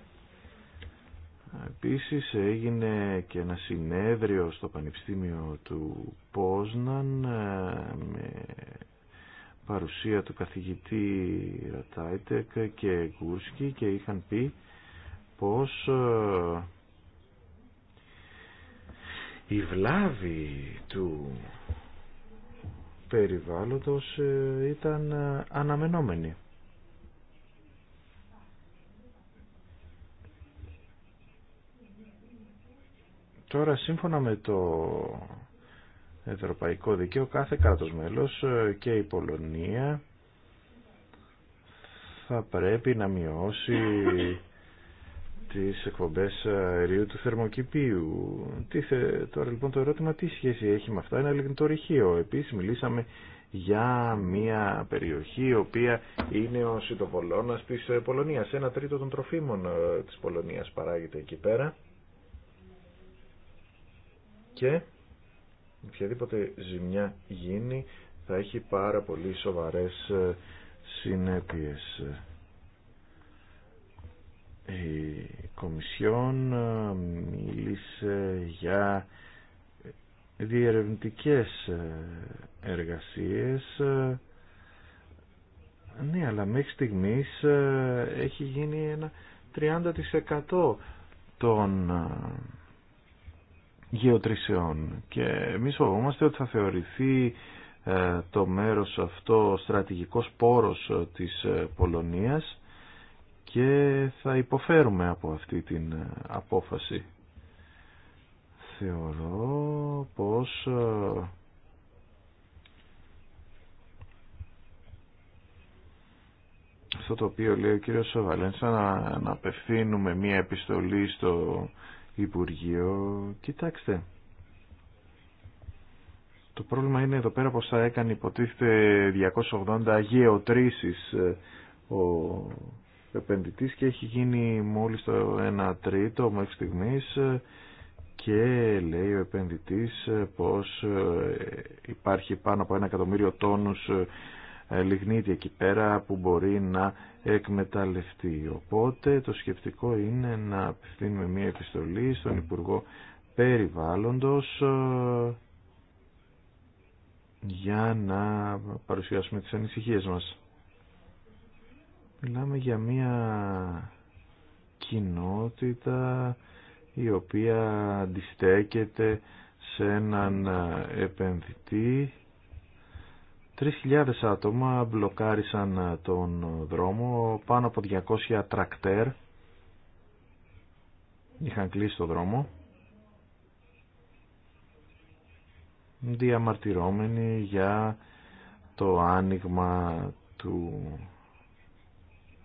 Επίσης έγινε και ένα συνέδριο στο Πανεπιστήμιο του Πόσναν ε, με παρουσία του καθηγητή Ρατάιτεκ και Γκούρσκι και είχαν πει πως ε, η βλάβη του περιβάλλοντος ε, ήταν ε, αναμενόμενη. Τώρα σύμφωνα με το Ευρωπαϊκό Δικαίο κάθε κράτος μέλος ε, και η Πολωνία θα πρέπει να μειώσει τις εκπομπές αερίου του θερμοκηπίου. Τι θε, τώρα λοιπόν το ερώτημα τι σχέση έχει με αυτά, ένα λιγνητορυχείο. Επίσης μιλήσαμε για μια περιοχή η οποία είναι ο σιτοπολώνας της Πολωνίας. Ένα τρίτο των τροφίμων ε, της Πολωνίας παράγεται εκεί πέρα. Και οποιαδήποτε ζημιά γίνει θα έχει πάρα πολύ σοβαρές ε, συνέπειες η Κομισιόν ε, μίλησε για διερευνητικές ε, εργασίες ε, ναι αλλά μέχρι στιγμής έχει γίνει ένα 30% των γεωτρησεών και εμείς φοβόμαστε ότι θα θεωρηθεί το μέρος αυτό στρατηγικός πόρος της Πολωνίας και θα υποφέρουμε από αυτή την ε, απόφαση. Θεωρώ πως ε, αυτό το οποίο λέει ο κύριος Βαλέντσα να, να απευθύνουμε μία επιστολή στο Υπουργείο. Κοιτάξτε, το πρόβλημα είναι εδώ πέρα πως θα έκανε υποτίθεται 280 γεωτρήσεις ε, ο επενδυτής και έχει γίνει μόλις το 1 τρίτο μέχρι στιγμής και λέει ο επενδυτής πως ε, υπάρχει πάνω από ένα εκατομμύριο τόνους ε, λιγνίτη εκεί πέρα που μπορεί να εκμεταλλευτεί. Οπότε το σκεπτικό είναι να απευθύνουμε μία επιστολή στον Υπουργό Περιβάλλοντος ε, για να παρουσιάσουμε τις ανησυχίες μας. Μιλάμε για μια κοινότητα η οποία αντιστέκεται σε έναν επενδυτή. 3.000 άτομα μπλοκάρισαν τον δρόμο, πάνω από 200 τρακτέρ είχαν κλείσει το δρόμο. Διαμαρτυρώμενοι για το άνοιγμα του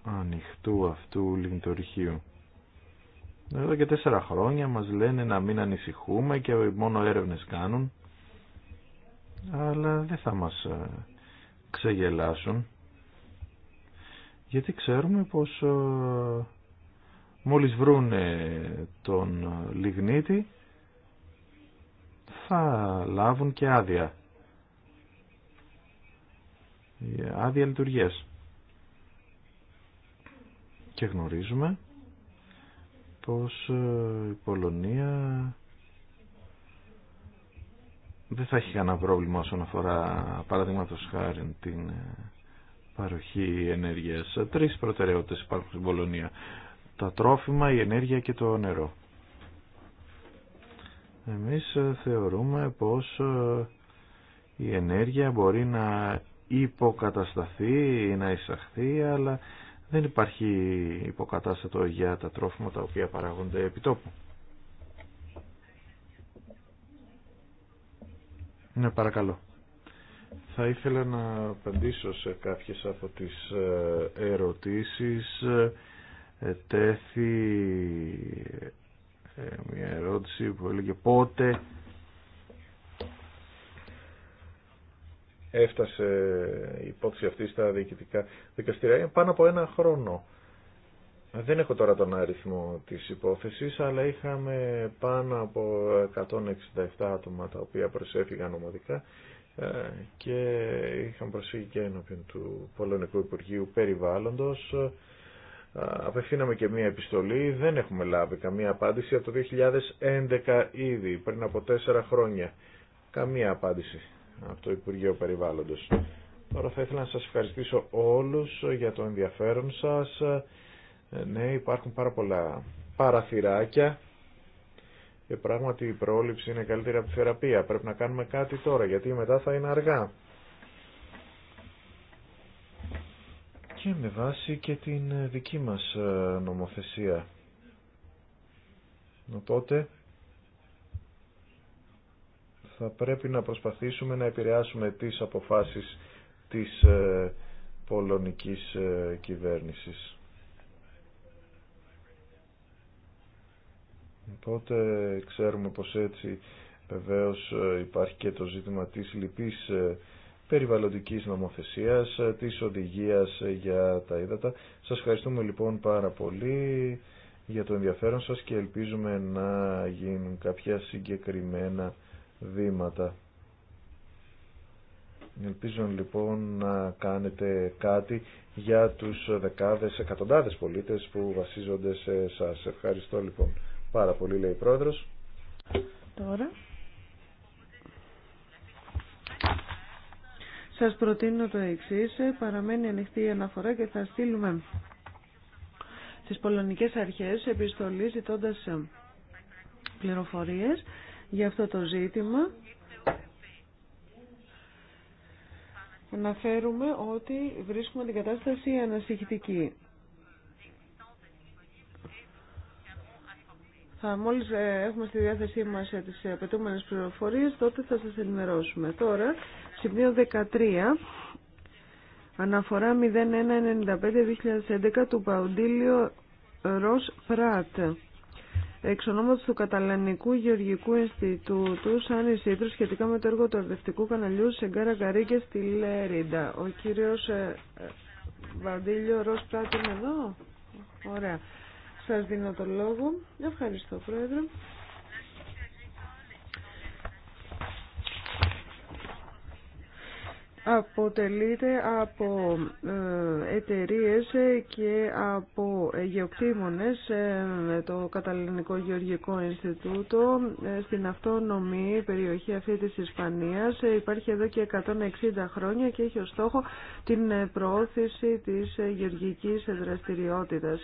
ανοιχτού αυτού λιντορχείου. Εδώ και τέσσερα χρόνια μας λένε να μην ανησυχούμε και μόνο έρευνες κάνουν, αλλά δεν θα μας ε, ξεγελάσουν, γιατί ξέρουμε πως ε, μόλις βρούνε τον λιγνίτη θα λάβουν και άδεια. Ε, άδεια λειτουργίας και γνωρίζουμε πως ε, η Πολωνία δεν θα έχει κανένα πρόβλημα όσον αφορά παραδείγματο χάρη την ε, παροχή ενέργειας. Τρεις προτεραιότητες υπάρχουν στην Πολωνία. Τα τρόφιμα, η ενέργεια και το νερό. Εμείς ε, θεωρούμε πως η ενέργεια μπορεί να υποκατασταθεί ή να εισαχθεί, αλλά δεν υπάρχει υποκατάστατο για τα τρόφιμα τα οποία παράγονται επί τόπου. Ναι, παρακαλώ. Θα ήθελα να απαντήσω σε κάποιες από τις ε, ερωτήσεις. Ε, τέθη ε, μια ερώτηση που έλεγε πότε έφτασε η υπόθεση αυτή στα διοικητικά δικαστήρια πάνω από ένα χρόνο. Δεν έχω τώρα τον αριθμό της υπόθεσης, αλλά είχαμε πάνω από 167 άτομα τα οποία προσέφυγαν ομαδικά ε, και είχαν προσφύγει και ενώπιον του Πολωνικού Υπουργείου Περιβάλλοντος. Ε, απευθύναμε και μία επιστολή, δεν έχουμε λάβει καμία απάντηση από το 2011 ήδη, πριν από τέσσερα χρόνια. Καμία απάντηση από το Υπουργείο Περιβάλλοντος. Τώρα θα ήθελα να σας ευχαριστήσω όλους για το ενδιαφέρον σας. Ε, ναι, υπάρχουν πάρα πολλά παραθυράκια και πράγματι η πρόληψη είναι καλύτερη από τη θεραπεία. Πρέπει να κάνουμε κάτι τώρα γιατί μετά θα είναι αργά. Και με βάση και την δική μας ε, νομοθεσία. τότε... Θα πρέπει να προσπαθήσουμε να επηρεάσουμε τις αποφάσεις της ε, πολωνικής ε, κυβέρνησης. Οπότε ξέρουμε πως έτσι βεβαίως ε, υπάρχει και το ζήτημα της λυπής περιβαλλοντικής νομοθεσίας, της οδηγίας για τα ύδατα. Σας ευχαριστούμε λοιπόν πάρα πολύ για το ενδιαφέρον σας και ελπίζουμε να γίνουν κάποια συγκεκριμένα βήματα. Ελπίζω λοιπόν να κάνετε κάτι για τους δεκάδες, εκατοντάδες πολίτες που βασίζονται σε σας. Ευχαριστώ λοιπόν πάρα πολύ λέει η Πρόεδρος. Τώρα. Σας προτείνω το εξή. Παραμένει ανοιχτή η αναφορά και θα στείλουμε στις πολωνικές αρχές επιστολή ζητώντα πληροφορίες για αυτό το ζήτημα. Να φέρουμε ότι βρίσκουμε την κατάσταση ανασυχητική. Θα, μόλις ε, έχουμε στη διάθεσή μας ε, τις απαιτούμενες πληροφορίες, τότε θα σας ενημερώσουμε. Τώρα, σημείο 13, αναφορά 0195-2011 του Παουντήλιο Ρος Πράτ. Εξ ονόματος του Καταλανικού Γεωργικού Ινστιτούτου, σαν εισήτρου σχετικά με το έργο του αρδευτικού καναλιού Σεγκάρα Καρή και στη Λέριντα. Ο κύριος ε, ε, Βαντήλιο Ροσπράτη είναι εδώ. Ωραία. Σας δίνω το λόγο. Ευχαριστώ, Πρόεδρε. αποτελείται από ε, εταιρείες και από γεωκτήμονες ε, το Καταλληνικό Γεωργικό Ινστιτούτο ε, στην αυτόνομη περιοχή αυτή της Ισπανίας υπάρχει εδώ και 160 χρόνια και έχει ως στόχο την προώθηση της γεωργικής δραστηριότητας.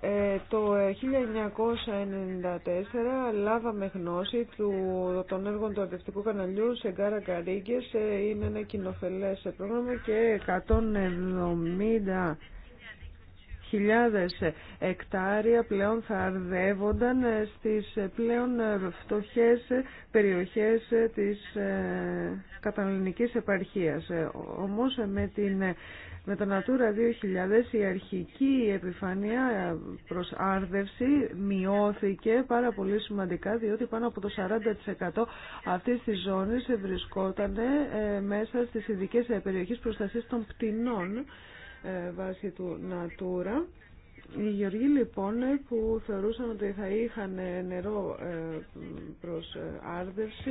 Ε, το 1994 ε, λάβαμε γνώση του, των έργων του Αντευτικού Καναλιού σε Γκάρα Καρίγκες. Ε, είναι ένα κοινοφελές πρόγραμμα και 170 χιλιάδες εκτάρια πλέον θα αρδεύονταν στις πλέον φτωχές περιοχές της ε, καταναλυνικής επαρχίας. Όμως με, την, με το Natura 2000 η αρχική επιφανεία προς άρδευση μειώθηκε πάρα πολύ σημαντικά διότι πάνω από το 40% αυτής της ζώνης βρισκόταν ε, μέσα στις ειδικές περιοχές προστασίας των πτηνών ε, βάση του Natura. Οι γεωργοί λοιπόν που θεωρούσαν ότι θα είχαν νερό ε, προς ε, άρδευση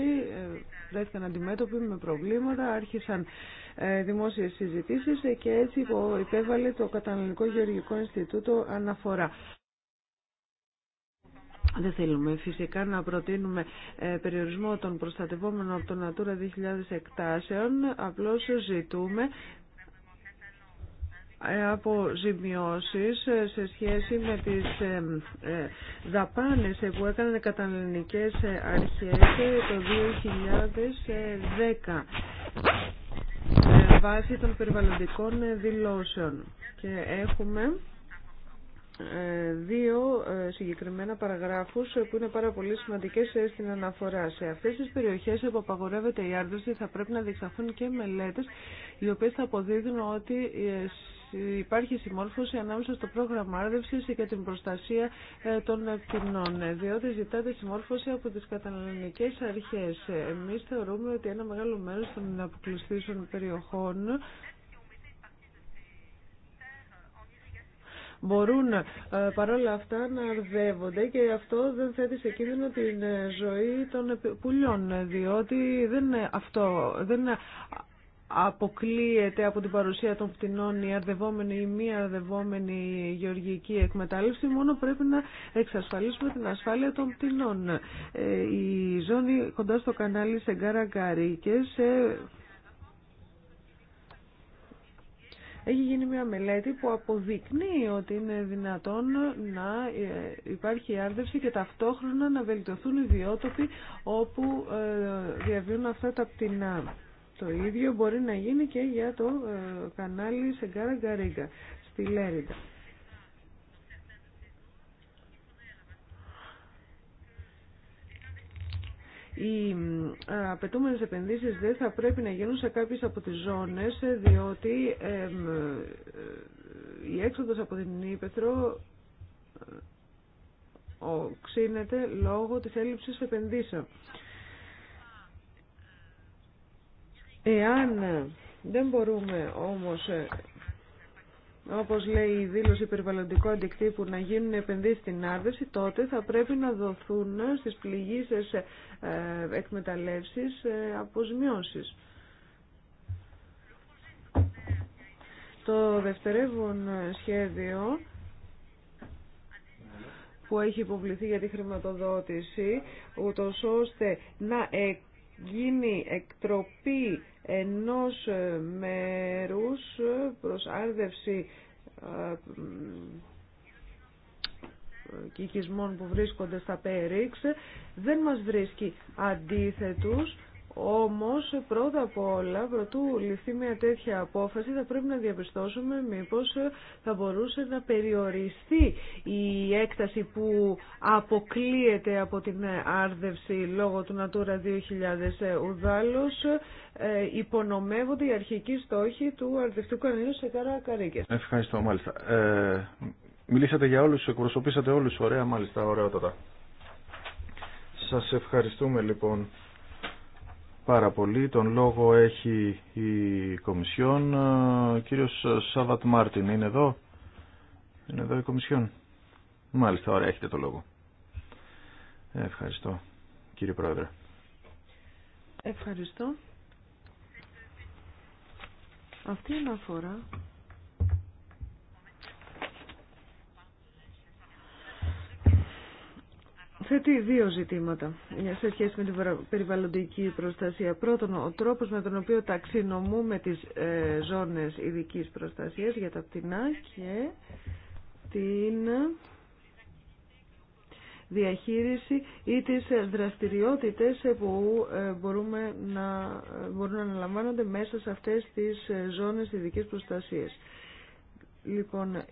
βρέθηκαν αντιμέτωποι με προβλήματα, άρχισαν δημόσιες συζητήσεις και έτσι υπέβαλε το Καταναλικό Γεωργικό Ινστιτούτο αναφορά. Δεν θέλουμε φυσικά να προτείνουμε περιορισμό των προστατευόμενων από το Natura 2000 εκτάσεων, απλώς ζητούμε ε, από ζημιώσεις ε, σε σχέση με τις ε, δαπάνες που έκαναν καταναλυνικές αρχές το 2010 βάσει των περιβαλλοντικών δηλώσεων και έχουμε δύο συγκεκριμένα παραγράφους που είναι πάρα πολύ σημαντικές στην αναφορά. Σε αυτές τις περιοχές που απαγορεύεται η άρδευση θα πρέπει να διεξαχθούν και μελέτες οι οποίες θα αποδίδουν ότι υπάρχει συμμόρφωση ανάμεσα στο πρόγραμμα άρδευση και την προστασία ε, των κοινών, ε, διότι ζητάται συμμόρφωση από τις καταναλωτικές αρχές. Εμεί θεωρούμε ότι ένα μεγάλο μέρος των αποκλειστήσεων περιοχών μπορούν ε, παρόλα αυτά να αρδεύονται και αυτό δεν θέτει σε κίνδυνο την ζωή των πουλιών διότι δεν, αυτό, δεν αποκλείεται από την παρουσία των πτηνών η αρδευόμενη ή μη αρδευόμενη γεωργική εκμετάλλευση, μόνο πρέπει να εξασφαλίσουμε την ασφάλεια των πτηνών. Ε, η ζώνη κοντά στο κανάλι σε Γκαρακαρίκες ε, Έχει γίνει μια μελέτη που αποδεικνύει ότι είναι δυνατόν να ε, υπάρχει άρδευση σε... εχει γινει μια μελετη ταυτόχρονα να βελτιωθούν οι βιότοποι όπου διαβιούν αυτά τα πτηνά. Το ίδιο μπορεί να γίνει και για το ε, κανάλι Σεγκάρα Γκαρίγκα στη Λέριντα. Οι ε, απαιτούμενες επενδύσεις δεν θα πρέπει να γίνουν σε κάποιες από τις ζώνες, ε, διότι η έξοδος από την Ήπεθρο ξύνεται λόγω της έλλειψης επενδύσεων. Εάν δεν μπορούμε όμως, όπως λέει η δήλωση περιβαλλοντικού αντικτύπου, να γίνουν επενδύσεις στην άρδευση, τότε θα πρέπει να δοθούν στις πληγήσεις ε, εκμεταλλεύσεις ε, αποσμιώσεις. Το δευτερεύον σχέδιο που έχει υποβληθεί για τη χρηματοδότηση, ούτως ώστε να ε, γίνει εκτροπή ενός ε, μέρους προς άρδευση ε, κυκισμών που βρίσκονται στα ΠΕΡΙΞ δεν μας βρίσκει αντίθετους όμως πρώτα απ' όλα, προτού ληφθεί μια τέτοια απόφαση, θα πρέπει να διαπιστώσουμε μήπως θα μπορούσε να περιοριστεί η έκταση που αποκλείεται από την άρδευση λόγω του Natura 2000 ουδάλλως, ε, υπονομεύονται οι αρχικοί στόχοι του αρδευτικού κανονίου σε καρακαρίκες. Ευχαριστώ μάλιστα. Ε, μιλήσατε για όλους, εκπροσωπήσατε όλους, ωραία μάλιστα, τότε. Σας ευχαριστούμε λοιπόν πάρα πολύ. Τον λόγο έχει η Κομισιόν. Ο ε, κύριος Σάββατ Μάρτιν είναι εδώ. Είναι εδώ η Κομισιόν. Μάλιστα, ωραία, έχετε το λόγο. Ε, ευχαριστώ, κύριε Πρόεδρε. Ευχαριστώ. Αυτή η αναφορά θέτει δύο ζητήματα σε σχέση με την περιβαλλοντική προστασία. Πρώτον, ο τρόπος με τον οποίο ταξινομούμε τις ε, ζώνες ειδική προστασίας για τα πτηνά και την διαχείριση ή τις δραστηριότητες που ε, μπορούμε να, ε, μπορούν να αναλαμβάνονται μέσα σε αυτές τις ε, ζώνες ειδικής προστασίας. Λοιπόν,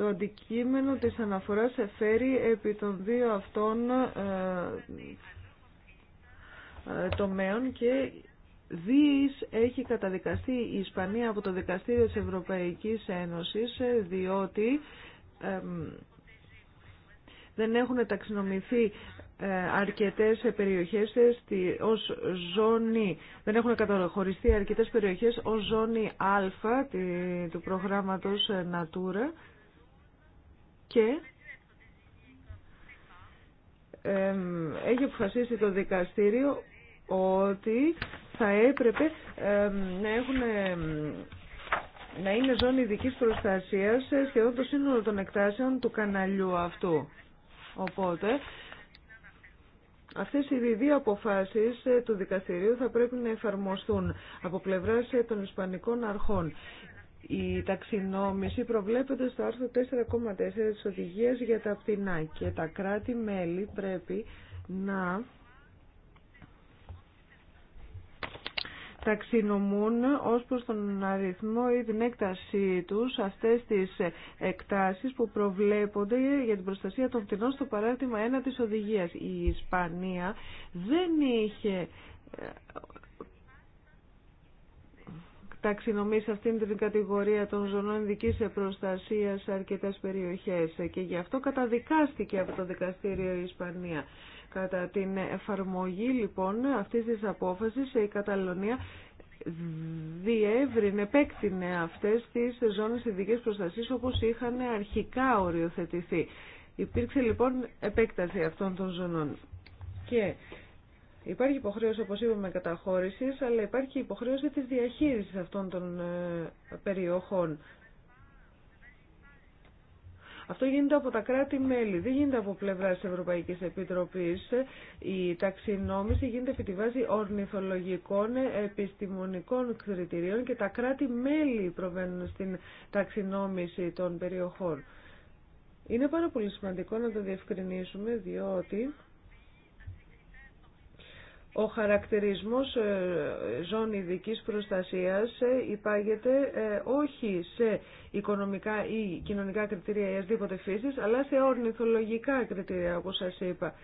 το αντικείμενο της αναφοράς εφέρει επί των δύο αυτών ε, ε, τομέων και Δίης έχει καταδικαστεί η Ισπανία από το Δικαστήριο της Ευρωπαϊκής Ένωσης ε, διότι δεν έχουν ταξινομηθεί αρκετές περιοχές στη, ως ζώνη, δεν έχουν καταχωριστεί αρκετές περιοχές ως ζώνη Α του προγράμματος Natura και έχει αποφασίσει το δικαστήριο ότι θα έπρεπε να να είναι ζώνη ειδική προστασία σε σχεδόν το σύνολο των εκτάσεων του καναλιού αυτού. Οπότε, αυτές οι δύο αποφάσεις του δικαστηρίου θα πρέπει να εφαρμοστούν από πλευράς των Ισπανικών αρχών. Η ταξινόμηση προβλέπεται στο άρθρο 4,4 της οδηγίας για τα πτηνά και τα κράτη-μέλη πρέπει να ταξινομούν ως προς τον αριθμό ή την έκτασή τους αυτές τις εκτάσεις που προβλέπονται για την προστασία των πτηνών στο παράδειγμα 1 της οδηγίας. Η Ισπανία δεν είχε ταξινομεί σε αυτήν την κατηγορία των ζωνών ειδική προστασία σε αρκετέ περιοχέ. και γι' αυτό καταδικάστηκε από το δικαστήριο η Ισπανία. Κατά την εφαρμογή λοιπόν αυτής της απόφασης η Καταλωνία διεύρυνε, επέκτηνε αυτές τι ζώνε ειδική προστασίας όπω είχαν αρχικά οριοθετηθεί. Υπήρξε λοιπόν επέκταση αυτών των ζωνών. Και Υπάρχει υποχρέωση, όπως είπαμε, καταχώρησης, αλλά υπάρχει υποχρέωση της διαχείρισης αυτών των ε, περιοχών. Αυτό γίνεται από τα κράτη-μέλη, δεν γίνεται από πλευρά τη Ευρωπαϊκή Επιτροπή. Η ταξινόμηση γίνεται επί τη βάση ορνηθολογικών επιστημονικών κριτηρίων και τα κράτη-μέλη προβαίνουν στην ταξινόμηση των περιοχών. Είναι πάρα πολύ σημαντικό να το διευκρινίσουμε διότι ο χαρακτηρισμός ε, ζώνη ειδική προστασίας ε, υπάγεται ε, όχι σε οικονομικά ή κοινωνικά κριτήρια ή ασδήποτε φύσης, αλλά σε ορνηθολογικά κριτήρια, όπως σας είπα,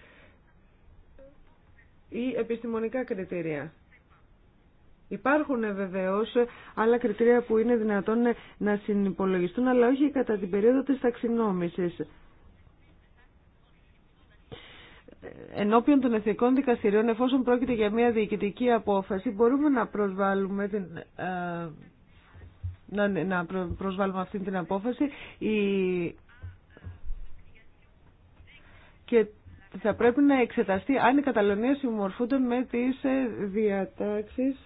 ή επιστημονικά κριτήρια. Υπάρχουν βεβαίω άλλα κριτήρια που είναι δυνατόν να συνυπολογιστούν, αλλά όχι κατά την περίοδο της ταξινόμησης ενώπιον των εθνικών δικαστηρίων, εφόσον πρόκειται για μια διοικητική απόφαση, μπορούμε να προσβάλλουμε την, ε, να, να προσβάλλουμε αυτή την απόφαση και θα πρέπει να εξεταστεί αν η Καταλωνία συμμορφούνται με τις ε, διατάξεις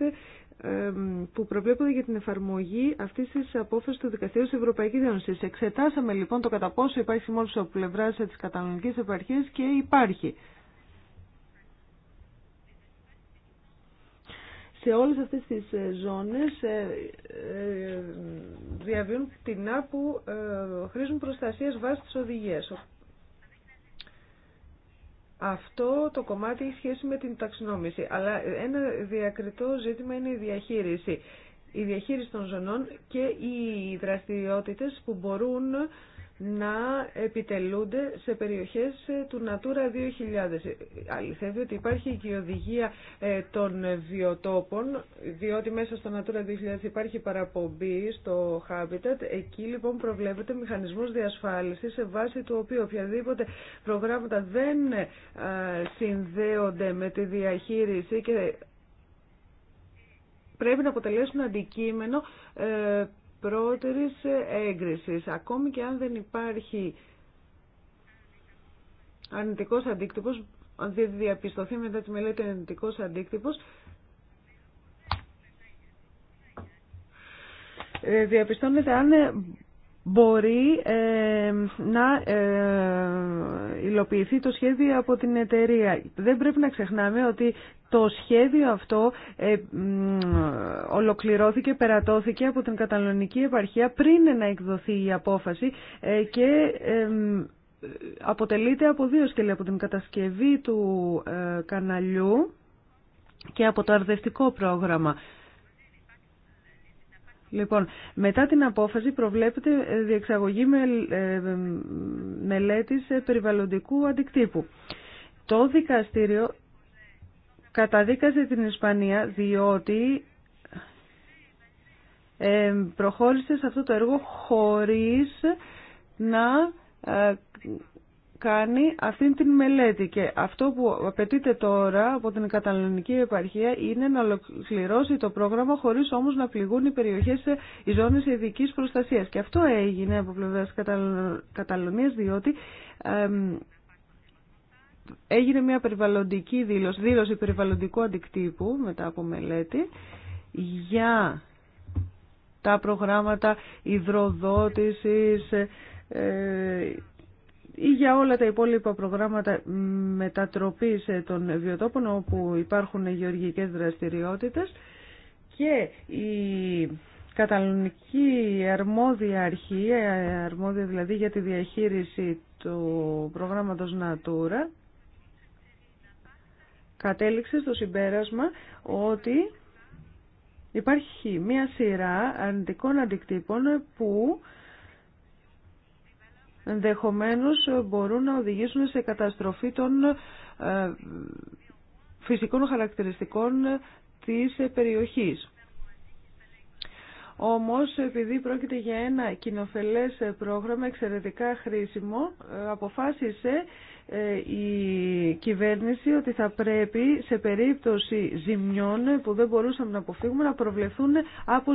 που προβλέπονται για την εφαρμογή αυτή τη απόφαση του Δικαστηρίου τη Ευρωπαϊκή Ένωση. Εξετάσαμε λοιπόν το κατά πόσο υπάρχει συμμόρφωση από πλευρά τη καταναλωτική επαρχία και υπάρχει. Σε όλες αυτές τις ε, ζώνες ε, ε, διαβιούν πτηνά που χρήζουν προστασίες βάσει της οδηγίας. Αυτό το κομμάτι έχει σχέση με την ταξινόμηση, αλλά ένα διακριτό ζήτημα είναι η διαχείριση. Η διαχείριση των ζωνών και οι δραστηριότητες που μπορούν να επιτελούνται σε περιοχές ε, του Natura 2000. Αληθεύει ότι υπάρχει και η οδηγία ε, των βιοτόπων, διότι μέσα στο Natura 2000 υπάρχει παραπομπή στο Habitat. Εκεί λοιπόν προβλέπεται μηχανισμός διασφάλισης σε βάση του οποίου οποιαδήποτε προγράμματα δεν ε, συνδέονται με τη διαχείριση και πρέπει να αποτελέσουν αντικείμενο πρώτερης έγκρισης. Ακόμη και αν δεν υπάρχει αρνητικός αντίκτυπος, αν δεν διαπιστωθεί μετά τη μελέτη αρνητικός αντίκτυπος, ε, διαπιστώνεται αν μπορεί ε, να ε, υλοποιηθεί το σχέδιο από την εταιρεία. Δεν πρέπει να ξεχνάμε ότι το σχέδιο αυτό ε, ολοκληρώθηκε, περατώθηκε από την Καταλωνική Επαρχία πριν να εκδοθεί η απόφαση ε, και ε, αποτελείται από δύο σκέλη, από την κατασκευή του ε, καναλιού και από το αρδευτικό πρόγραμμα. Λοιπόν, μετά την απόφαση προβλέπεται διεξαγωγή με, μελέτης περιβαλλοντικού αντικτύπου. Το δικαστήριο Καταδίκασε την Ισπανία διότι ε, προχώρησε σε αυτό το έργο χωρίς να ε, κάνει αυτήν την μελέτη και αυτό που απαιτείται τώρα από την Καταλωνική Επαρχία είναι να ολοκληρώσει το πρόγραμμα χωρίς όμως να πληγούν οι περιοχές, οι ζώνες ειδικής προστασίας και αυτό έγινε από πλευράς Καταλωνίας διότι ε, έγινε μια περιβαλλοντική δήλωση, δήλωση περιβαλλοντικού αντικτύπου μετά από μελέτη για τα προγράμματα υδροδότησης ε, ε, ή για όλα τα υπόλοιπα προγράμματα μετατροπής ε, των βιοτόπων όπου υπάρχουν γεωργικές δραστηριότητες και η καταλονική αρμόδια αρχή, αρμόδια δηλαδή για τη διαχείριση του προγράμματος Natura, κατέληξε στο συμπέρασμα ότι υπάρχει μία σειρά αρνητικών αντικτύπων που ενδεχομένως μπορούν να οδηγήσουν σε καταστροφή των ε, φυσικών χαρακτηριστικών της περιοχής. Όμως, επειδή πρόκειται για ένα κοινοφελές πρόγραμμα εξαιρετικά χρήσιμο, ε, αποφάσισε ε, η κυβέρνηση ότι θα πρέπει σε περίπτωση ζημιών που δεν μπορούσαμε να αποφύγουμε να προβλεφθούν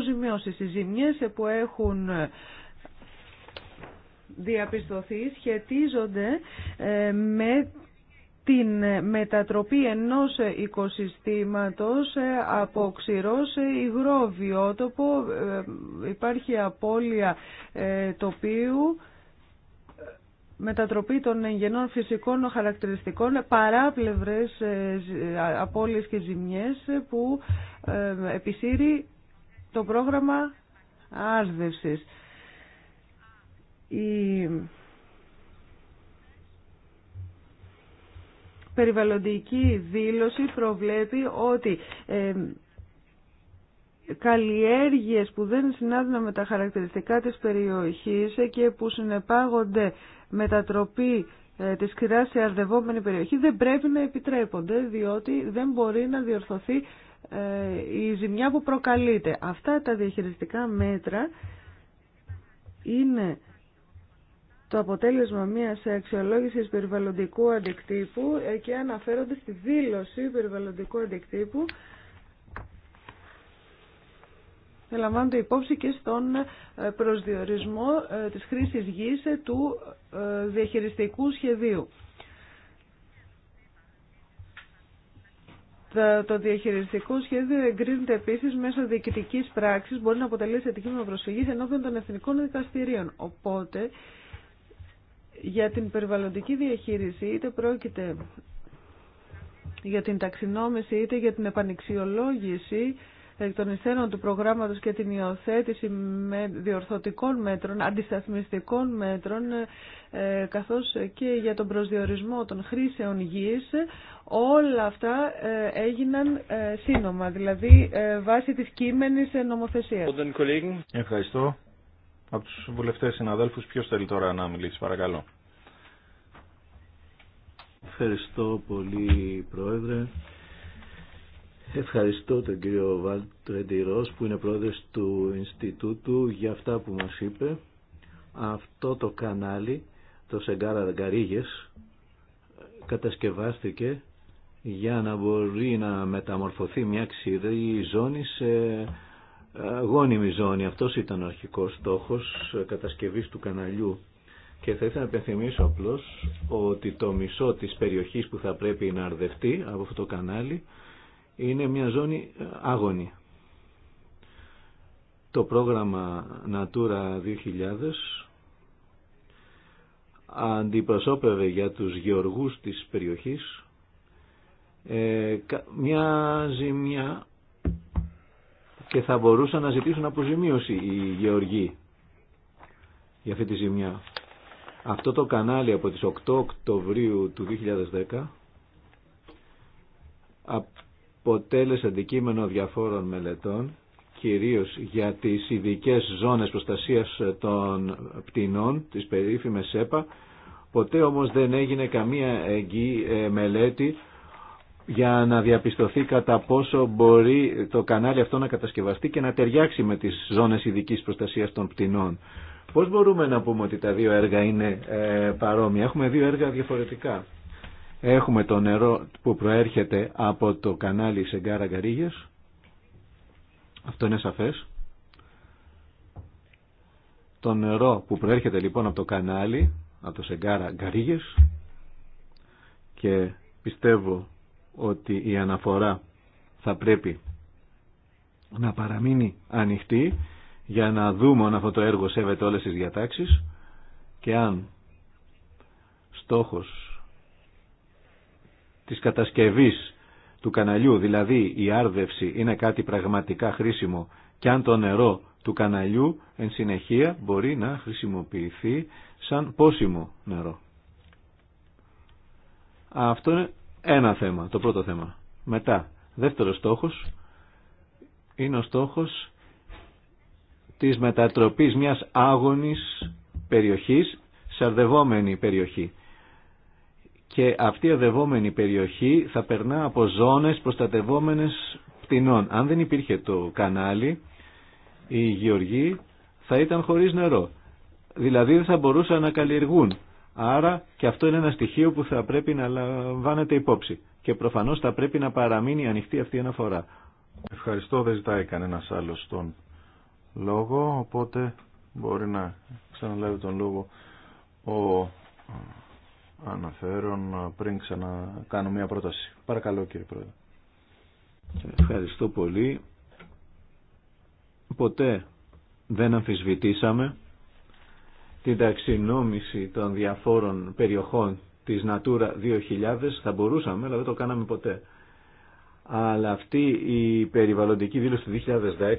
ζημιώσεις. Οι ζημιές που έχουν ε, διαπιστωθεί σχετίζονται ε, με την μετατροπή ενός οικοσυστήματος από ξηρό σε υγρό βιότοπο. Υπάρχει απώλεια τοπίου μετατροπή των εγγενών φυσικών χαρακτηριστικών, παράπλευρες ε, ε, απώλειες και ζημιές που ε, επισύρει το πρόγραμμα άρδευσης. Η περιβαλλοντική δήλωση προβλέπει ότι καλλιέργειες που δεν συνάδουν με τα χαρακτηριστικά της περιοχής και που συνεπάγονται μετατροπή ε, της κυράς σε αρδευόμενη περιοχή δεν πρέπει να επιτρέπονται διότι δεν μπορεί να διορθωθεί ε, η ζημιά που προκαλείται. Αυτά τα διαχειριστικά μέτρα είναι το αποτέλεσμα μιας αξιολόγησης περιβαλλοντικού αντικτύπου ε, και αναφέρονται στη δήλωση περιβαλλοντικού αντικτύπου Ελαμβάνονται υπόψη και στον προσδιορισμό της χρήσης γης του ε, διαχειριστικού σχεδίου. Το διαχειριστικό σχέδιο εγκρίνεται επίση μέσω διοικητική πράξη, μπορεί να αποτελέσει αντικείμενο προσφυγή ενώπιον των εθνικών δικαστηρίων. Οπότε, για την περιβαλλοντική διαχείριση, είτε πρόκειται για την ταξινόμηση, είτε για την επανεξιολόγηση, εκ των υστέρων του προγράμματος και την υιοθέτηση με διορθωτικών μέτρων, αντισταθμιστικών μέτρων, ε, καθώς και για τον προσδιορισμό των χρήσεων γης, όλα αυτά ε, έγιναν ε, σύνομα, δηλαδή βάσει της κείμενης νομοθεσίας. Ευχαριστώ. Από τους βουλευτές συναδέλφους, ποιος θέλει τώρα να μιλήσει, παρακαλώ. Ευχαριστώ πολύ, Πρόεδρε. Ευχαριστώ τον κύριο Βάλτρεντι που είναι πρόεδρος του Ινστιτούτου για αυτά που μας είπε. Αυτό το κανάλι, το Σεγκάρα Γκαρίγες, κατασκευάστηκε για να μπορεί να μεταμορφωθεί μια ξηρή ζώνη σε ε, γόνιμη ζώνη. Αυτός ήταν ο αρχικός στόχος ε, κατασκευής του καναλιού. Και θα ήθελα να απλώς ότι το μισό της περιοχής που θα πρέπει να αρδευτεί από αυτό το κανάλι είναι μια ζώνη ε, άγωνη. Το πρόγραμμα Natura 2000 αντιπροσώπευε για τους γεωργούς της περιοχής ε, μια ζημιά και θα μπορούσαν να ζητήσουν αποζημίωση οι γεωργοί για αυτή τη ζημιά. Αυτό το κανάλι από τις 8 Οκτωβρίου του 2010 αποτέλεσε αντικείμενο διαφόρων μελετών, κυρίως για τις ειδικέ ζώνες προστασίας των πτηνών, τις περίφημες ΕΠΑ. Ποτέ όμως δεν έγινε καμία εγγύ, ε, μελέτη για να διαπιστωθεί κατά πόσο μπορεί το κανάλι αυτό να κατασκευαστεί και να ταιριάξει με τις ζώνες ειδικής προστασίας των πτηνών. Πώς μπορούμε να πούμε ότι τα δύο έργα είναι ε, παρόμοια. Έχουμε δύο έργα διαφορετικά. Έχουμε το νερό που προέρχεται από το κανάλι Σεγκάρα Γκαρίγες. Αυτό είναι σαφές. Το νερό που προέρχεται λοιπόν από το κανάλι, από το Σεγκάρα Γκαρίγες και πιστεύω ότι η αναφορά θα πρέπει να παραμείνει ανοιχτή για να δούμε αν αυτό το έργο σέβεται όλες τις διατάξεις και αν στόχος της κατασκευής του καναλιού, δηλαδή η άρδευση είναι κάτι πραγματικά χρήσιμο και αν το νερό του καναλιού εν συνεχεία μπορεί να χρησιμοποιηθεί σαν πόσιμο νερό. Αυτό είναι ένα θέμα, το πρώτο θέμα. Μετά, δεύτερος στόχος είναι ο στόχος της μετατροπής μιας άγονης περιοχής σε αρδευόμενη περιοχή και αυτή η οδευόμενη περιοχή θα περνά από ζώνες προστατευόμενες πτηνών. Αν δεν υπήρχε το κανάλι, η γεωργοί θα ήταν χωρίς νερό. Δηλαδή δεν θα μπορούσαν να καλλιεργούν. Άρα και αυτό είναι ένα στοιχείο που θα πρέπει να λαμβάνεται υπόψη. Και προφανώς θα πρέπει να παραμείνει ανοιχτή αυτή η αναφορά. Ευχαριστώ, δεν ζητάει κανένα άλλο τον λόγο, οπότε μπορεί να ξαναλάβει τον λόγο ο αναφέρον πριν ξανακάνω μια πρόταση. Παρακαλώ κύριε Πρόεδρε. Ευχαριστώ πολύ. Ποτέ δεν αμφισβητήσαμε την ταξινόμηση των διαφόρων περιοχών της Natura 2000 θα μπορούσαμε, αλλά δεν το κάναμε ποτέ. Αλλά αυτή η περιβαλλοντική δήλωση του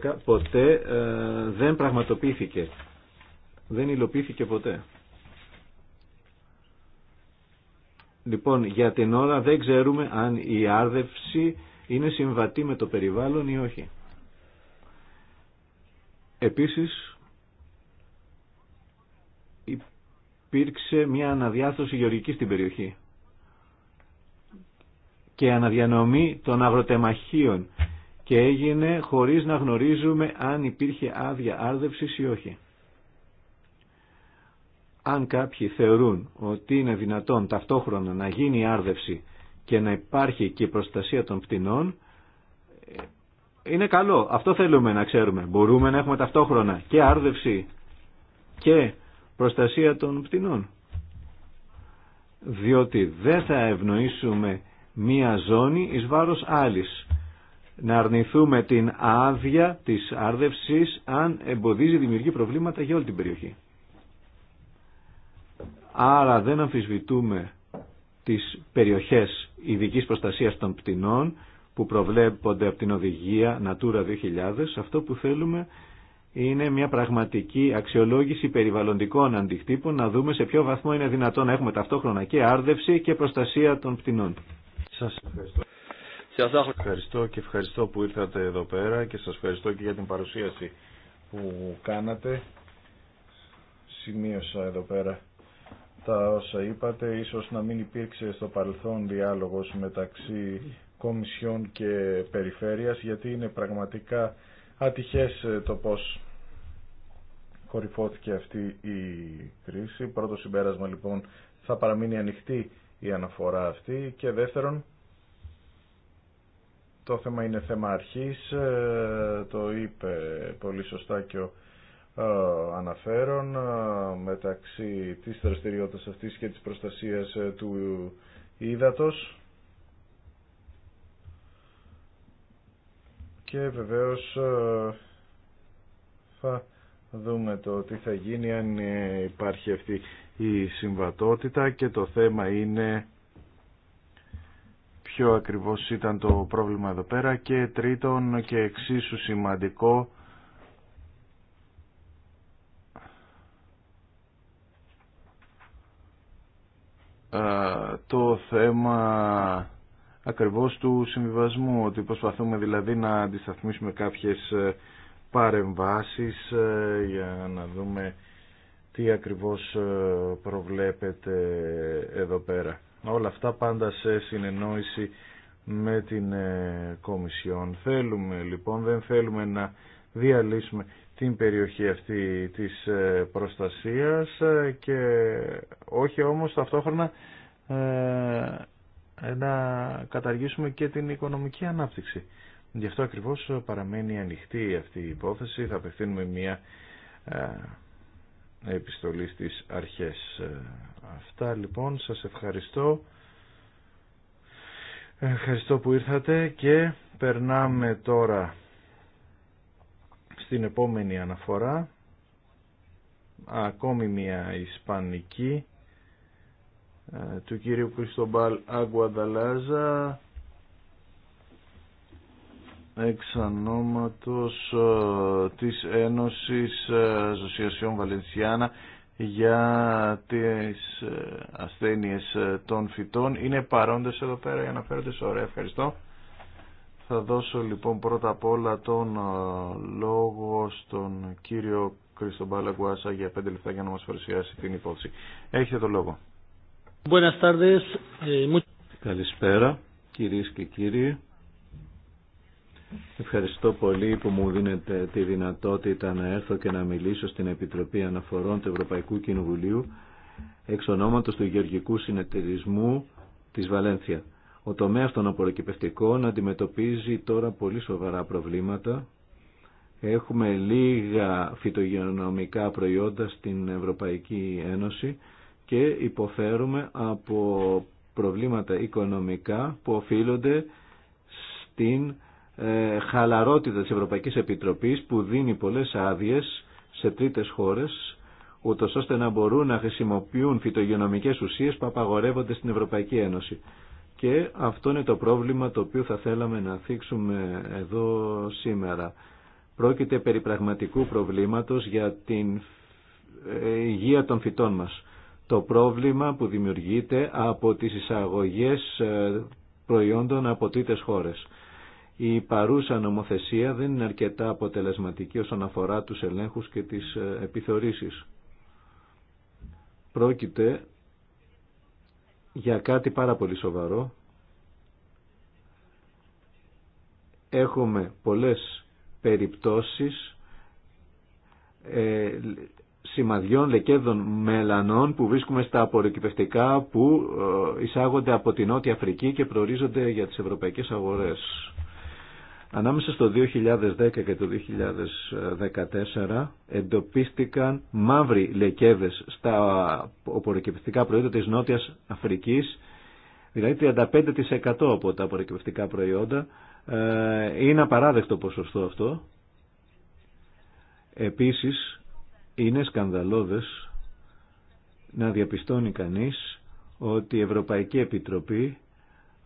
2010 ποτέ ε, δεν πραγματοποιήθηκε. Δεν υλοποιήθηκε ποτέ. Λοιπόν, για την ώρα δεν ξέρουμε αν η άρδευση είναι συμβατή με το περιβάλλον ή όχι. Επίσης, υπήρξε μια αναδιάθρωση γεωργική στην περιοχή και αναδιανομή των αγροτεμαχίων και έγινε χωρίς να γνωρίζουμε αν υπήρχε άδεια άρδευσης ή όχι. Αν κάποιοι θεωρούν ότι είναι δυνατόν ταυτόχρονα να γίνει άρδευση και να υπάρχει και προστασία των πτηνών, είναι καλό. Αυτό θέλουμε να ξέρουμε. Μπορούμε να έχουμε ταυτόχρονα και άρδευση και προστασία των πτηνών. Διότι δεν θα ευνοήσουμε μία ζώνη εις βάρος άλλης. Να αρνηθούμε την άδεια της άρδευσης αν εμποδίζει δημιουργεί προβλήματα για όλη την περιοχή. Άρα δεν αμφισβητούμε τις περιοχές ειδική προστασίας των πτηνών που προβλέπονται από την οδηγία Natura 2000. Αυτό που θέλουμε είναι μια πραγματική αξιολόγηση περιβαλλοντικών αντικτύπων να δούμε σε ποιο βαθμό είναι δυνατόν να έχουμε ταυτόχρονα και άρδευση και προστασία των πτηνών. Σας ευχαριστώ. Σας ευχαριστώ και ευχαριστώ που ήρθατε εδώ πέρα και σας ευχαριστώ και για την παρουσίαση που κάνατε. Σημείωσα εδώ πέρα τα όσα είπατε. Ίσως να μην υπήρξε στο παρελθόν διάλογος μεταξύ Κομισιών και Περιφέρειας γιατί είναι πραγματικά ατυχές ε, το πώς κορυφώθηκε αυτή η κρίση. Πρώτο συμπέρασμα λοιπόν θα παραμείνει ανοιχτή η αναφορά αυτή και δεύτερον το θέμα είναι θέμα αρχής, ε, το είπε πολύ σωστά και ο ε, αναφέρον ε, μεταξύ της δραστηριότητα αυτής και της προστασίας ε, του ύδατος και βεβαίως θα δούμε το τι θα γίνει αν υπάρχει αυτή η συμβατότητα και το θέμα είναι ποιο ακριβώς ήταν το πρόβλημα εδώ πέρα και τρίτον και εξίσου σημαντικό το θέμα ακριβώς του συμβιβασμού, ότι προσπαθούμε δηλαδή να αντισταθμίσουμε κάποιες ε, παρεμβάσεις ε, για να δούμε τι ακριβώς ε, προβλέπεται εδώ πέρα. Όλα αυτά πάντα σε συνεννόηση με την Κομισιόν. Θέλουμε λοιπόν, δεν θέλουμε να διαλύσουμε την περιοχή αυτή της ε, προστασίας ε, και όχι όμως ταυτόχρονα ε, να καταργήσουμε και την οικονομική ανάπτυξη. Γι' αυτό ακριβώς παραμένει ανοιχτή αυτή η υπόθεση. Θα απευθύνουμε μια επιστολή στις αρχές. Αυτά λοιπόν. Σας ευχαριστώ. Ευχαριστώ που ήρθατε και περνάμε τώρα στην επόμενη αναφορά ακόμη μια ισπανική ε, του κύριου Κριστομπάλ Αγκουαδαλάζα εξ ονόματος ε, της Ένωσης Ζωσιασιών ε, Βαλενσιάνα για τις ασθένειες των φυτών. Είναι παρόντες εδώ πέρα οι αναφέροντες. Ωραία, ευχαριστώ. Θα δώσω λοιπόν πρώτα απ' όλα τον ε, λόγο στον κύριο Κριστομπάλα Γκουάσα για πέντε λεπτά για να μας παρουσιάσει την υπόθεση. Έχετε το λόγο. Ε, Καλησπέρα κυρίες και κύριοι. Ευχαριστώ πολύ που μου δίνετε τη δυνατότητα να έρθω και να μιλήσω στην Επιτροπή Αναφορών του Ευρωπαϊκού Κοινοβουλίου εξ ονόματος του Γεωργικού Συνεταιρισμού της Βαλένθια. Ο τομέας των απορροκυπευτικών αντιμετωπίζει τώρα πολύ σοβαρά προβλήματα. Έχουμε λίγα φυτογενομικά προϊόντα στην Ευρωπαϊκή Ένωση και υποφέρουμε από προβλήματα οικονομικά που οφείλονται στην ε, χαλαρότητα της Ευρωπαϊκής Επιτροπής που δίνει πολλές άδειε σε τρίτες χώρες ούτως ώστε να μπορούν να χρησιμοποιούν φυτογενομικές ουσίες που απαγορεύονται στην Ευρωπαϊκή Ένωση. Και αυτό είναι το πρόβλημα το οποίο θα θέλαμε να θίξουμε εδώ σήμερα. Πρόκειται περί πραγματικού προβλήματος για την ε, υγεία των φυτών μας. Το πρόβλημα που δημιουργείται από τις εισαγωγές ε, προϊόντων από τρίτες χώρες. Η παρούσα νομοθεσία δεν είναι αρκετά αποτελεσματική όσον αφορά τους ελέγχους και τις ε, επιθεωρήσεις. Πρόκειται για κάτι πάρα πολύ σοβαρό. Έχουμε πολλές περιπτώσεις ε, σημαδιών λεκέδων μελανών που βρίσκουμε στα απορροκυπευτικά που ε, εισάγονται από την Νότια Αφρική και προορίζονται για τις ευρωπαϊκές αγορές. Ανάμεσα στο 2010 και το 2014 εντοπίστηκαν μαύροι λεκέδες στα απορροκυπευτικά προϊόντα της Νότιας Αφρικής, δηλαδή 35% από τα απορροκυπευτικά προϊόντα. Ε, είναι απαράδεκτο ποσοστό αυτό. Επίσης, είναι σκανδαλώδες να διαπιστώνει κανείς ότι η Ευρωπαϊκή Επιτροπή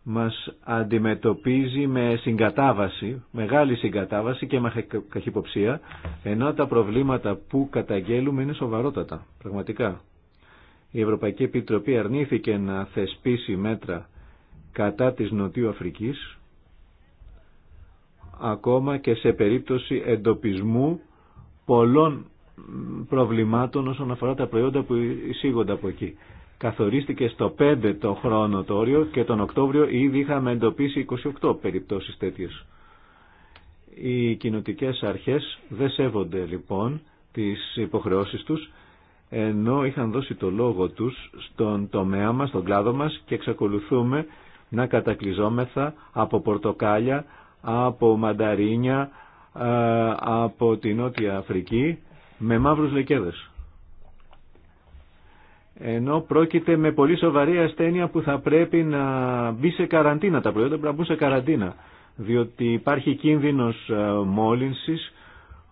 μας αντιμετωπίζει με συγκατάβαση, μεγάλη συγκατάβαση και με καχυποψία, ενώ τα προβλήματα που καταγγέλουμε είναι σοβαρότατα, πραγματικά. Η Ευρωπαϊκή Επιτροπή αρνήθηκε να θεσπίσει μέτρα κατά της Νοτιού Αφρικής, ακόμα και σε περίπτωση εντοπισμού πολλών προβλημάτων όσον αφορά τα προϊόντα που εισήγονται από εκεί καθορίστηκε στο 5 το χρόνο το όριο και τον Οκτώβριο ήδη είχαμε εντοπίσει 28 περιπτώσεις τέτοιες. Οι κοινοτικέ αρχές δεν σέβονται λοιπόν τις υποχρεώσεις τους ενώ είχαν δώσει το λόγο τους στον τομέα μας, στον κλάδο μας και εξακολουθούμε να κατακλυζόμεθα από πορτοκάλια, από μανταρίνια, ε, από την Νότια Αφρική με μαύρους λεκέδες ενώ πρόκειται με πολύ σοβαρή ασθένεια που θα πρέπει να μπει σε καραντίνα τα προϊόντα, πρέπει να μπουν σε καραντίνα, διότι υπάρχει κίνδυνος ε, μόλυνσης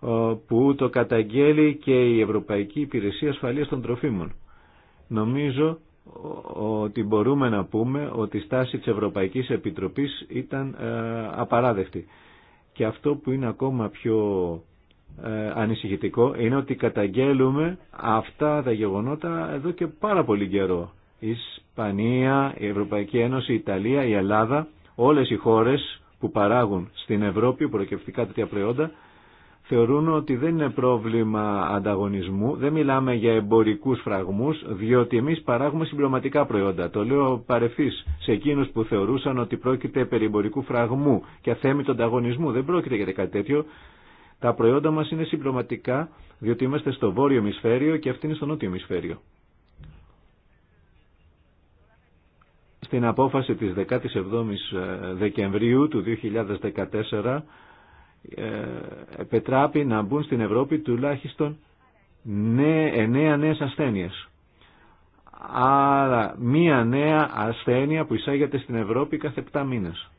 ε, που το καταγγέλει και η Ευρωπαϊκή Υπηρεσία Ασφαλείας των Τροφίμων. Νομίζω ότι μπορούμε να πούμε ότι η στάση της Ευρωπαϊκής Επιτροπής ήταν ε, απαράδεκτη. Και αυτό που είναι ακόμα πιο ε, ανησυχητικό είναι ότι καταγγέλουμε αυτά τα γεγονότα εδώ και πάρα πολύ καιρό. Η Ισπανία, η Ευρωπαϊκή Ένωση, η Ιταλία, η Ελλάδα, όλες οι χώρες που παράγουν στην Ευρώπη προκευτικά τέτοια προϊόντα θεωρούν ότι δεν είναι πρόβλημα ανταγωνισμού, δεν μιλάμε για εμπορικούς φραγμούς, διότι εμείς παράγουμε συμπληρωματικά προϊόντα. Το λέω παρευθείς σε εκείνους που θεωρούσαν ότι πρόκειται περί εμπορικού φραγμού και αθέμητο ανταγωνισμού. Δεν πρόκειται για κάτι τέτοιο. Τα προϊόντα μας είναι συμπληρωματικά διότι είμαστε στο βόρειο ημισφαίριο και αυτή είναι στο νότιο ημισφαίριο. Στην απόφαση της 17ης ε, Δεκεμβρίου του 2014 ε, επετράπη να μπουν στην Ευρώπη τουλάχιστον 9 νέες ασθένειες. Άρα μία νέα ασθένεια που εισάγεται στην Ευρώπη κάθε 7 μήνες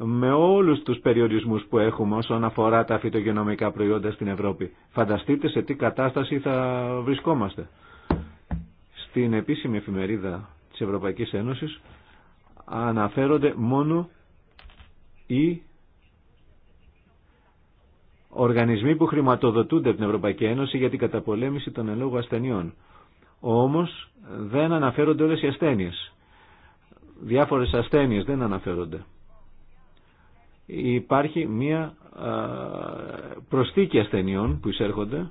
με όλους τους περιορισμούς που έχουμε όσον αφορά τα φυτογενομικά προϊόντα στην Ευρώπη. Φανταστείτε σε τι κατάσταση θα βρισκόμαστε. Στην επίσημη εφημερίδα της Ευρωπαϊκής Ένωσης αναφέρονται μόνο οι οργανισμοί που χρηματοδοτούνται από την Ευρωπαϊκή Ένωση για την καταπολέμηση των ελόγου ασθενειών. Όμως δεν αναφέρονται όλες οι ασθένειες. Διάφορες ασθένειες δεν αναφέρονται υπάρχει μία ε, προσθήκη ασθενειών που εισέρχονται,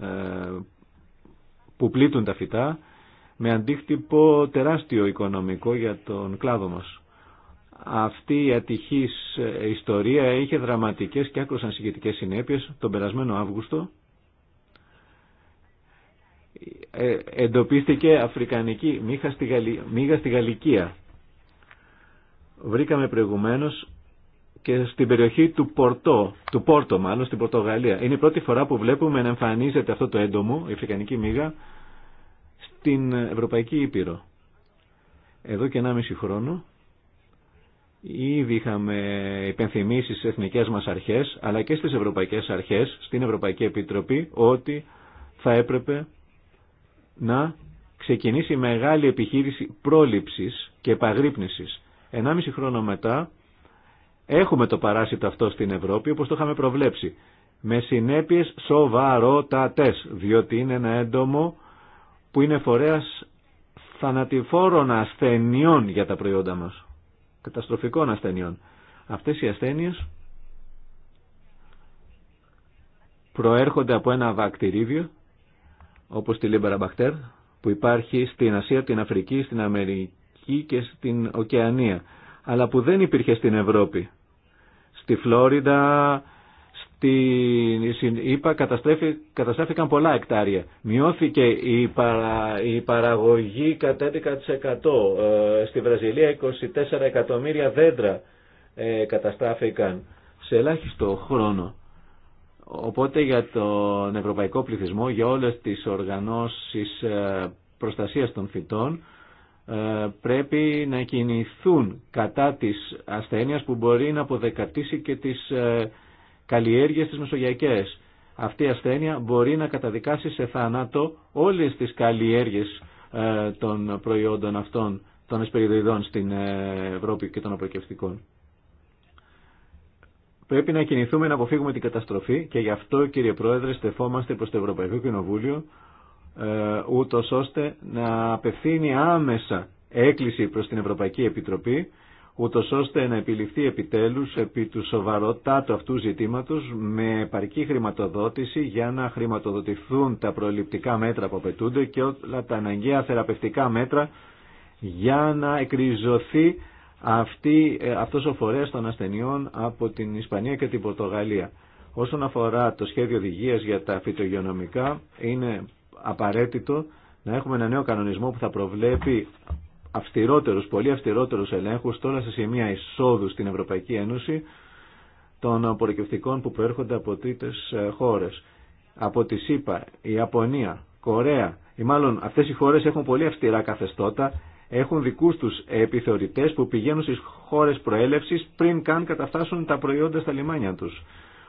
ε, που πλήττουν τα φυτά, με αντίκτυπο τεράστιο οικονομικό για τον κλάδο μας. Αυτή η ατυχής ε, ιστορία είχε δραματικές και άκρως ανησυχητικές συνέπειες τον περασμένο Αύγουστο. εντοπίστηκε αφρικανική μύγα στη, Γαλλικία. Βρήκαμε προηγουμένως και στην περιοχή του Πορτό, του Πόρτο μάλλον, στην Πορτογαλία. Είναι η πρώτη φορά που βλέπουμε να εμφανίζεται αυτό το έντομο, η Αφρικανική μύγα, στην Ευρωπαϊκή Ήπειρο. Εδώ και 1,5 χρόνο ήδη είχαμε υπενθυμίσει στις εθνικές μας αρχές, αλλά και στις ευρωπαϊκές αρχές, στην Ευρωπαϊκή Επιτροπή, ότι θα έπρεπε να ξεκινήσει μεγάλη επιχείρηση πρόληψης και επαγρύπνησης. 1,5 χρόνο μετά Έχουμε το παράσιτο αυτό στην Ευρώπη όπως το είχαμε προβλέψει. Με συνέπειες σοβαρότατες, διότι είναι ένα έντομο που είναι φορέας θανατηφόρων ασθενειών για τα προϊόντα μας. Καταστροφικών ασθενειών. Αυτές οι ασθένειες προέρχονται από ένα βακτηρίδιο, όπως τη Μπακτέρ, που υπάρχει στην Ασία, την Αφρική, στην Αμερική και στην Οκεανία αλλά που δεν υπήρχε στην Ευρώπη. Στη Φλόριντα, στην ΙΠΑ καταστράφηκαν πολλά εκτάρια. Μειώθηκε η, παραγωγή κατά 11%. Ε, στη Βραζιλία 24 εκατομμύρια δέντρα ε, καταστράφηκαν σε ελάχιστο χρόνο. Οπότε για τον ευρωπαϊκό πληθυσμό, για όλες τις οργανώσεις ε, προστασίας των φυτών, ε, πρέπει να κινηθούν κατά της ασθένειας που μπορεί να αποδεκατήσει και τις ε, καλλιέργειες της μεσογειακές. Αυτή η ασθένεια μπορεί να καταδικάσει σε θάνατο όλες τις καλλιέργειες ε, των προϊόντων αυτών, των εσπεριδοειδών στην Ευρώπη και των αποκευτικών. Πρέπει να κινηθούμε να αποφύγουμε την καταστροφή και γι' αυτό κύριε Πρόεδρε στεφόμαστε προς το Ευρωπαϊκό Κοινοβούλιο ε, ούτως ώστε να απευθύνει άμεσα έκκληση προς την Ευρωπαϊκή Επιτροπή ούτως ώστε να επιληφθεί επιτέλους επί του σοβαρότατου αυτού ζητήματος με επαρκή χρηματοδότηση για να χρηματοδοτηθούν τα προληπτικά μέτρα που απαιτούνται και όλα τα αναγκαία θεραπευτικά μέτρα για να εκριζωθεί αυτή, ε, αυτός ο φορέας των ασθενειών από την Ισπανία και την Πορτογαλία. Όσον αφορά το σχέδιο οδηγίας για τα φυτογειονομικά, είναι απαραίτητο να έχουμε ένα νέο κανονισμό που θα προβλέπει αυστηρότερους, πολύ αυστηρότερους ελέγχους τώρα σε σημεία εισόδου στην Ευρωπαϊκή Ένωση των απορροκευτικών που προέρχονται από τρίτες ε, χώρες. Από τη ΣΥΠΑ, η Ιαπωνία, Κορέα, ή μάλλον αυτές οι χώρες έχουν πολύ αυστηρά καθεστώτα, έχουν δικούς τους επιθεωρητές που πηγαίνουν στις χώρες προέλευσης πριν καν καταφτάσουν τα προϊόντα στα λιμάνια τους,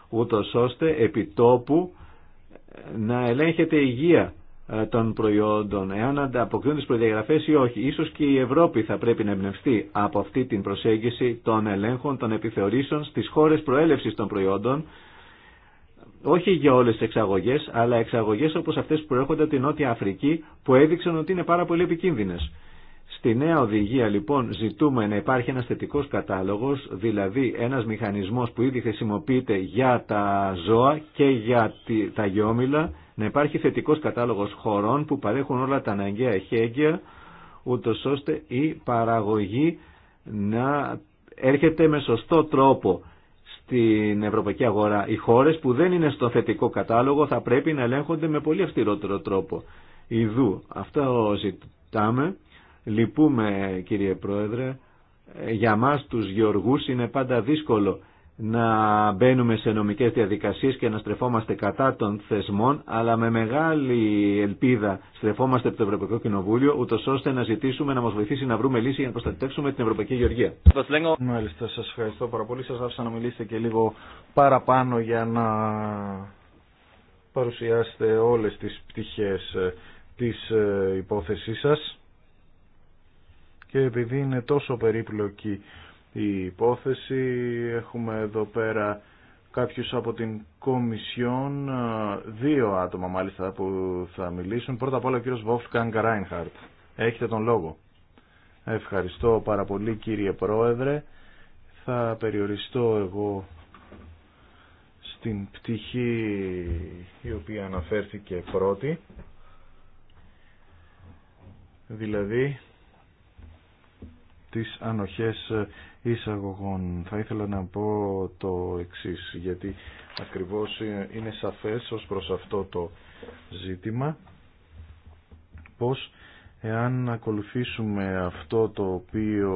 ούτως ώστε επιτόπου ε, να ελέγχεται η υγεία ε, των προϊόντων, εάν ανταποκρίνουν τις προδιαγραφές ή όχι. Ίσως και η Ευρώπη θα πρέπει να εμπνευστεί από αυτή την προσέγγιση των ελέγχων, των επιθεωρήσεων στις χώρες προέλευσης των προϊόντων, όχι για όλες τις εξαγωγές, αλλά εξαγωγές όπως αυτές που προέρχονται από την Νότια Αφρική, που έδειξαν ότι είναι πάρα πολύ επικίνδυνες. Στη νέα οδηγία λοιπόν ζητούμε να υπάρχει ένας θετικός κατάλογος, δηλαδή ένας μηχανισμός που ήδη χρησιμοποιείται για τα ζώα και για τα γιόμιλα, να υπάρχει θετικός κατάλογος χωρών που παρέχουν όλα τα αναγκαία εχέγγυα, ούτω ώστε η παραγωγή να έρχεται με σωστό τρόπο στην ευρωπαϊκή αγορά. Οι χώρες που δεν είναι στο θετικό κατάλογο θα πρέπει να ελέγχονται με πολύ αυστηρότερο τρόπο. Ιδού, αυτό ζητάμε Λυπούμε κύριε Πρόεδρε, για μας τους γεωργούς είναι πάντα δύσκολο να μπαίνουμε σε νομικές διαδικασίες και να στρεφόμαστε κατά των θεσμών, αλλά με μεγάλη ελπίδα στρεφόμαστε από το Ευρωπαϊκό Κοινοβούλιο, ούτω ώστε να ζητήσουμε να μας βοηθήσει να βρούμε λύση για να προστατεύσουμε την Ευρωπαϊκή Γεωργία. Μάλιστα, σας ευχαριστώ πάρα πολύ. Σας άφησα να μιλήσετε και λίγο παραπάνω για να παρουσιάσετε όλες τις πτυχές ε, της ε, υπόθεσής σας και επειδή είναι τόσο περίπλοκη η υπόθεση έχουμε εδώ πέρα κάποιους από την Κομισιόν, δύο άτομα μάλιστα που θα μιλήσουν. Πρώτα απ' όλα ο κύριος Βόφκαν Καράινχαρτ. Έχετε τον λόγο. Ευχαριστώ πάρα πολύ κύριε Πρόεδρε. Θα περιοριστώ εγώ στην πτυχή η οποία αναφέρθηκε πρώτη. Δηλαδή τις ανοχές εισαγωγών. Θα ήθελα να πω το εξής, γιατί ακριβώς είναι σαφές ως προς αυτό το ζήτημα πως εάν ακολουθήσουμε αυτό το οποίο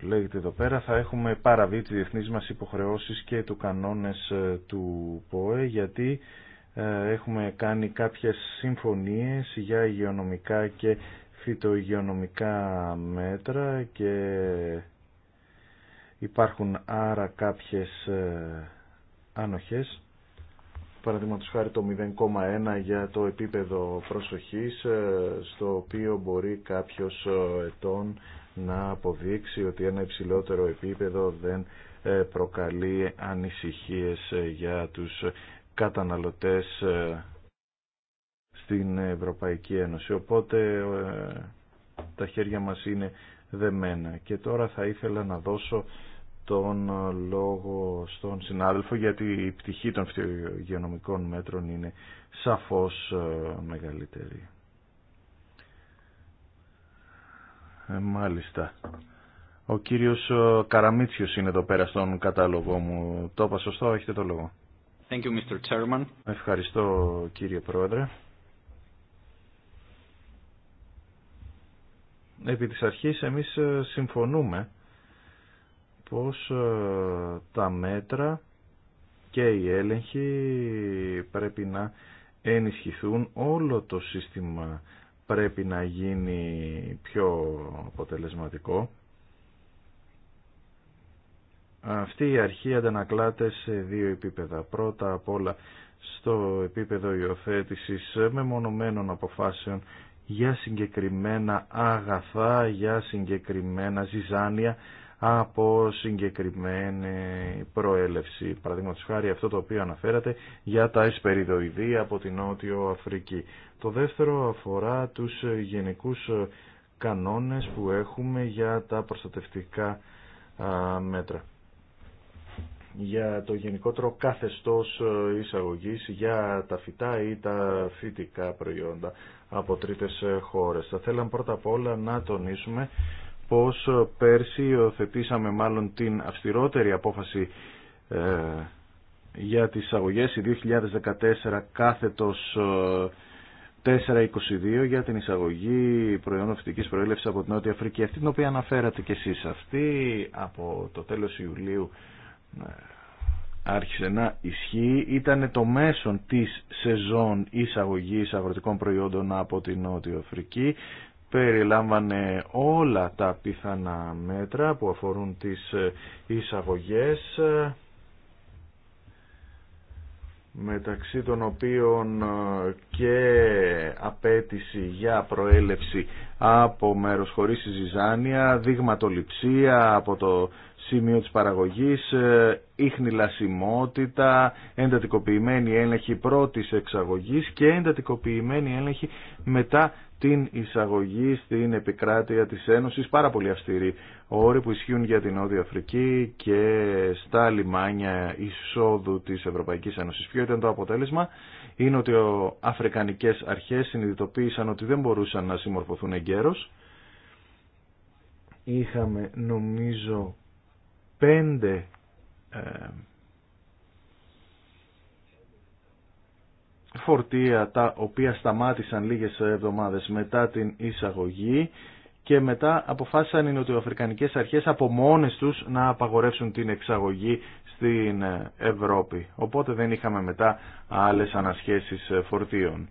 λέγεται εδώ πέρα θα έχουμε παραβεί τις διεθνείς μας υποχρεώσεις και του κανόνες ε, του ΠΟΕ γιατί ε, έχουμε κάνει κάποιες συμφωνίες για υγειονομικά και φυτοϊγειονομικά μέτρα και υπάρχουν άρα κάποιες άνοχες ε, παραδείγματος χάρη το 0,1 για το επίπεδο προσοχής ε, στο οποίο μπορεί κάποιος ε, ετών να αποδείξει ότι ένα υψηλότερο επίπεδο δεν προκαλεί ανησυχίες για τους καταναλωτές στην Ευρωπαϊκή Ένωση. Οπότε ε, τα χέρια μας είναι δεμένα. Και τώρα θα ήθελα να δώσω τον λόγο στον συνάδελφο γιατί η πτυχή των φυτογενομικών μέτρων είναι σαφώς ε, μεγαλύτερη. Ε, μάλιστα. Ο κύριος Καραμίτσιος είναι εδώ πέρα στον κατάλογο μου. Το είπα σωστό, έχετε το λόγο. Thank you, Mr. Ευχαριστώ κύριε Πρόεδρε. επί της αρχής εμείς ε, συμφωνούμε πως ε, τα μέτρα και οι έλεγχοι πρέπει να ενισχυθούν όλο το σύστημα πρέπει να γίνει πιο αποτελεσματικό αυτή η αρχή αντανακλάται σε δύο επίπεδα πρώτα απ' όλα στο επίπεδο υιοθέτηση ε, μεμονωμένων αποφάσεων για συγκεκριμένα αγαθά, για συγκεκριμένα ζυζάνια από συγκεκριμένη προέλευση. Παραδείγματο χάρη αυτό το οποίο αναφέρατε για τα εσπεριδοειδή από την Νότιο Αφρική. Το δεύτερο αφορά τους γενικούς κανόνες που έχουμε για τα προστατευτικά μέτρα για το γενικότερο καθεστώς εισαγωγής για τα φυτά ή τα φυτικά προϊόντα από τρίτες ε, χώρες. Θα θέλαμε πρώτα απ' όλα να τονίσουμε πως πέρσι υιοθετήσαμε μάλλον την αυστηρότερη απόφαση ε, για τις αγωγές, η 2014 κάθετος 422 ε, για την εισαγωγή προϊόντων φυτικής προέλευσης από την Νότια Αφρική, αυτή την οποία αναφέρατε και εσείς. Αυτή από το τέλος Ιουλίου άρχισε να ισχύει ήταν το μέσον της σεζόν εισαγωγής αγροτικών προϊόντων από την Νότιο Αφρική. Περιλάμβανε όλα τα πιθανά μέτρα που αφορούν τις ε, εισαγωγές ε, μεταξύ των οποίων ε, και απέτηση για προέλευση από μέρος χωρίς ζυζάνια, δειγματοληψία από το σημείο της παραγωγής, ε, ίχνη λασιμότητα, εντατικοποιημένη έλεγχη πρώτης εξαγωγής και εντατικοποιημένη έλεγχη μετά την εισαγωγή στην επικράτεια της Ένωσης, πάρα πολύ αυστηρή όροι που ισχύουν για την Νότια Αφρική και στα λιμάνια εισόδου της Ευρωπαϊκής Ένωσης. Ποιο ήταν το αποτέλεσμα είναι ότι οι αφρικανικές αρχές συνειδητοποίησαν ότι δεν μπορούσαν να συμμορφωθούν εγκαίρως. Είχαμε νομίζω πέντε ε, φορτία τα οποία σταμάτησαν λίγες εβδομάδες μετά την εισαγωγή και μετά αποφάσισαν οι νοτιοαφρικανικές αρχές από μόνες τους να απαγορεύσουν την εξαγωγή στην ε, Ευρώπη. Οπότε δεν είχαμε μετά άλλες ανασχέσεις ε, φορτίων.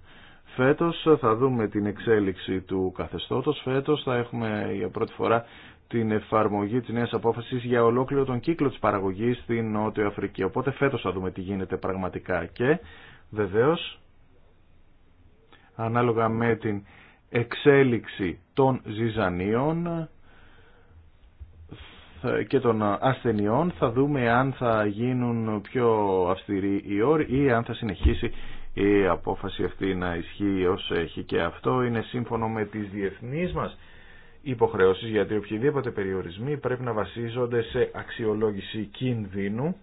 Φέτος θα δούμε την εξέλιξη του καθεστώτος. Φέτος θα έχουμε για πρώτη φορά την εφαρμογή της νέας απόφασης για ολόκληρο τον κύκλο της παραγωγής στην Νότιο Αφρική. Οπότε φέτος θα δούμε τι γίνεται πραγματικά και βεβαίως ανάλογα με την εξέλιξη των ζυζανίων και των ασθενειών θα δούμε αν θα γίνουν πιο αυστηροί οι όροι ή αν θα συνεχίσει η απόφαση αυτή να ισχύει όσο έχει και αυτό είναι σύμφωνο με τις διεθνείς μας υποχρεώσεις γιατί οποιοδήποτε περιορισμοί πρέπει να βασίζονται σε αξιολόγηση κινδύνου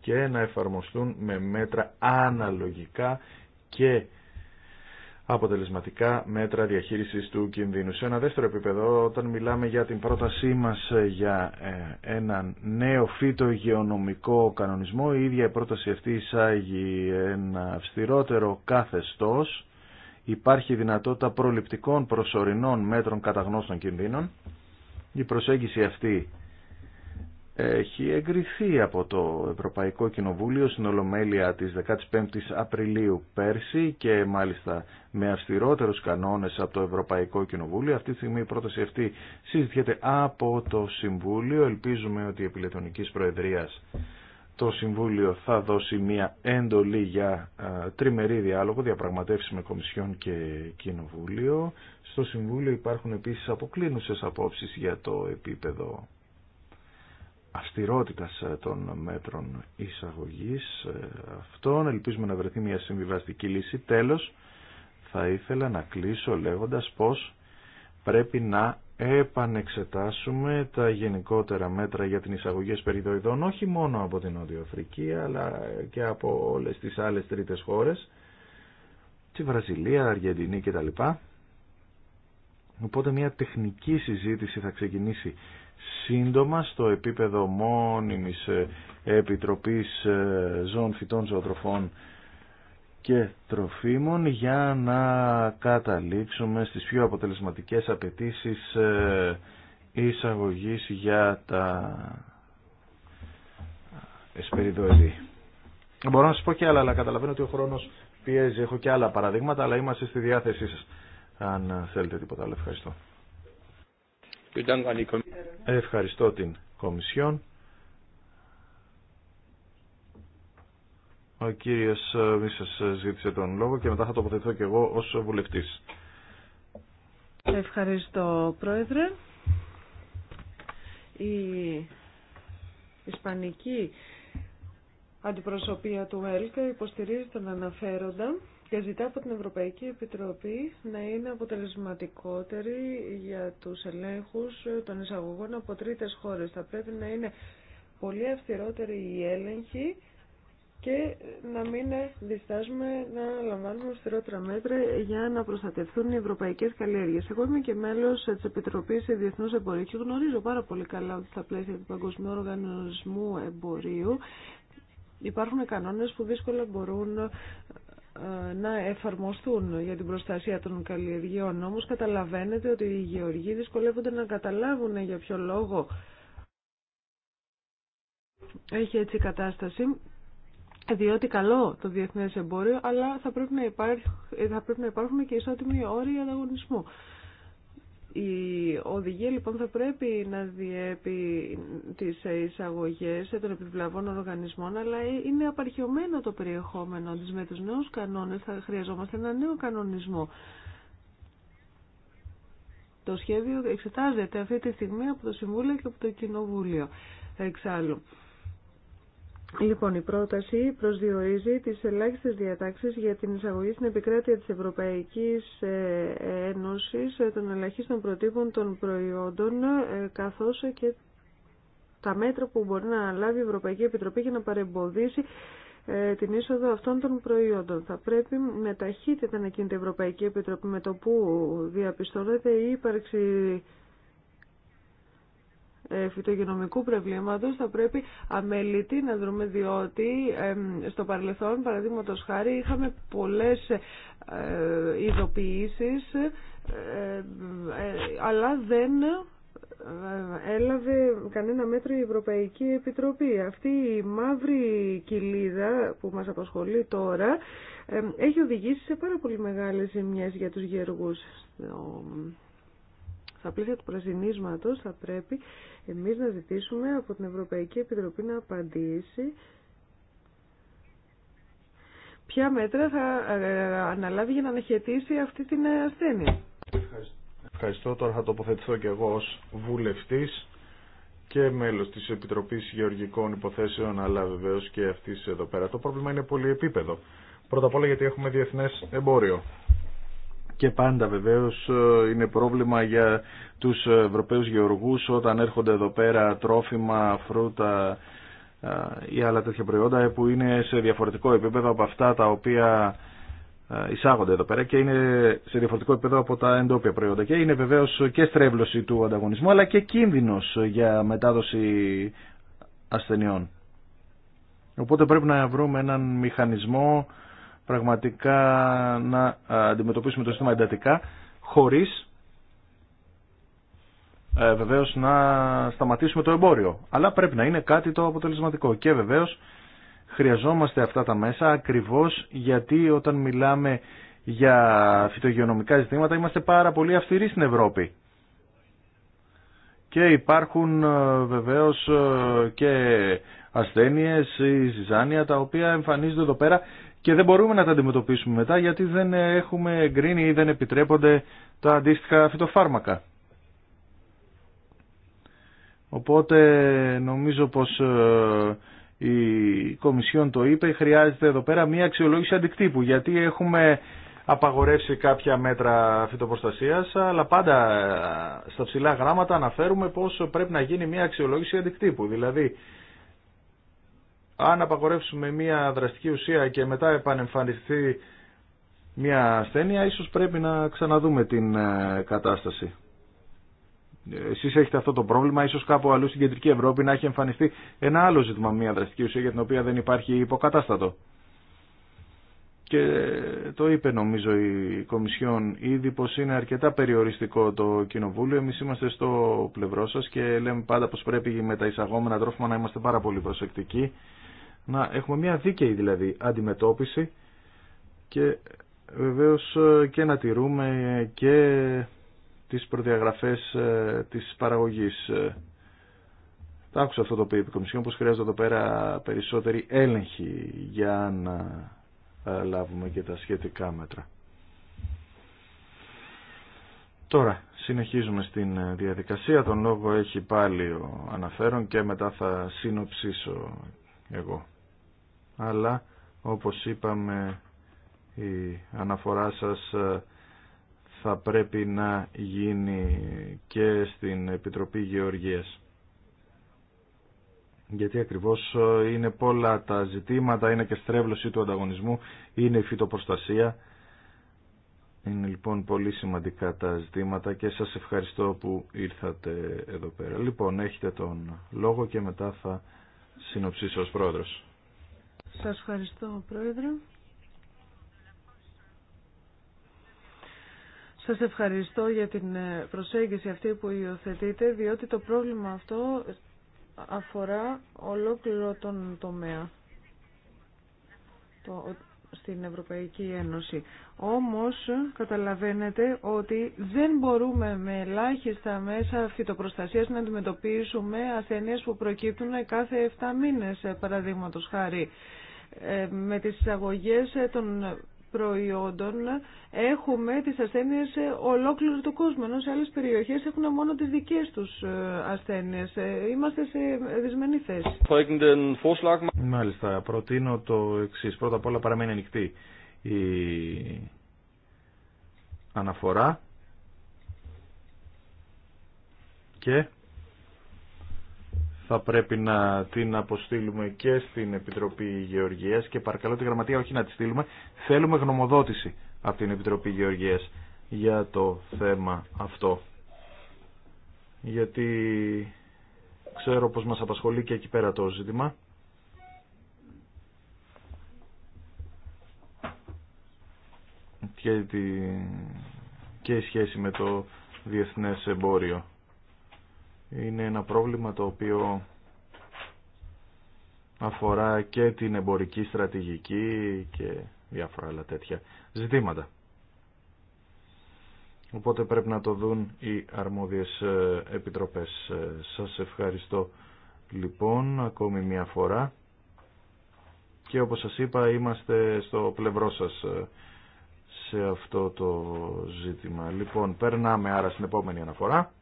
και να εφαρμοστούν με μέτρα αναλογικά και αποτελεσματικά μέτρα διαχείρισης του κινδύνου. Σε ένα δεύτερο επίπεδο, όταν μιλάμε για την πρότασή μας για ε, ένα νέο φυτογεωνομικό κανονισμό, η ίδια η πρόταση αυτή εισάγει ένα αυστηρότερο καθεστώς υπάρχει δυνατότητα προληπτικών προσωρινών μέτρων καταγνώστων κινδύνων. Η προσέγγιση αυτή έχει εγκριθεί από το Ευρωπαϊκό Κοινοβούλιο στην Ολομέλεια της 15ης Απριλίου πέρσι και μάλιστα με αυστηρότερους κανόνες από το Ευρωπαϊκό Κοινοβούλιο. Αυτή τη στιγμή η πρόταση αυτή συζητιέται από το Συμβούλιο. Ελπίζουμε ότι η επιλετονικής Προεδρίας το Συμβούλιο θα δώσει μια έντολη για ε, τριμερή διάλογο, διαπραγματεύσει με Κομισιόν και Κοινοβούλιο. Στο Συμβούλιο υπάρχουν επίσης αποκλίνουσες απόψεις για το επίπεδο αυστηρότητας ε, των μέτρων εισαγωγής ε, αυτών. Ελπίζουμε να βρεθεί μια συμβιβαστική λύση. Τέλος, θα ήθελα να κλείσω λέγοντας πως πρέπει να επανεξετάσουμε τα γενικότερα μέτρα για την εισαγωγή σπεριδοειδών όχι μόνο από την Νότια Αφρική αλλά και από όλες τις άλλες τρίτες χώρες τη Βραζιλία, Αργεντινή κτλ. Οπότε μια τεχνική συζήτηση θα ξεκινήσει σύντομα στο επίπεδο μόνιμης ε, Επιτροπής ε, Ζώων Φυτών Ζωοτροφών και τροφίμων για να καταλήξουμε στις πιο αποτελεσματικές απαιτήσει ε, εισαγωγής για τα εσπεριδοειδή. Μπορώ να σας πω και άλλα, αλλά καταλαβαίνω ότι ο χρόνος πιέζει. Έχω και άλλα παραδείγματα, αλλά είμαστε στη διάθεσή σας. Αν θέλετε τίποτα άλλο, ευχαριστώ. Ευχαριστώ την Κομισιόν. Ο κύριος ε, Μίσος ε, ζήτησε τον λόγο και μετά θα τοποθετηθώ και εγώ ως βουλευτής. Ευχαριστώ Πρόεδρε. Η Ισπανική Αντιπροσωπεία του ΕΛΚΑ υποστηρίζει τον αναφέροντα και ζητά από την Ευρωπαϊκή Επιτροπή να είναι αποτελεσματικότερη για τους ελέγχους των εισαγωγών από τρίτες χώρες. Θα πρέπει να είναι πολύ αυστηρότερη η έλεγχη και να μην διστάζουμε να λαμβάνουμε στερότερα μέτρα για να προστατευτούν οι ευρωπαϊκές καλλιέργειες. Εγώ είμαι και μέλος της Επιτροπής Διεθνούς Εμπορίου και γνωρίζω πάρα πολύ καλά ότι στα πλαίσια του Παγκοσμίου Οργανισμού Εμπορίου υπάρχουν κανόνες που δύσκολα μπορούν ε, να εφαρμοστούν για την προστασία των καλλιεργειών. όμω καταλαβαίνετε ότι οι γεωργοί δυσκολεύονται να καταλάβουν για ποιο λόγο έχει έτσι η κατάσταση διότι καλό το διεθνέ εμπόριο, αλλά θα πρέπει να, υπάρχουν, θα πρέπει να υπάρχουν και ισότιμοι όροι ανταγωνισμού. Η οδηγία λοιπόν θα πρέπει να διέπει τις εισαγωγές των επιβλαβών οργανισμών, αλλά είναι απαρχιωμένο το περιεχόμενο της με τους νέους κανόνες, θα χρειαζόμαστε ένα νέο κανονισμό. Το σχέδιο εξετάζεται αυτή τη στιγμή από το Συμβούλιο και από το Κοινοβούλιο εξάλλου. Λοιπόν, η πρόταση προσδιορίζει τις ελάχιστες διατάξεις για την εισαγωγή στην επικράτεια της Ευρωπαϊκής ε, Ένωσης ε, των ελαχίστων προτύπων των προϊόντων, ε, καθώς και τα μέτρα που μπορεί να λάβει η Ευρωπαϊκή Επιτροπή για να παρεμποδίσει την είσοδο αυτών των προϊόντων. Θα πρέπει με ταχύτητα να κινείται η Ευρωπαϊκή Επιτροπή με το που διαπιστώνεται η ύπαρξη φυτογενομικού προβλήματος θα πρέπει αμελητή να δρούμε διότι στο παρελθόν παραδείγματος χάρη είχαμε πολλές ε, ειδοποιήσεις ε, ε, αλλά δεν έλαβε κανένα μέτρο η Ευρωπαϊκή Επιτροπή. Αυτή η μαύρη κοιλίδα που μας απασχολεί τώρα έχει οδηγήσει σε πάρα πολύ μεγάλες ζημιές για τους γεργούς. Στα πλαίσια του πρασινίσματος θα πρέπει εμείς να ζητήσουμε από την Ευρωπαϊκή Επιτροπή να απαντήσει ποια μέτρα θα ε, αναλάβει για να αναχαιτήσει αυτή την ε, ασθένεια. Ευχαριστώ. Τώρα θα τοποθετηθώ και εγώ ως βουλευτής και μέλος της Επιτροπής Γεωργικών Υποθέσεων, αλλά βεβαίως και αυτής εδώ πέρα. Το πρόβλημα είναι πολυεπίπεδο. Πρώτα απ' όλα γιατί έχουμε διεθνές εμπόριο και πάντα βεβαίως ε, είναι πρόβλημα για τους Ευρωπαίους γεωργούς όταν έρχονται εδώ πέρα τρόφιμα, φρούτα ε, ή άλλα τέτοια προϊόντα που είναι σε διαφορετικό επίπεδο από αυτά τα οποία ε, εισάγονται εδώ πέρα και είναι σε διαφορετικό επίπεδο από τα εντόπια προϊόντα και είναι βεβαίως και στρέβλωση του ανταγωνισμού αλλά και κίνδυνος για μετάδοση ασθενειών. Οπότε πρέπει να βρούμε έναν μηχανισμό πραγματικά να αντιμετωπίσουμε το σύστημα εντατικά χωρίς ε, βεβαίως να σταματήσουμε το εμπόριο. Αλλά πρέπει να είναι κάτι το αποτελεσματικό. Και βεβαίως χρειαζόμαστε αυτά τα μέσα ακριβώς γιατί όταν μιλάμε για φυτογειονομικά ζητήματα είμαστε πάρα πολύ αυστηροί στην Ευρώπη. Και υπάρχουν ε, βεβαίως ε, και ασθένειες ή ζυζάνια τα οποία εμφανίζονται εδώ πέρα και δεν μπορούμε να τα αντιμετωπίσουμε μετά γιατί δεν έχουμε εγκρίνει ή δεν επιτρέπονται τα αντίστοιχα φυτοφάρμακα. Οπότε νομίζω πως ε, η Κομισιόν το είπε, χρειάζεται εδώ πέρα μία αξιολόγηση αντικτύπου γιατί έχουμε απαγορεύσει κάποια μέτρα φυτοπροστασίας αλλά πάντα ε, στα ψηλά γράμματα αναφέρουμε πως πρέπει να γίνει μία αξιολόγηση αντικτύπου. Δηλαδή αν απαγορεύσουμε μια δραστική ουσία και μετά επανεμφανιστεί μια ασθένεια, ίσως πρέπει να ξαναδούμε την ε, κατάσταση. Εσείς έχετε αυτό το πρόβλημα, ίσως κάπου αλλού στην κεντρική Ευρώπη να έχει εμφανιστεί ένα άλλο ζήτημα, μια δραστική ουσία για την οποία δεν υπάρχει υποκατάστατο. Και το είπε νομίζω η Κομισιόν ήδη πως είναι αρκετά περιοριστικό το Κοινοβούλιο. Εμείς είμαστε στο πλευρό σας και λέμε πάντα πως πρέπει με τα εισαγόμενα τρόφιμα να είμαστε πάρα πολύ προσεκτικοί να έχουμε μια δίκαιη δηλαδή αντιμετώπιση και βεβαίως ε, και να τηρούμε ε, και τις προδιαγραφές ε, της παραγωγής. Τα άκουσα αυτό το οποίο η χρειάζεται εδώ πέρα περισσότερη έλεγχη για να λάβουμε και τα σχετικά μέτρα. Τώρα, συνεχίζουμε στην διαδικασία. Τον λόγο έχει πάλι ο αναφέρον και μετά θα συνοψίσω εγώ αλλά όπως είπαμε η αναφορά σας ε, θα πρέπει να γίνει και στην Επιτροπή Γεωργίας. Γιατί ακριβώς ε, είναι πολλά τα ζητήματα, είναι και στρέβλωση του ανταγωνισμού, είναι η φυτοπροστασία. Είναι λοιπόν πολύ σημαντικά τα ζητήματα και σας ευχαριστώ που ήρθατε εδώ πέρα. Λοιπόν, έχετε τον λόγο και μετά θα συνοψίσω ως πρόεδρος. Σας ευχαριστώ, Πρόεδρε. Σας ευχαριστώ για την ε, προσέγγιση αυτή που υιοθετείτε, διότι το πρόβλημα αυτό αφορά ολόκληρο τον τομέα το, στην Ευρωπαϊκή Ένωση. Όμως καταλαβαίνετε ότι δεν μπορούμε με ελάχιστα μέσα φυτοπροστασίας να αντιμετωπίσουμε ασθένειες που προκύπτουν κάθε 7 μήνες, ε, παραδείγματος χάρη. Ε, με τις εισαγωγές των προϊόντων έχουμε τις ασθένειες ολόκληρο του κόσμου. ενώ σε άλλες περιοχές έχουν μόνο τις δικές τους ε, ασθένειες. Ε, είμαστε σε δυσμενή θέση. Μάλιστα, προτείνω το εξή. Πρώτα απ' όλα παραμένει ανοιχτή η αναφορά και θα πρέπει να την αποστείλουμε και στην Επιτροπή Γεωργίας και παρακαλώ τη Γραμματεία όχι να τη στείλουμε. Θέλουμε γνωμοδότηση από την Επιτροπή Γεωργίας για το θέμα αυτό. Γιατί ξέρω πως μας απασχολεί και εκεί πέρα το ζήτημα. Και, τη... και η σχέση με το διεθνές εμπόριο είναι ένα πρόβλημα το οποίο αφορά και την εμπορική στρατηγική και διάφορα άλλα τέτοια ζητήματα. Οπότε πρέπει να το δουν οι αρμόδιες ε, επιτροπές. Ε, σας ευχαριστώ λοιπόν ακόμη μια φορά και όπως σας είπα είμαστε στο πλευρό σας ε, σε αυτό το ζήτημα. Λοιπόν, περνάμε άρα στην επόμενη αναφορά.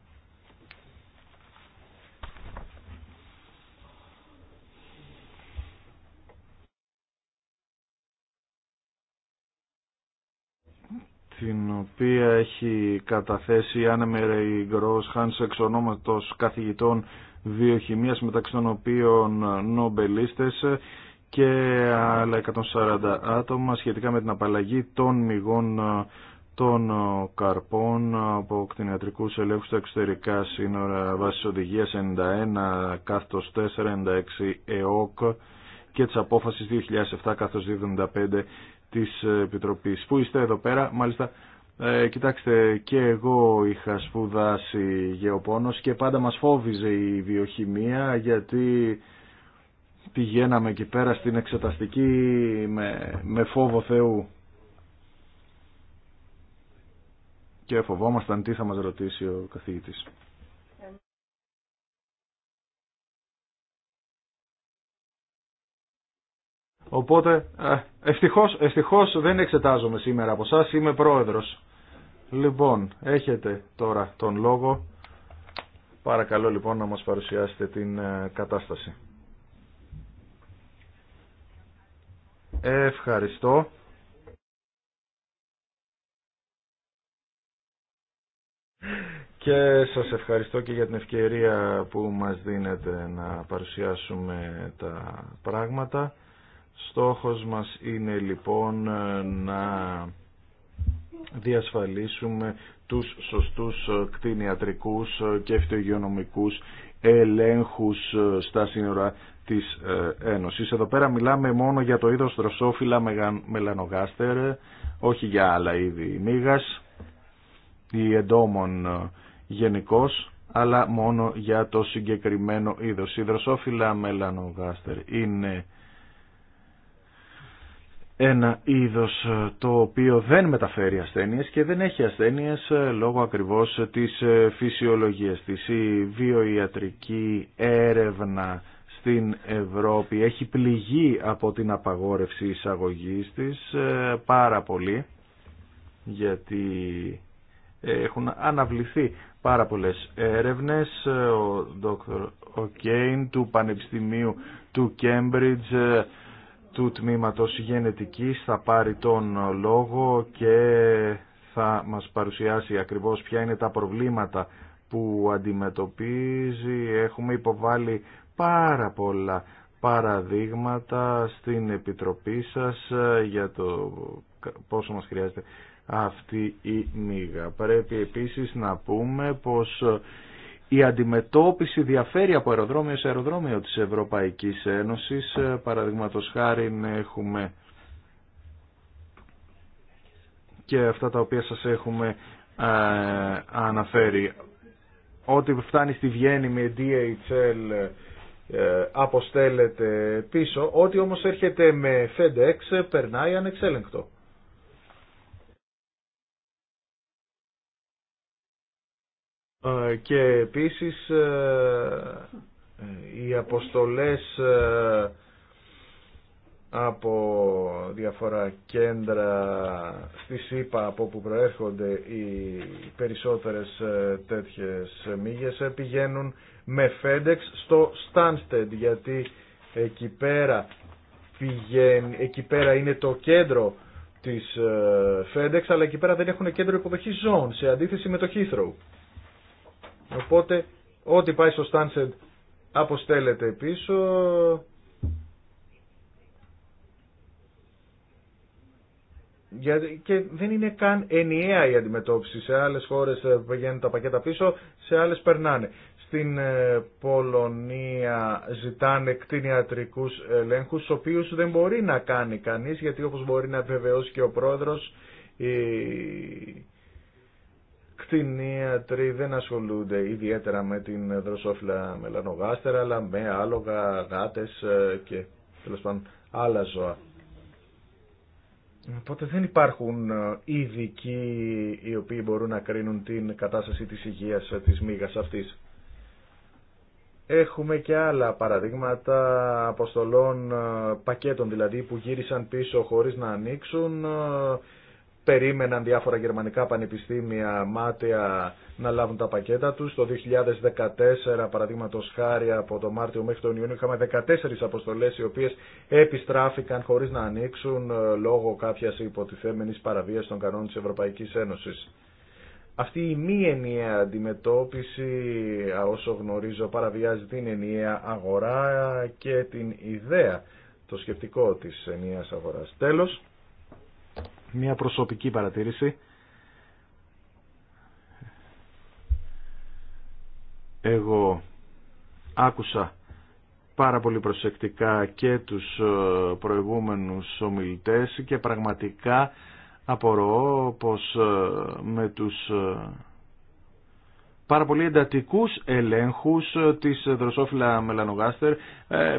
την οποία έχει καταθέσει η Μερέη Γκρός Χάνς εξ ονόματος καθηγητών βιοχημίας μεταξύ των οποίων νομπελίστες και άλλα 140 άτομα σχετικά με την απαλλαγή των μυγών των καρπών από κτηνιατρικούς ελέγχους στα εξωτερικά σύνορα βάσης οδηγίας 91 4, 96 ΕΟΚ και της απόφασης 2007 καθώς της Επιτροπής. Πού είστε εδώ πέρα, μάλιστα. Ε, κοιτάξτε, και εγώ είχα σπουδάσει γεωπόνος και πάντα μας φόβιζε η βιοχημία γιατί πηγαίναμε εκεί πέρα στην εξεταστική με, με φόβο Θεού. Και φοβόμασταν τι θα μας ρωτήσει ο καθηγητής. Οπότε ε, ευτυχώς, ευτυχώς δεν εξετάζομαι σήμερα από σας, είμαι πρόεδρος. Λοιπόν, έχετε τώρα τον λόγο. Παρακαλώ λοιπόν να μας παρουσιάσετε την ε, κατάσταση. Ευχαριστώ. Και σας ευχαριστώ και για την ευκαιρία που μας δίνετε να παρουσιάσουμε τα πράγματα. Στόχος μας είναι λοιπόν ε, να διασφαλίσουμε τους σωστούς ε, κτηνιατρικούς ε, και φτωγειονομικούς ελέγχους στα σύνορα της Ένωσης. Εδώ πέρα μιλάμε μόνο για το είδος δροσόφυλλα μελανογάστερ, όχι για άλλα είδη μήγας ή εντόμων γενικώ, αλλά μόνο για το συγκεκριμένο είδος. Η δροσόφυλλα μελανογάστερ είναι ένα είδος ε, το οποίο δεν μεταφέρει ασθένειες και δεν έχει ασθένειες ε, λόγω ακριβώς της ε, φυσιολογίας της. Η βιοιατρική έρευνα στην Ευρώπη έχει πληγεί από την απαγόρευση εισαγωγής της πάρα πολύ γιατί έχουν αναβληθεί πάρα πολλές έρευνες. Ο Δόκτωρ Οκέιν του Πανεπιστημίου του Κέμπριτζ του τμήματος γενετικής θα πάρει τον λόγο και θα μας παρουσιάσει ακριβώς ποια είναι τα προβλήματα που αντιμετωπίζει. Έχουμε υποβάλει πάρα πολλά παραδείγματα στην Επιτροπή σας ε, για το πόσο μας χρειάζεται αυτή η μίγα. Πρέπει επίσης να πούμε πως ε, η αντιμετώπιση διαφέρει από αεροδρόμιο σε αεροδρόμιο της Ευρωπαϊκής Ένωσης. Ε, παραδείγματος χάρη έχουμε και αυτά τα οποία σας έχουμε ε, αναφέρει. Ό,τι φτάνει στη Βιέννη με DHL ε, αποστέλλεται πίσω. Ό,τι όμως έρχεται με FedEx περνάει ανεξέλεγκτο. Ε, και επίσης ε, ε, οι αποστολές από διαφορά κέντρα στη ΣΥΠΑ από όπου προέρχονται οι περισσότερες τέτοιες μύγες πηγαίνουν με FedEx στο Stansted γιατί εκεί πέρα, πηγαίνει, εκεί πέρα είναι το κέντρο της FedEx αλλά εκεί πέρα δεν έχουν κέντρο υποδοχής ζών σε αντίθεση με το Heathrow. Οπότε ό,τι πάει στο Stansed αποστέλλεται πίσω. Και δεν είναι καν ενιαία η αντιμετώπιση. Σε άλλες χώρες ε, πηγαίνουν τα πακέτα πίσω, σε άλλες περνάνε. Στην ε, Πολωνία ζητάνε κτηνιατρικούς ελέγχους, στους οποίους δεν μπορεί να κάνει κανείς, γιατί όπως μπορεί να επιβεβαιώσει και ο πρόεδρος, η κτηνίατροι δεν ασχολούνται ιδιαίτερα με την δροσόφυλλα μελανογάστερα, αλλά με άλογα, γάτες ε, και τέλος πάντων άλλα ζώα. Οπότε δεν υπάρχουν ε, ειδικοί οι οποίοι μπορούν να κρίνουν την κατάσταση της υγείας της μήγας αυτής. Έχουμε και άλλα παραδείγματα αποστολών ε, πακέτων δηλαδή που γύρισαν πίσω χωρίς να ανοίξουν περίμεναν διάφορα γερμανικά πανεπιστήμια μάτια να λάβουν τα πακέτα τους. Το 2014, παραδείγματο χάρη από το Μάρτιο μέχρι τον Ιούνιο, είχαμε 14 αποστολές οι οποίες επιστράφηκαν χωρίς να ανοίξουν ε, λόγω κάποιας υποτιθέμενης παραβίας των κανόνων της Ευρωπαϊκής Ένωσης. Αυτή η μη ενιαία αντιμετώπιση, όσο γνωρίζω, παραβιάζει την ενιαία αγορά και την ιδέα, το σκεπτικό της ενιαίας αγοράς. Τέλος, μια προσωπική παρατήρηση. Εγώ άκουσα πάρα πολύ προσεκτικά και τους ε, προηγούμενους ομιλητές και πραγματικά απορώ πως ε, με τους ε, πάρα πολύ εντατικούς ελέγχους της δροσόφυλλα μελανογάστερ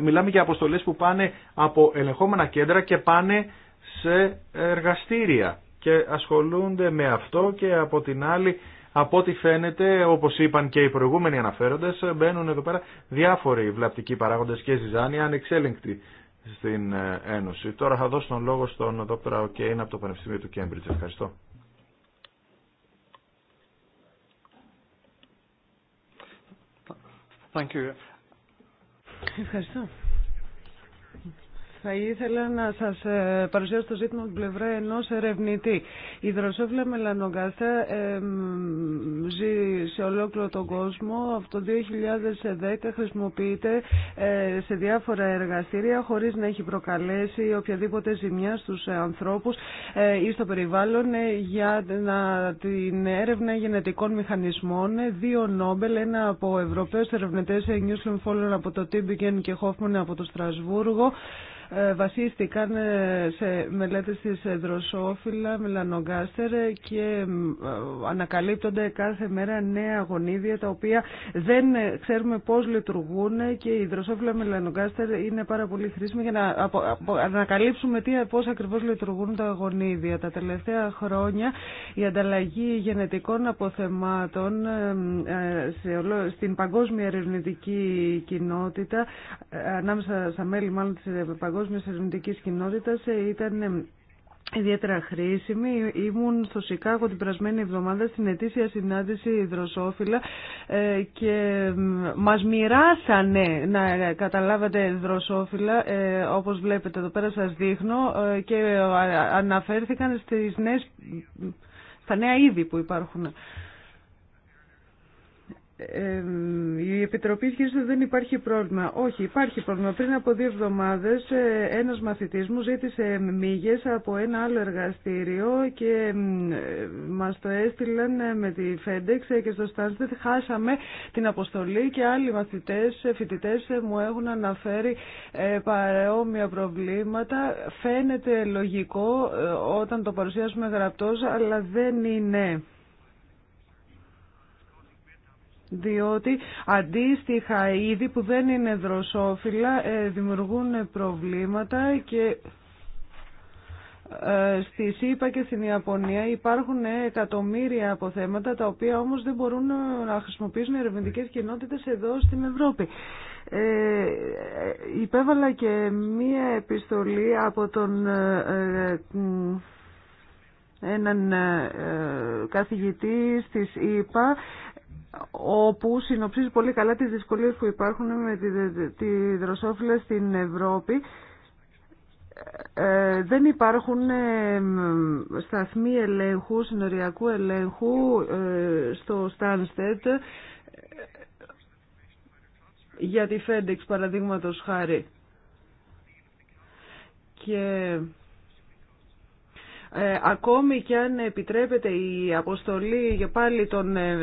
μιλάμε για αποστολές που πάνε από ελεγχόμενα κέντρα και πάνε σε εργαστήρια και ασχολούνται με αυτό και από την άλλη από ό,τι φαίνεται, όπως είπαν και οι προηγούμενοι αναφέροντες, μπαίνουν εδώ πέρα διάφοροι βλαπτικοί παράγοντες και ζυζάνοι ανεξέλεγκτοι στην ε, Ένωση. Τώρα θα δώσω τον λόγο στον Δ. Οκέιν από το Πανεπιστήμιο του Κέμπριτζ. Ευχαριστώ. Thank you. Ευχαριστώ. Θα ήθελα να σας ε, παρουσιάσω το ζήτημα από την πλευρά ενός ερευνητή. Η δροσόφυλλα μελανογκάστα ζει σε ολόκληρο τον κόσμο. Από το 2010 χρησιμοποιείται ε, σε διάφορα εργαστήρια χωρίς να έχει προκαλέσει οποιαδήποτε ζημιά στους ανθρώπους ε, ή στο περιβάλλον για την έρευνα γενετικών μηχανισμών. Δύο Νόμπελ, ένα από Ευρωπαίους ερευνητές Νιούσλεν Follower από το Τίμπικεν και Χόφμον από το Στρασβούργο. Ε, βασίστηκαν ε, σε μελέτες της δροσόφυλλα, μελανογκάστερ και ε, ανακαλύπτονται κάθε μέρα νέα γονίδια τα οποία δεν ξέρουμε πώς λειτουργούν και η δροσόφυλλα μελανογκάστερ είναι πάρα πολύ χρήσιμη για να ανακαλύψουμε τι, πώς ακριβώς λειτουργούν τα γονίδια. Τα τελευταία χρόνια η ανταλλαγή γενετικών αποθεμάτων στην παγκόσμια ερευνητική κοινότητα ανάμεσα στα μέλη μάλλον της παγκόσμια παγκόσμια ερευνητική κοινότητα ε, ήταν ε, ιδιαίτερα χρήσιμη. Ήμουν στο Σικάγο την περασμένη εβδομάδα στην ετήσια συνάντηση δροσόφυλλα ε, και μας μοιράσανε να καταλάβετε δροσόφυλλα, όπως βλέπετε εδώ πέρα σας δείχνω και αναφέρθηκαν στις στα νέα είδη που υπάρχουν η Επιτροπή ισχύει ότι δεν υπάρχει πρόβλημα. Όχι, υπάρχει πρόβλημα. Πριν από δύο εβδομάδες ε, ένας μαθητής μου ζήτησε μύγες από ένα άλλο εργαστήριο και ε, μας το έστειλαν ε, με τη FedEx και στο Στάνστετ χάσαμε την αποστολή και άλλοι μαθητές, φοιτητές μου έχουν αναφέρει παρόμοια προβλήματα. Φαίνεται λογικό όταν το παρουσιάσουμε γραπτός, αλλά δεν είναι διότι αντίστοιχα είδη που δεν είναι δροσόφυλλα ε, δημιουργούν προβλήματα και ε, στη ΣΥΠΑ και στην Ιαπωνία υπάρχουν ε, εκατομμύρια αποθέματα τα οποία όμως δεν μπορούν να χρησιμοποιήσουν ερευνητικές κοινότητες εδώ στην Ευρώπη. υπέβαλα και μία επιστολή από τον έναν καθηγητή της ΣΥΠΑ όπου συνοψίζει πολύ καλά τις δυσκολίες που υπάρχουν με τη, τη δροσόφυλλα στην Ευρώπη. Ε, δεν υπάρχουν ε, σταθμοί ελέγχου, συνοριακού ελέγχου ε, στο Στάνστετ για τη Φέντεξ, παραδείγματος χάρη. Και ε, ακόμη και αν επιτρέπεται η αποστολή για πάλι των ε,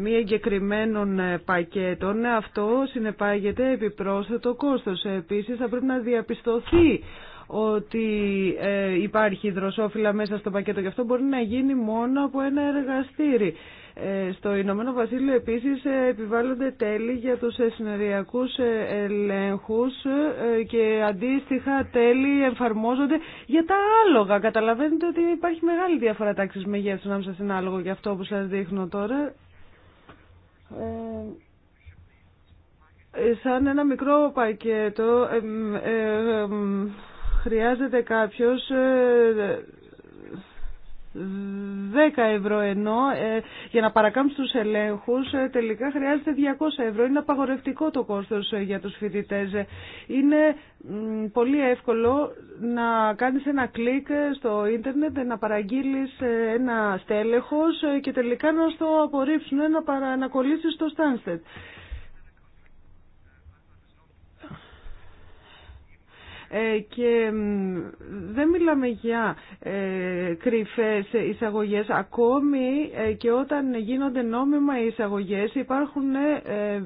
μη εγκεκριμένων ε, πακέτων, αυτό συνεπάγεται επιπρόσθετο κόστος. Επίσης θα πρέπει να διαπιστωθεί ότι ε, υπάρχει δροσόφυλλα μέσα στο πακέτο και αυτό μπορεί να γίνει μόνο από ένα εργαστήρι. Ε, στο Ηνωμένο Βασίλειο επίσης ε, επιβάλλονται τέλη για τους ε, συνοριακούς ελέγχους και αντίστοιχα τέλη εμφαρμόζονται για τα άλογα. Καταλαβαίνετε ότι υπάρχει μεγάλη διαφορά τάξης μεγέθους ανάμεσα στην άλογο για αυτό που σας δείχνω τώρα. Σαν ένα μικρό πακέτο χρειάζεται κάποιος 10 ευρώ ενώ ε, για να παρακάμψει τους ελέγχους ε, τελικά χρειάζεται 200 ευρώ. Είναι απαγορευτικό το κόστος ε, για τους φοιτητές. Είναι πολύ εύκολο να κάνεις ένα κλικ στο ίντερνετ, να παραγγείλεις ένα στέλεχος και τελικά να στο απορρίψουν, να, παρα... να κολλήσεις στο Στάνστετ. Ε, και δεν μιλάμε για ε, κρυφές εισαγωγές. Ακόμη ε, και όταν γίνονται νόμιμα οι εισαγωγές υπάρχουν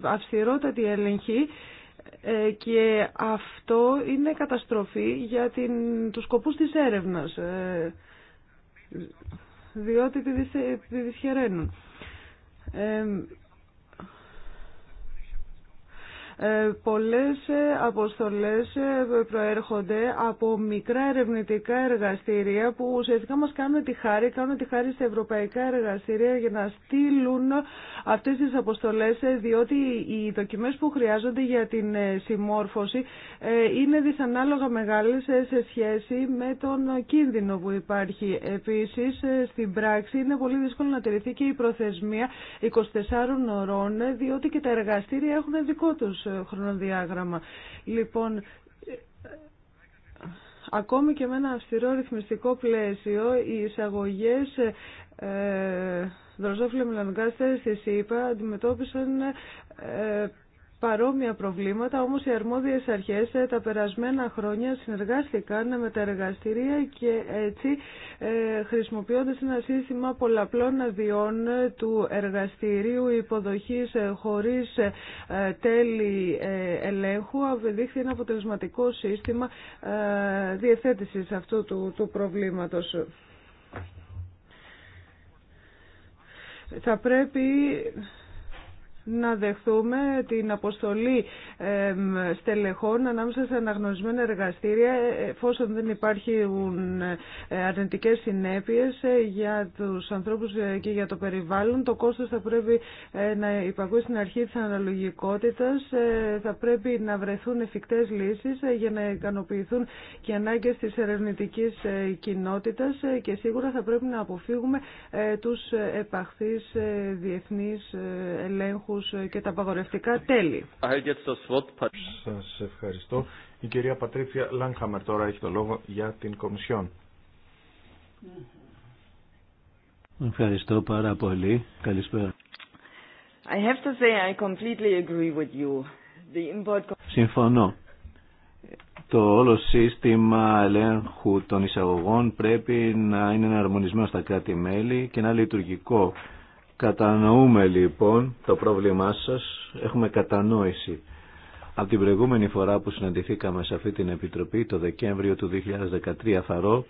αυστηρότατοι έλεγχοι και αυτό είναι καταστροφή για την, τους σκοπούς της έρευνας, διότι τη δυσχεραίνουν. Ε, πολλές ε, αποστολές ε, προέρχονται από μικρά ερευνητικά εργαστήρια που ουσιαστικά μας κάνουν τη χάρη, κάνουν τη χάρη στα ευρωπαϊκά εργαστήρια για να στείλουν αυτές τις αποστολές διότι οι δοκιμές που χρειάζονται για την συμμόρφωση είναι δυσανάλογα μεγάλες σε σχέση με τον κίνδυνο που υπάρχει. Επίσης στην πράξη είναι πολύ δύσκολο να τηρηθεί και η προθεσμία 24 ωρών διότι και τα εργαστήρια έχουν δικό τους χρονοδιάγραμμα. Λοιπόν, ακόμη και με ένα αυστηρό ρυθμιστικό πλαίσιο, οι εισαγωγές ε, με μελανοκάστες στη ΣΥΠΑ αντιμετώπισαν ε, παρόμοια προβλήματα, όμως οι αρμόδιες αρχές ε, τα περασμένα χρόνια συνεργάστηκαν με τα εργαστηρία και έτσι ε, χρησιμοποιώντας ένα σύστημα πολλαπλών αδειών του εργαστηρίου υποδοχής ε, χωρίς τέλη ελέγχου δείχνει ένα αποτελεσματικό σύστημα διευθέτησης αυτού του, του προβλήματος. Θα πρέπει να δεχθούμε την αποστολή στελεχών ανάμεσα σε αναγνωρισμένα εργαστήρια εφόσον δεν υπάρχουν ε, αρνητικές συνέπειες ε, για τους ανθρώπους ε, και για το περιβάλλον. Το κόστος θα πρέπει να υπακούει στην αρχή της αναλογικότητας. Θα πρέπει να βρεθούν εφικτές λύσεις για να ικανοποιηθούν και ανάγκες της ερευνητικής κοινότητας και σίγουρα θα πρέπει να αποφύγουμε τους επαχθείς διεθνείς ελέγχους ε, και τα απαγορευτικά τέλη. Σας ευχαριστώ. Η κυρία Πατρίτσια Λάνχαμερ τώρα έχει το λόγο για την Κομισιόν. Ευχαριστώ πάρα πολύ. Καλησπέρα. I have to say I completely agree with you. The import... Συμφωνώ. Το όλο σύστημα ελέγχου των εισαγωγών πρέπει να είναι εναρμονισμένο στα κράτη-μέλη και να λειτουργικό Κατανοούμε λοιπόν το πρόβλημά σας, έχουμε κατανόηση. Από την προηγούμενη φορά που συναντηθήκαμε σε αυτή την Επιτροπή, το Δεκέμβριο του 2013 θαρώ,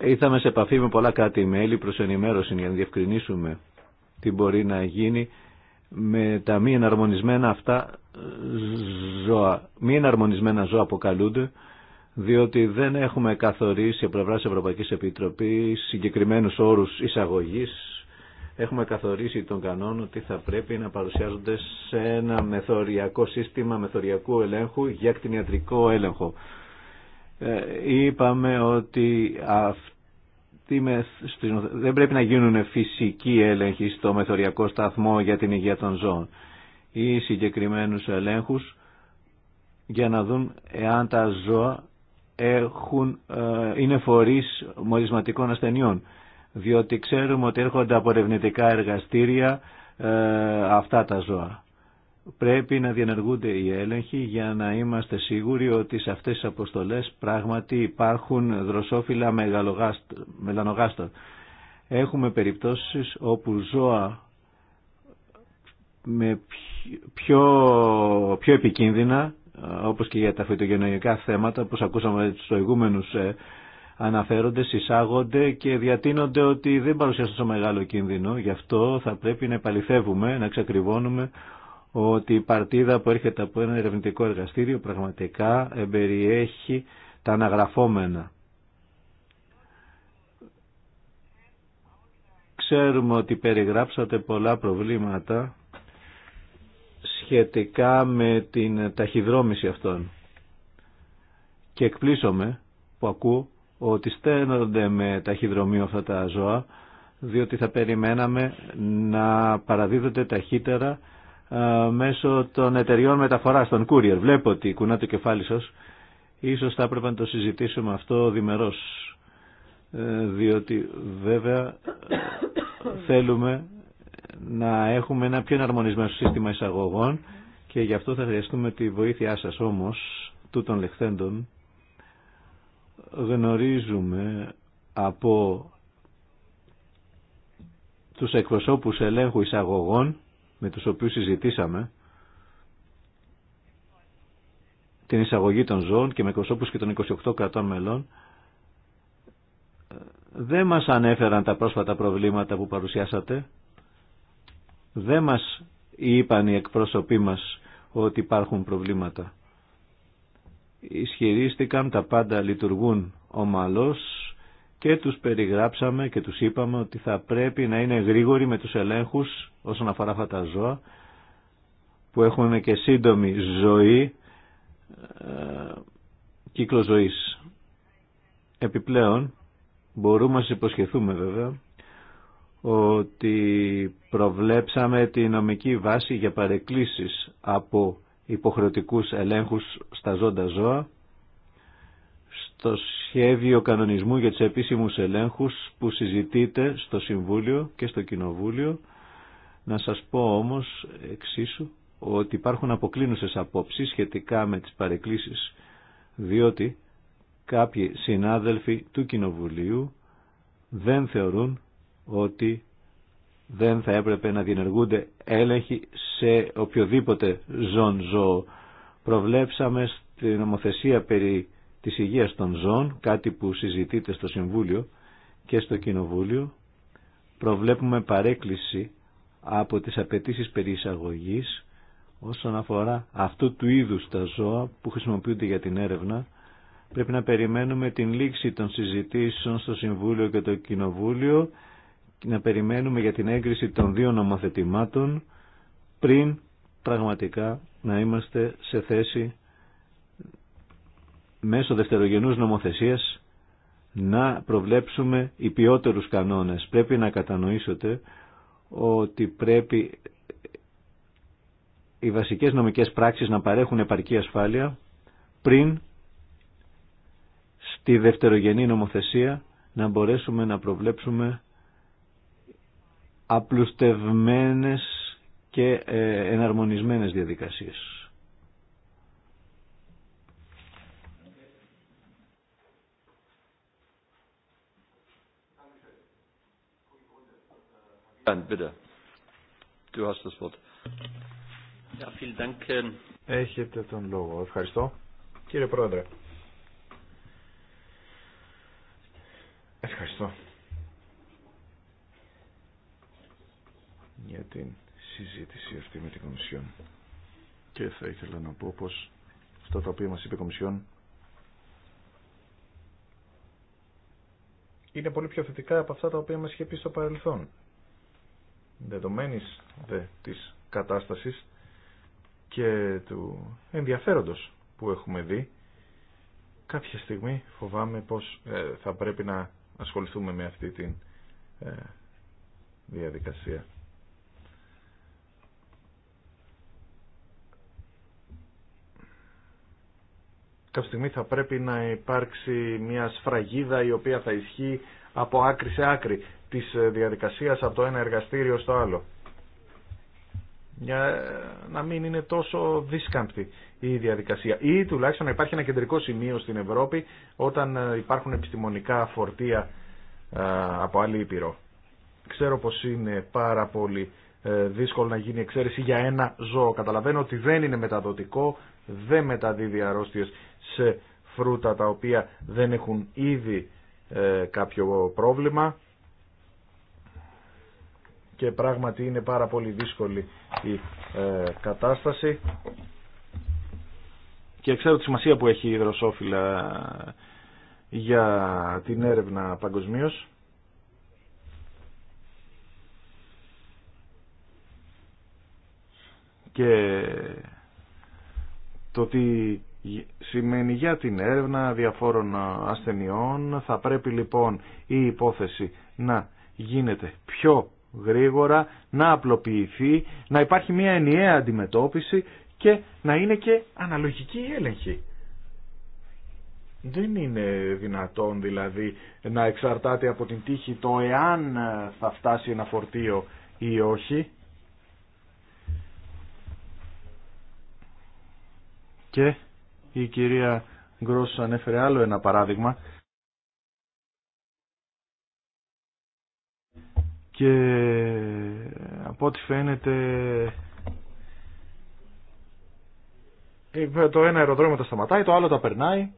ήρθαμε σε επαφή με πολλά κάτι μέλη προς ενημέρωση για να διευκρινίσουμε τι μπορεί να γίνει με τα μη εναρμονισμένα αυτά ζώα. Μη εναρμονισμένα ζώα αποκαλούνται διότι δεν έχουμε καθορίσει από πλευρά Ευρωπαϊκή Επιτροπή συγκεκριμένου όρου εισαγωγή Έχουμε καθορίσει τον κανόνα ότι θα πρέπει να παρουσιάζονται σε ένα μεθοριακό σύστημα μεθοριακού ελέγχου για κτηνιατρικό έλεγχο. Ε, είπαμε ότι με, δεν πρέπει να γίνουν φυσικοί έλεγχοι στο μεθοριακό σταθμό για την υγεία των ζώων ή συγκεκριμένους ελέγχους για να δουν εάν τα ζώα έχουν, ε, είναι φορείς μορισματικών ασθενειών διότι ξέρουμε ότι έρχονται από ερευνητικά εργαστήρια ε, αυτά τα ζώα. Πρέπει να διενεργούνται οι έλεγχοι για να είμαστε σίγουροι ότι σε αυτές τις αποστολές πράγματι υπάρχουν δροσόφυλλα μελανογάστα. Έχουμε περιπτώσεις όπου ζώα με πιο, πιο επικίνδυνα όπως και για τα φυτογενειακά θέματα, όπως ακούσαμε στους προηγούμενους ε, αναφέρονται εισάγονται και διατείνονται ότι δεν παρουσιάζονται τόσο μεγάλο κίνδυνο. Γι' αυτό θα πρέπει να επαληθεύουμε, να εξακριβώνουμε ότι η παρτίδα που έρχεται από ένα ερευνητικό εργαστήριο πραγματικά περιέχει τα αναγραφόμενα. Ξέρουμε ότι περιγράψατε πολλά προβλήματα σχετικά με την ταχυδρόμηση αυτών. Και εκπλήσωμαι που ακούω ότι στέλνονται με ταχυδρομείο αυτά τα ζώα, διότι θα περιμέναμε να παραδίδονται ταχύτερα μέσω των εταιριών μεταφοράς, των courier. Βλέπω ότι κουνά το κεφάλι σας. Ίσως θα έπρεπε να το συζητήσουμε αυτό διμερώς. Ε, διότι βέβαια ε, θέλουμε να έχουμε ένα πιο εναρμονισμένο σύστημα εισαγωγών και γι' αυτό θα χρειαστούμε τη βοήθειά σας όμως τούτων λεχθέντων γνωρίζουμε από τους εκπροσώπους ελέγχου εισαγωγών με τους οποίους συζητήσαμε την εισαγωγή των ζώων και με εκπροσώπους και των 28 κρατών μελών ε, δεν μας ανέφεραν τα πρόσφατα προβλήματα που παρουσιάσατε δεν μας είπαν οι εκπρόσωποι μας ότι υπάρχουν προβλήματα. Ισχυρίστηκαν τα πάντα λειτουργούν ομαλώς και τους περιγράψαμε και τους είπαμε ότι θα πρέπει να είναι γρήγοροι με τους ελέγχους όσον αφορά αυτά τα ζώα που έχουν και σύντομη ζωή, ε, κύκλο ζωής. Επιπλέον μπορούμε να σας υποσχεθούμε βέβαια ότι προβλέψαμε τη νομική βάση για παρεκκλήσεις από υποχρεωτικούς ελέγχους στα ζώντα ζώα στο σχέδιο κανονισμού για τις επίσημους ελέγχους που συζητείται στο Συμβούλιο και στο Κοινοβούλιο. Να σας πω όμως εξίσου ότι υπάρχουν αποκλίνουσες απόψεις σχετικά με τις παρεκκλήσεις διότι κάποιοι συνάδελφοι του Κοινοβουλίου δεν θεωρούν ότι δεν θα έπρεπε να διενεργούνται έλεγχοι σε οποιοδήποτε ζών ζώο. Προβλέψαμε στην νομοθεσία περί της υγείας των ζώων, κάτι που συζητείται στο Συμβούλιο και στο Κοινοβούλιο, προβλέπουμε παρέκκληση από τις απαιτήσεις περί εισαγωγής όσον αφορά αυτού του είδους τα ζώα που χρησιμοποιούνται για την έρευνα. Πρέπει να περιμένουμε την λήξη των συζητήσεων στο Συμβούλιο και το Κοινοβούλιο να περιμένουμε για την έγκριση των δύο νομοθετημάτων πριν πραγματικά να είμαστε σε θέση μέσω δευτερογενούς νομοθεσίας να προβλέψουμε οι κανόνες. Πρέπει να κατανοήσετε ότι πρέπει οι βασικές νομικές πράξεις να παρέχουν επαρκή ασφάλεια πριν στη δευτερογενή νομοθεσία να μπορέσουμε να προβλέψουμε απλουστευμένες και ε, εναρμονισμένες διαδικασίες. Έχετε τον λόγο. Ευχαριστώ. Κύριε Πρόεδρε. Ευχαριστώ. για την συζήτηση αυτή με την Κομισιόν. Και θα ήθελα να πω πως αυτό το οποίο μας είπε η Κομισιόν είναι πολύ πιο θετικά από αυτά τα οποία μας είχε πει στο παρελθόν. Δεδομένης δε της κατάστασης και του ενδιαφέροντος που έχουμε δει, κάποια στιγμή φοβάμαι πως ε, θα πρέπει να ασχοληθούμε με αυτή την ε, διαδικασία. κάποια στιγμή θα πρέπει να υπάρξει μια σφραγίδα η οποία θα ισχύει από άκρη σε άκρη της ε, διαδικασίας από το ένα εργαστήριο στο άλλο. Για ε, να μην είναι τόσο δίσκαμπτη η διαδικασία. Ή τουλάχιστον να υπάρχει ένα κεντρικό σημείο στην Ευρώπη όταν ε, υπάρχουν επιστημονικά φορτία από άλλη ήπειρο. Ξέρω πως είναι πάρα πολύ δύσκολο να γίνει εξαίρεση για ένα ζώο. Καταλαβαίνω ότι δεν είναι μεταδοτικό, δεν μεταδίδει αρρώστιες σε φρούτα τα οποία δεν έχουν ήδη ε, κάποιο πρόβλημα και πράγματι είναι πάρα πολύ δύσκολη η ε, κατάσταση και ξέρω τη σημασία που έχει η υδροσόφυλλα ε, για την έρευνα παγκοσμίω. και το ότι σημαίνει για την έρευνα διαφόρων ασθενειών. Θα πρέπει λοιπόν η υπόθεση να γίνεται πιο γρήγορα, να απλοποιηθεί, να υπάρχει μια ενιαία αντιμετώπιση και να είναι και αναλογική έλεγχη. Δεν είναι δυνατόν δηλαδή να εξαρτάται από την τύχη το εάν θα φτάσει ένα φορτίο ή όχι. Και η κυρία Γκρός ανέφερε άλλο ένα παράδειγμα. Και από ό,τι φαίνεται το ένα αεροδρόμιο τα σταματάει, το άλλο τα περνάει.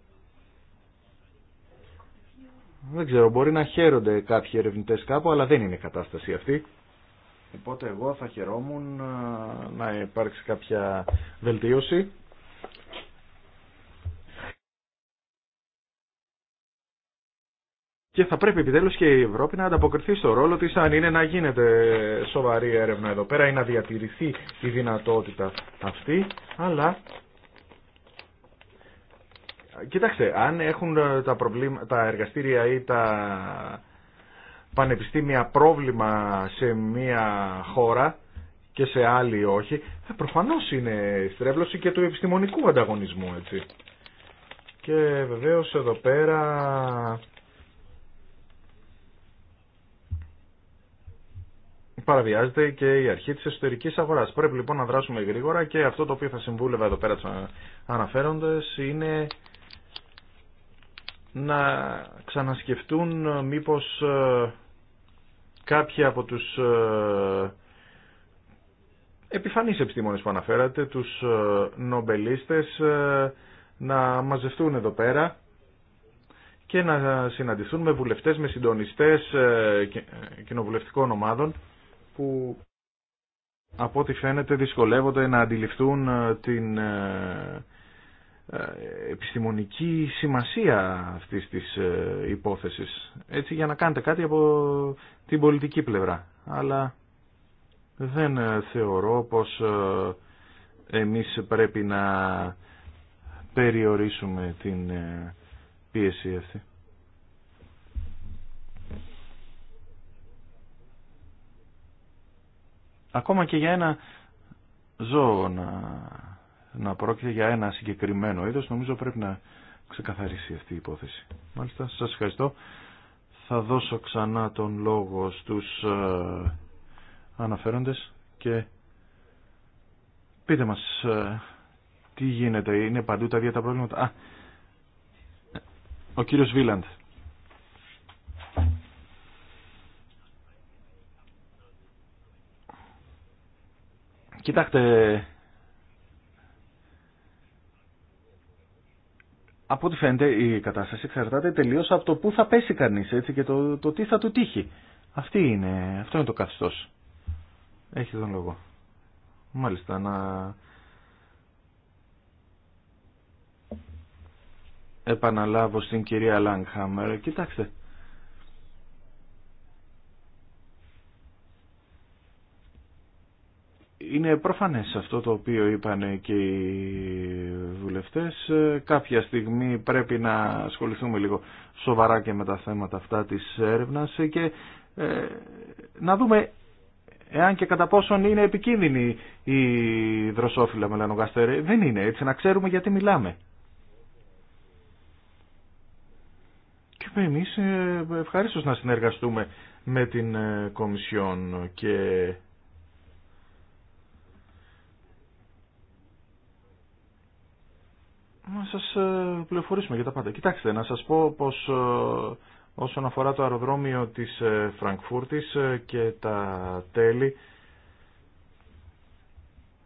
Δεν ξέρω, μπορεί να χαίρονται κάποιοι ερευνητές κάπου, αλλά δεν είναι η κατάσταση αυτή. Οπότε εγώ θα χαιρόμουν ε, να υπάρξει κάποια βελτίωση. Και θα πρέπει επιτέλου και η Ευρώπη να ανταποκριθεί στο ρόλο της αν είναι να γίνεται σοβαρή έρευνα εδώ πέρα ή να διατηρηθεί η δυνατότητα αυτή, αλλά... Κοιτάξτε, αν έχουν ε, τα, τα εργαστήρια ή τα πανεπιστήμια πρόβλημα σε μία χώρα και σε άλλη όχι, προφανώς είναι στρέβλωση και του επιστημονικού ανταγωνισμού, έτσι. Και βεβαίως εδώ πέρα παραβιάζεται και η αρχή τη εσωτερική αγορά. Πρέπει λοιπόν να δράσουμε γρήγορα και αυτό το οποίο θα συμβούλευα εδώ πέρα του αναφέροντε είναι να ξανασκεφτούν μήπω ε, κάποιοι από του ε, επιφανεί επιστήμονε που αναφέρατε, του ε, νομπελίστες, να μαζευτούν εδώ πέρα και να συναντηθούν με βουλευτές, με συντονιστές κοινοβουλευτικών ομάδων που από ό,τι φαίνεται δυσκολεύονται να αντιληφθούν ε, την ε, ε, επιστημονική σημασία αυτής της υπόθεσης. Έτσι για να κάνετε κάτι από την πολιτική πλευρά. Αλλά δεν θεωρώ πως εμείς πρέπει να περιορίσουμε την πίεση αυτή. Ακόμα και για ένα ζώο να, να πρόκειται για ένα συγκεκριμένο είδος, νομίζω πρέπει να ξεκαθαρίσει αυτή η υπόθεση. Μάλιστα, σας ευχαριστώ. Θα δώσω ξανά τον λόγο στους ε, αναφέροντες και πείτε μας ε, τι γίνεται. Είναι παντού τα ίδια τα προβλήματα. Α, ο κύριος Βίλαντ. Κοιτάξτε, από ό,τι φαίνεται η κατάσταση εξαρτάται τελείως από το πού θα πέσει κανείς έτσι, και το, το τι θα του τύχει. Αυτή είναι, αυτό είναι το καθιστός. Έχει τον λόγο. Μάλιστα, να επαναλάβω στην κυρία Λάγκχαμερ. Κοιτάξτε, είναι προφανές αυτό το οποίο είπαν και οι βουλευτές. Ε, κάποια στιγμή πρέπει να ασχοληθούμε λίγο σοβαρά και με τα θέματα αυτά της έρευνας και ε, να δούμε εάν και κατά πόσον είναι επικίνδυνη η δροσόφυλλα μελανογκαστέρε. Δεν είναι έτσι, να ξέρουμε γιατί μιλάμε. Και εμείς ε, ευχαρίστως να συνεργαστούμε με την Κομισιόν και να σας ε, πληροφορήσουμε για τα πάντα. Κοιτάξτε, να σας πω πως ε, όσον αφορά το αεροδρόμιο της ε, Φραγκφούρτης και τα τέλη,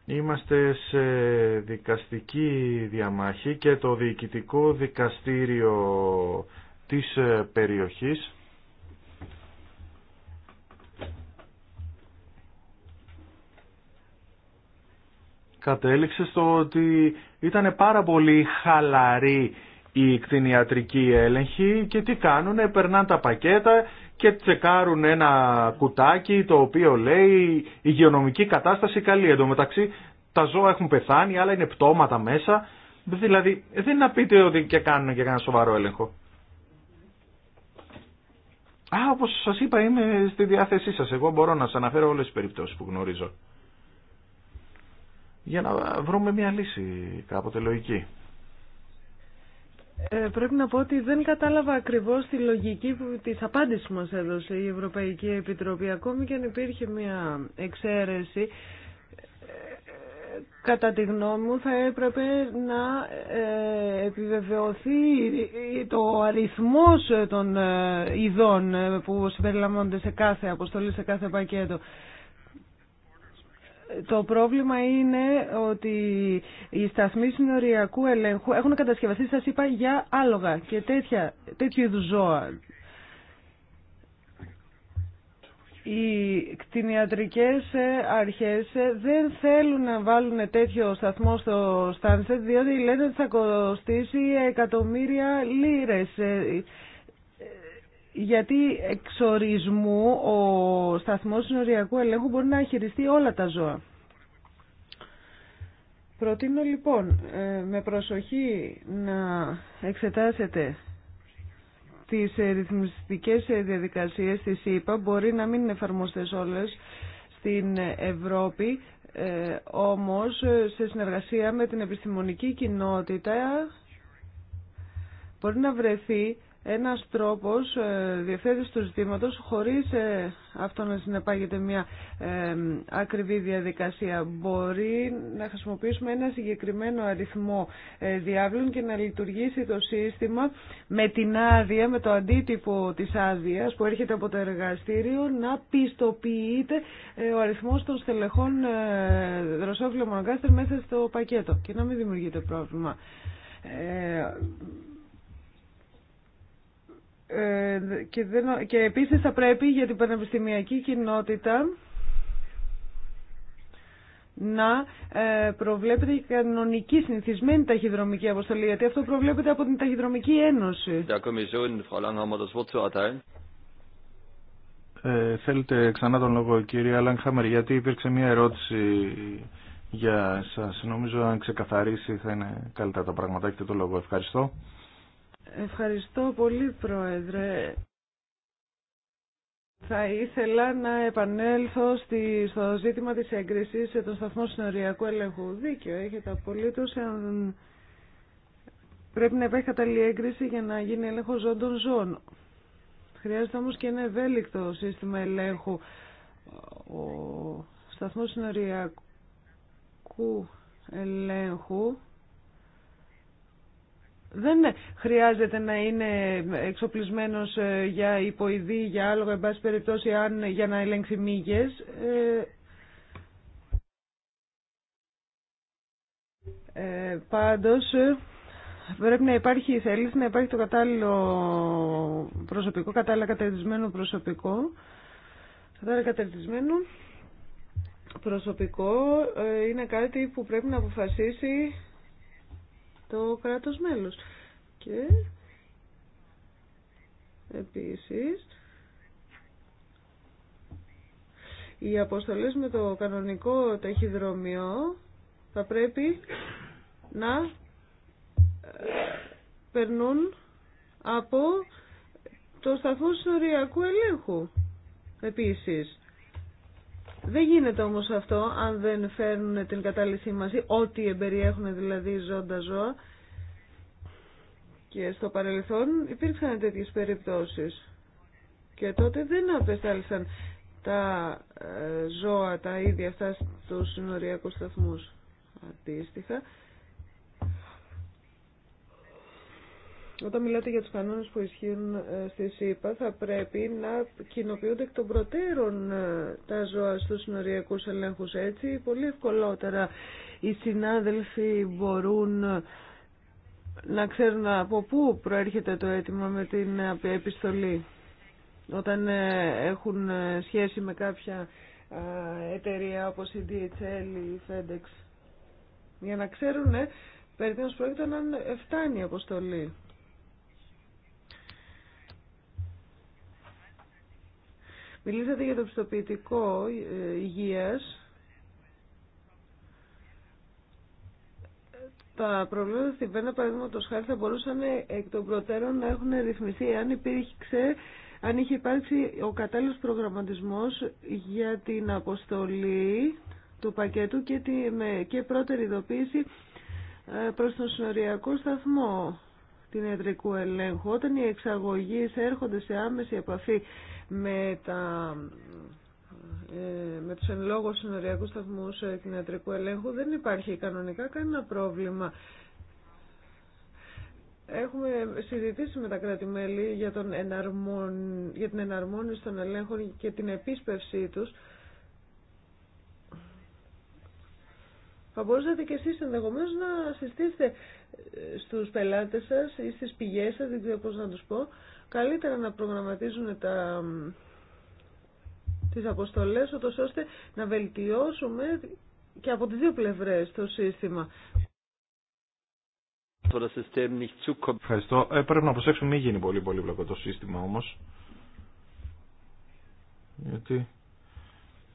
Είμαστε σε δικαστική διαμάχη και το Διοικητικό Δικαστήριο της περιοχής κατέληξε στο ότι ήταν πάρα πολύ χαλαρή η κτηνιατρική έλεγχη και τι κάνουνε, περνάνε τα πακέτα και τσεκάρουν ένα κουτάκι το οποίο λέει υγειονομική κατάσταση καλή. Εν τω μεταξύ τα ζώα έχουν πεθάνει, άλλα είναι πτώματα μέσα. Δηλαδή δεν να πείτε ότι και κάνουν και κανένα σοβαρό έλεγχο. Α, όπως σας είπα είμαι στη διάθεσή σας. Εγώ μπορώ να σας αναφέρω όλες τις περιπτώσεις που γνωρίζω για να βρούμε μια λύση κάποτε λογική. Ε, πρέπει να πω ότι δεν κατάλαβα ακριβώς τη λογική που της απάντησης που μας έδωσε η Ευρωπαϊκή Επιτροπή. Ακόμη και αν υπήρχε μια εξαίρεση, ε, κατά τη γνώμη μου θα έπρεπε να ε, επιβεβαιωθεί το αριθμός των ε, ειδών που συμπεριλαμβάνονται σε κάθε αποστολή, σε κάθε πακέτο. Το πρόβλημα είναι ότι οι σταθμοί συνοριακού ελέγχου έχουν κατασκευαστεί, σας είπα, για άλογα και τέτοια, τέτοιου είδους ζώα. Οι κτηνιατρικές αρχές δεν θέλουν να βάλουν τέτοιο σταθμό στο Στάνσετ διότι λένε ότι θα κοστίσει εκατομμύρια λίρες γιατί εξ ορισμού ο σταθμός συνοριακού ελέγχου μπορεί να χειριστεί όλα τα ζώα. Προτείνω λοιπόν ε, με προσοχή να εξετάσετε τις ε, ρυθμιστικές ε, διαδικασίες της ΕΥΠΑ. Μπορεί να μην είναι εφαρμοστές όλες στην Ευρώπη, όμως σε συνεργασία με την επιστημονική κοινότητα μπορεί να βρεθεί ένας τρόπος ε, του ζητήματος χωρίς ε, αυτό να συνεπάγεται μια ε, ακριβή διαδικασία. Μπορεί να χρησιμοποιήσουμε ένα συγκεκριμένο αριθμό ε, διάβλων και να λειτουργήσει το σύστημα με την άδεια, με το αντίτυπο της άδεια που έρχεται από το εργαστήριο να πιστοποιείται ο αριθμός των στελεχών δροσόφιλων μονοκάστερ μέσα στο πακέτο και να μην δημιουργείται πρόβλημα. Ε, και, δεν, επίσης θα πρέπει για την πανεπιστημιακή κοινότητα να ε, προβλέπεται η κανονική συνηθισμένη ταχυδρομική αποστολή, γιατί αυτό προβλέπεται από την Ταχυδρομική Ένωση. Ε, θέλετε ξανά τον λόγο κύριε Λαγκχάμερ, γιατί υπήρξε μια ερώτηση για σας. Νομίζω αν ξεκαθαρίσει θα είναι καλύτερα τα πράγματα. Έχετε το λόγο. Ευχαριστώ. Ευχαριστώ πολύ, Πρόεδρε. Θα ήθελα να επανέλθω στη, στο ζήτημα της έγκρισης ε, τον Σταθμό συνοριακού ελεγχού. Δίκιο, έχετε απολύτως. Πρέπει να υπάρχει κατάλληλη έγκριση για να γίνει έλεγχο ζών των Χρειάζεται όμως και ένα ευέλικτο σύστημα ελέγχου. Ο σταθμός συνοριακού ελέγχου δεν χρειάζεται να είναι εξοπλισμένος ε, για υποειδή, για άλλο εν πάση περιπτώσει, για να ελέγξει μύγες. Ε, ε πάντως, ε, πρέπει να υπάρχει η θέληση, να υπάρχει το κατάλληλο προσωπικό, κατάλληλα καταρτισμένο προσωπικό, κατάλληλα καταρτισμένο προσωπικό, είναι κάτι που πρέπει να αποφασίσει το κράτος μέλος. Και επίσης οι αποστολές με το κανονικό ταχυδρομείο θα πρέπει να ε, περνούν από το σταθμό σωριακού ελέγχου επίσης. Δεν γίνεται όμως αυτό αν δεν φέρνουν την κατάληψή μαζί, ό,τι εμπεριέχουν δηλαδή ζώντα ζώα. Και στο παρελθόν υπήρξαν τέτοιες περιπτώσεις. Και τότε δεν απεστάλησαν τα ε, ζώα τα ίδια αυτά στους συνοριακούς σταθμούς αντίστοιχα. Όταν μιλάτε για τους κανόνες που ισχύουν ε, στη ΣΥΠΑ θα πρέπει να κοινοποιούνται εκ των προτέρων ε, τα ζώα στους συνοριακούς ελέγχους έτσι. Πολύ ευκολότερα οι συνάδελφοι μπορούν ε, να ξέρουν από πού προέρχεται το αίτημα με την επιστολή όταν έχουν σχέση με κάποια εταιρεία όπως η DHL ή η FedEx για να ξέρουν περί πρόκειται να φτάνει η αποστολή. Μιλήσατε για το πιστοποιητικό ε, υγείας. Τα προβλήματα στην ΒΕΝΑ, παραδείγματος χάρη, θα μπορούσαν εκ των προτέρων να έχουν ρυθμιστεί αν υπήρξε αν είχε υπάρξει ο κατάλληλος προγραμματισμός για την αποστολή του πακέτου και, τη, με, και πρώτερη ειδοποίηση ε, προς τον συνοριακό σταθμό την ιατρικού ελέγχου. Όταν οι εξαγωγείς έρχονται σε άμεση επαφή με, τα, ε, με τους εν λόγω συνοριακούς σταθμούς ε, ελέγχου δεν υπάρχει κανονικά κανένα πρόβλημα. Έχουμε συζητήσει με τα κράτη-μέλη για, τον για την εναρμόνιση των ελέγχων και την επίσπευσή τους. Θα μπορούσατε και εσείς ενδεχομένως να συστήσετε ε, στους πελάτες σας ή στις πηγές σας, δεν ξέρω πώς να τους πω, καλύτερα να προγραμματίζουν τα, τις αποστολές, ώστε να βελτιώσουμε και από τις δύο πλευρές το σύστημα. Ευχαριστώ. Ε, πρέπει να προσέξουμε μην γίνει πολύ πολύ βλακό το σύστημα όμως. Γιατί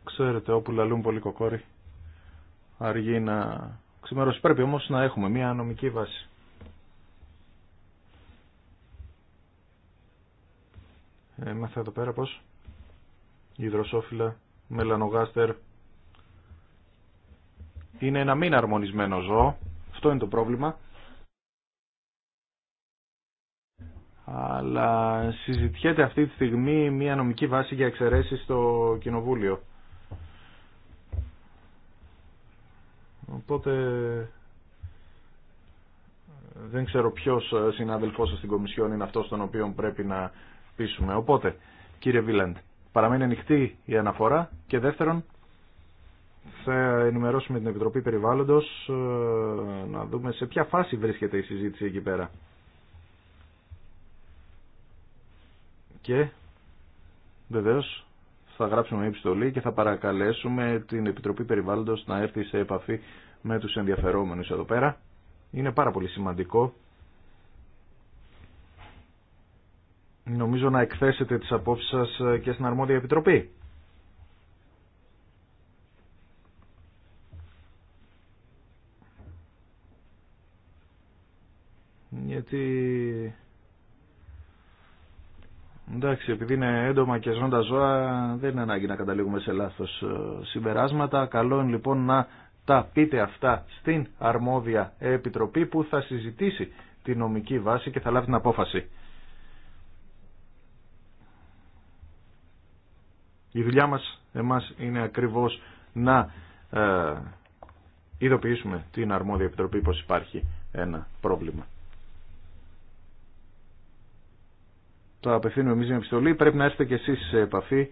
ξέρετε όπου λαλούν πολύ κοκόροι αργεί να ξημερώσει. Πρέπει όμως να έχουμε μια νομική βάση. Έμαθα εδώ πέρα πως υδροσόφυλλα, μελανογάστερ είναι ένα μην αρμονισμένο ζώο. Αυτό είναι το πρόβλημα. Αλλά συζητιέται αυτή τη στιγμή μια νομική βάση για εξαιρέσεις στο Κοινοβούλιο. Οπότε δεν ξέρω ποιος συνάδελφός σας στην Κομισιόν είναι αυτός τον οποίο πρέπει να πείσουμε. Οπότε, κύριε Βίλαντ, παραμένει ανοιχτή η αναφορά και δεύτερον, θα ενημερώσουμε την Επιτροπή Περιβάλλοντος ε, να δούμε σε ποια φάση βρίσκεται η συζήτηση εκεί πέρα. Και βεβαίως θα γράψουμε επιστολή και θα παρακαλέσουμε την Επιτροπή Περιβάλλοντος να έρθει σε επαφή με τους ενδιαφερόμενους εδώ πέρα. Είναι πάρα πολύ σημαντικό νομίζω να εκθέσετε τις απόψεις σας ε, και στην αρμόδια επιτροπή. Γιατί... Εντάξει, επειδή είναι έντομα και ζώντα ζώα, δεν είναι ανάγκη να καταλήγουμε σε λάθος ε, συμπεράσματα. Καλό είναι λοιπόν να τα πείτε αυτά στην αρμόδια επιτροπή που θα συζητήσει τη νομική βάση και θα λάβει την απόφαση. Η δουλειά μας εμάς είναι ακριβώς να ε, ειδοποιήσουμε την αρμόδια επιτροπή πως υπάρχει ένα πρόβλημα. Το απευθύνουμε εμείς με επιστολή. Πρέπει να έρθετε και εσείς σε επαφή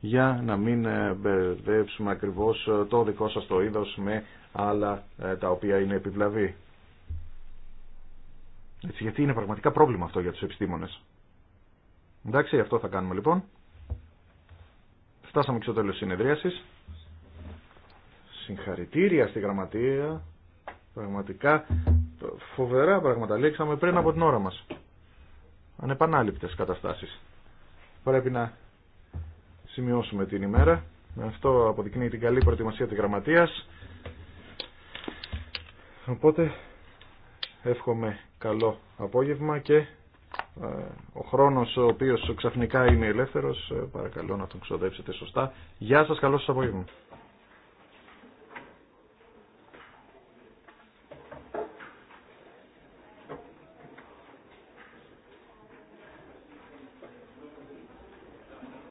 για να μην ε, μπερδέψουμε ακριβώς ε, το δικό σας το είδος με άλλα ε, τα οποία είναι επιβλαβή. Έτσι, γιατί είναι πραγματικά πρόβλημα αυτό για τους επιστήμονες. Εντάξει, αυτό θα κάνουμε λοιπόν. Φτάσαμε και στο τέλος της συνεδρίασης. Συγχαρητήρια στη γραμματεία. Πραγματικά φοβερά πράγματα λέξαμε πριν από την ώρα μας. Ανεπανάληπτες καταστάσεις. Πρέπει να σημειώσουμε την ημέρα. Αυτό αποδεικνύει την καλή προετοιμασία της γραμματείας. Οπότε εύχομαι καλό απόγευμα και ε, ο χρόνος ο οποίος ξαφνικά είναι ελεύθερος, ε, παρακαλώ να τον ξοδέψετε σωστά. Γεια σας, καλώς σας απόγευμα.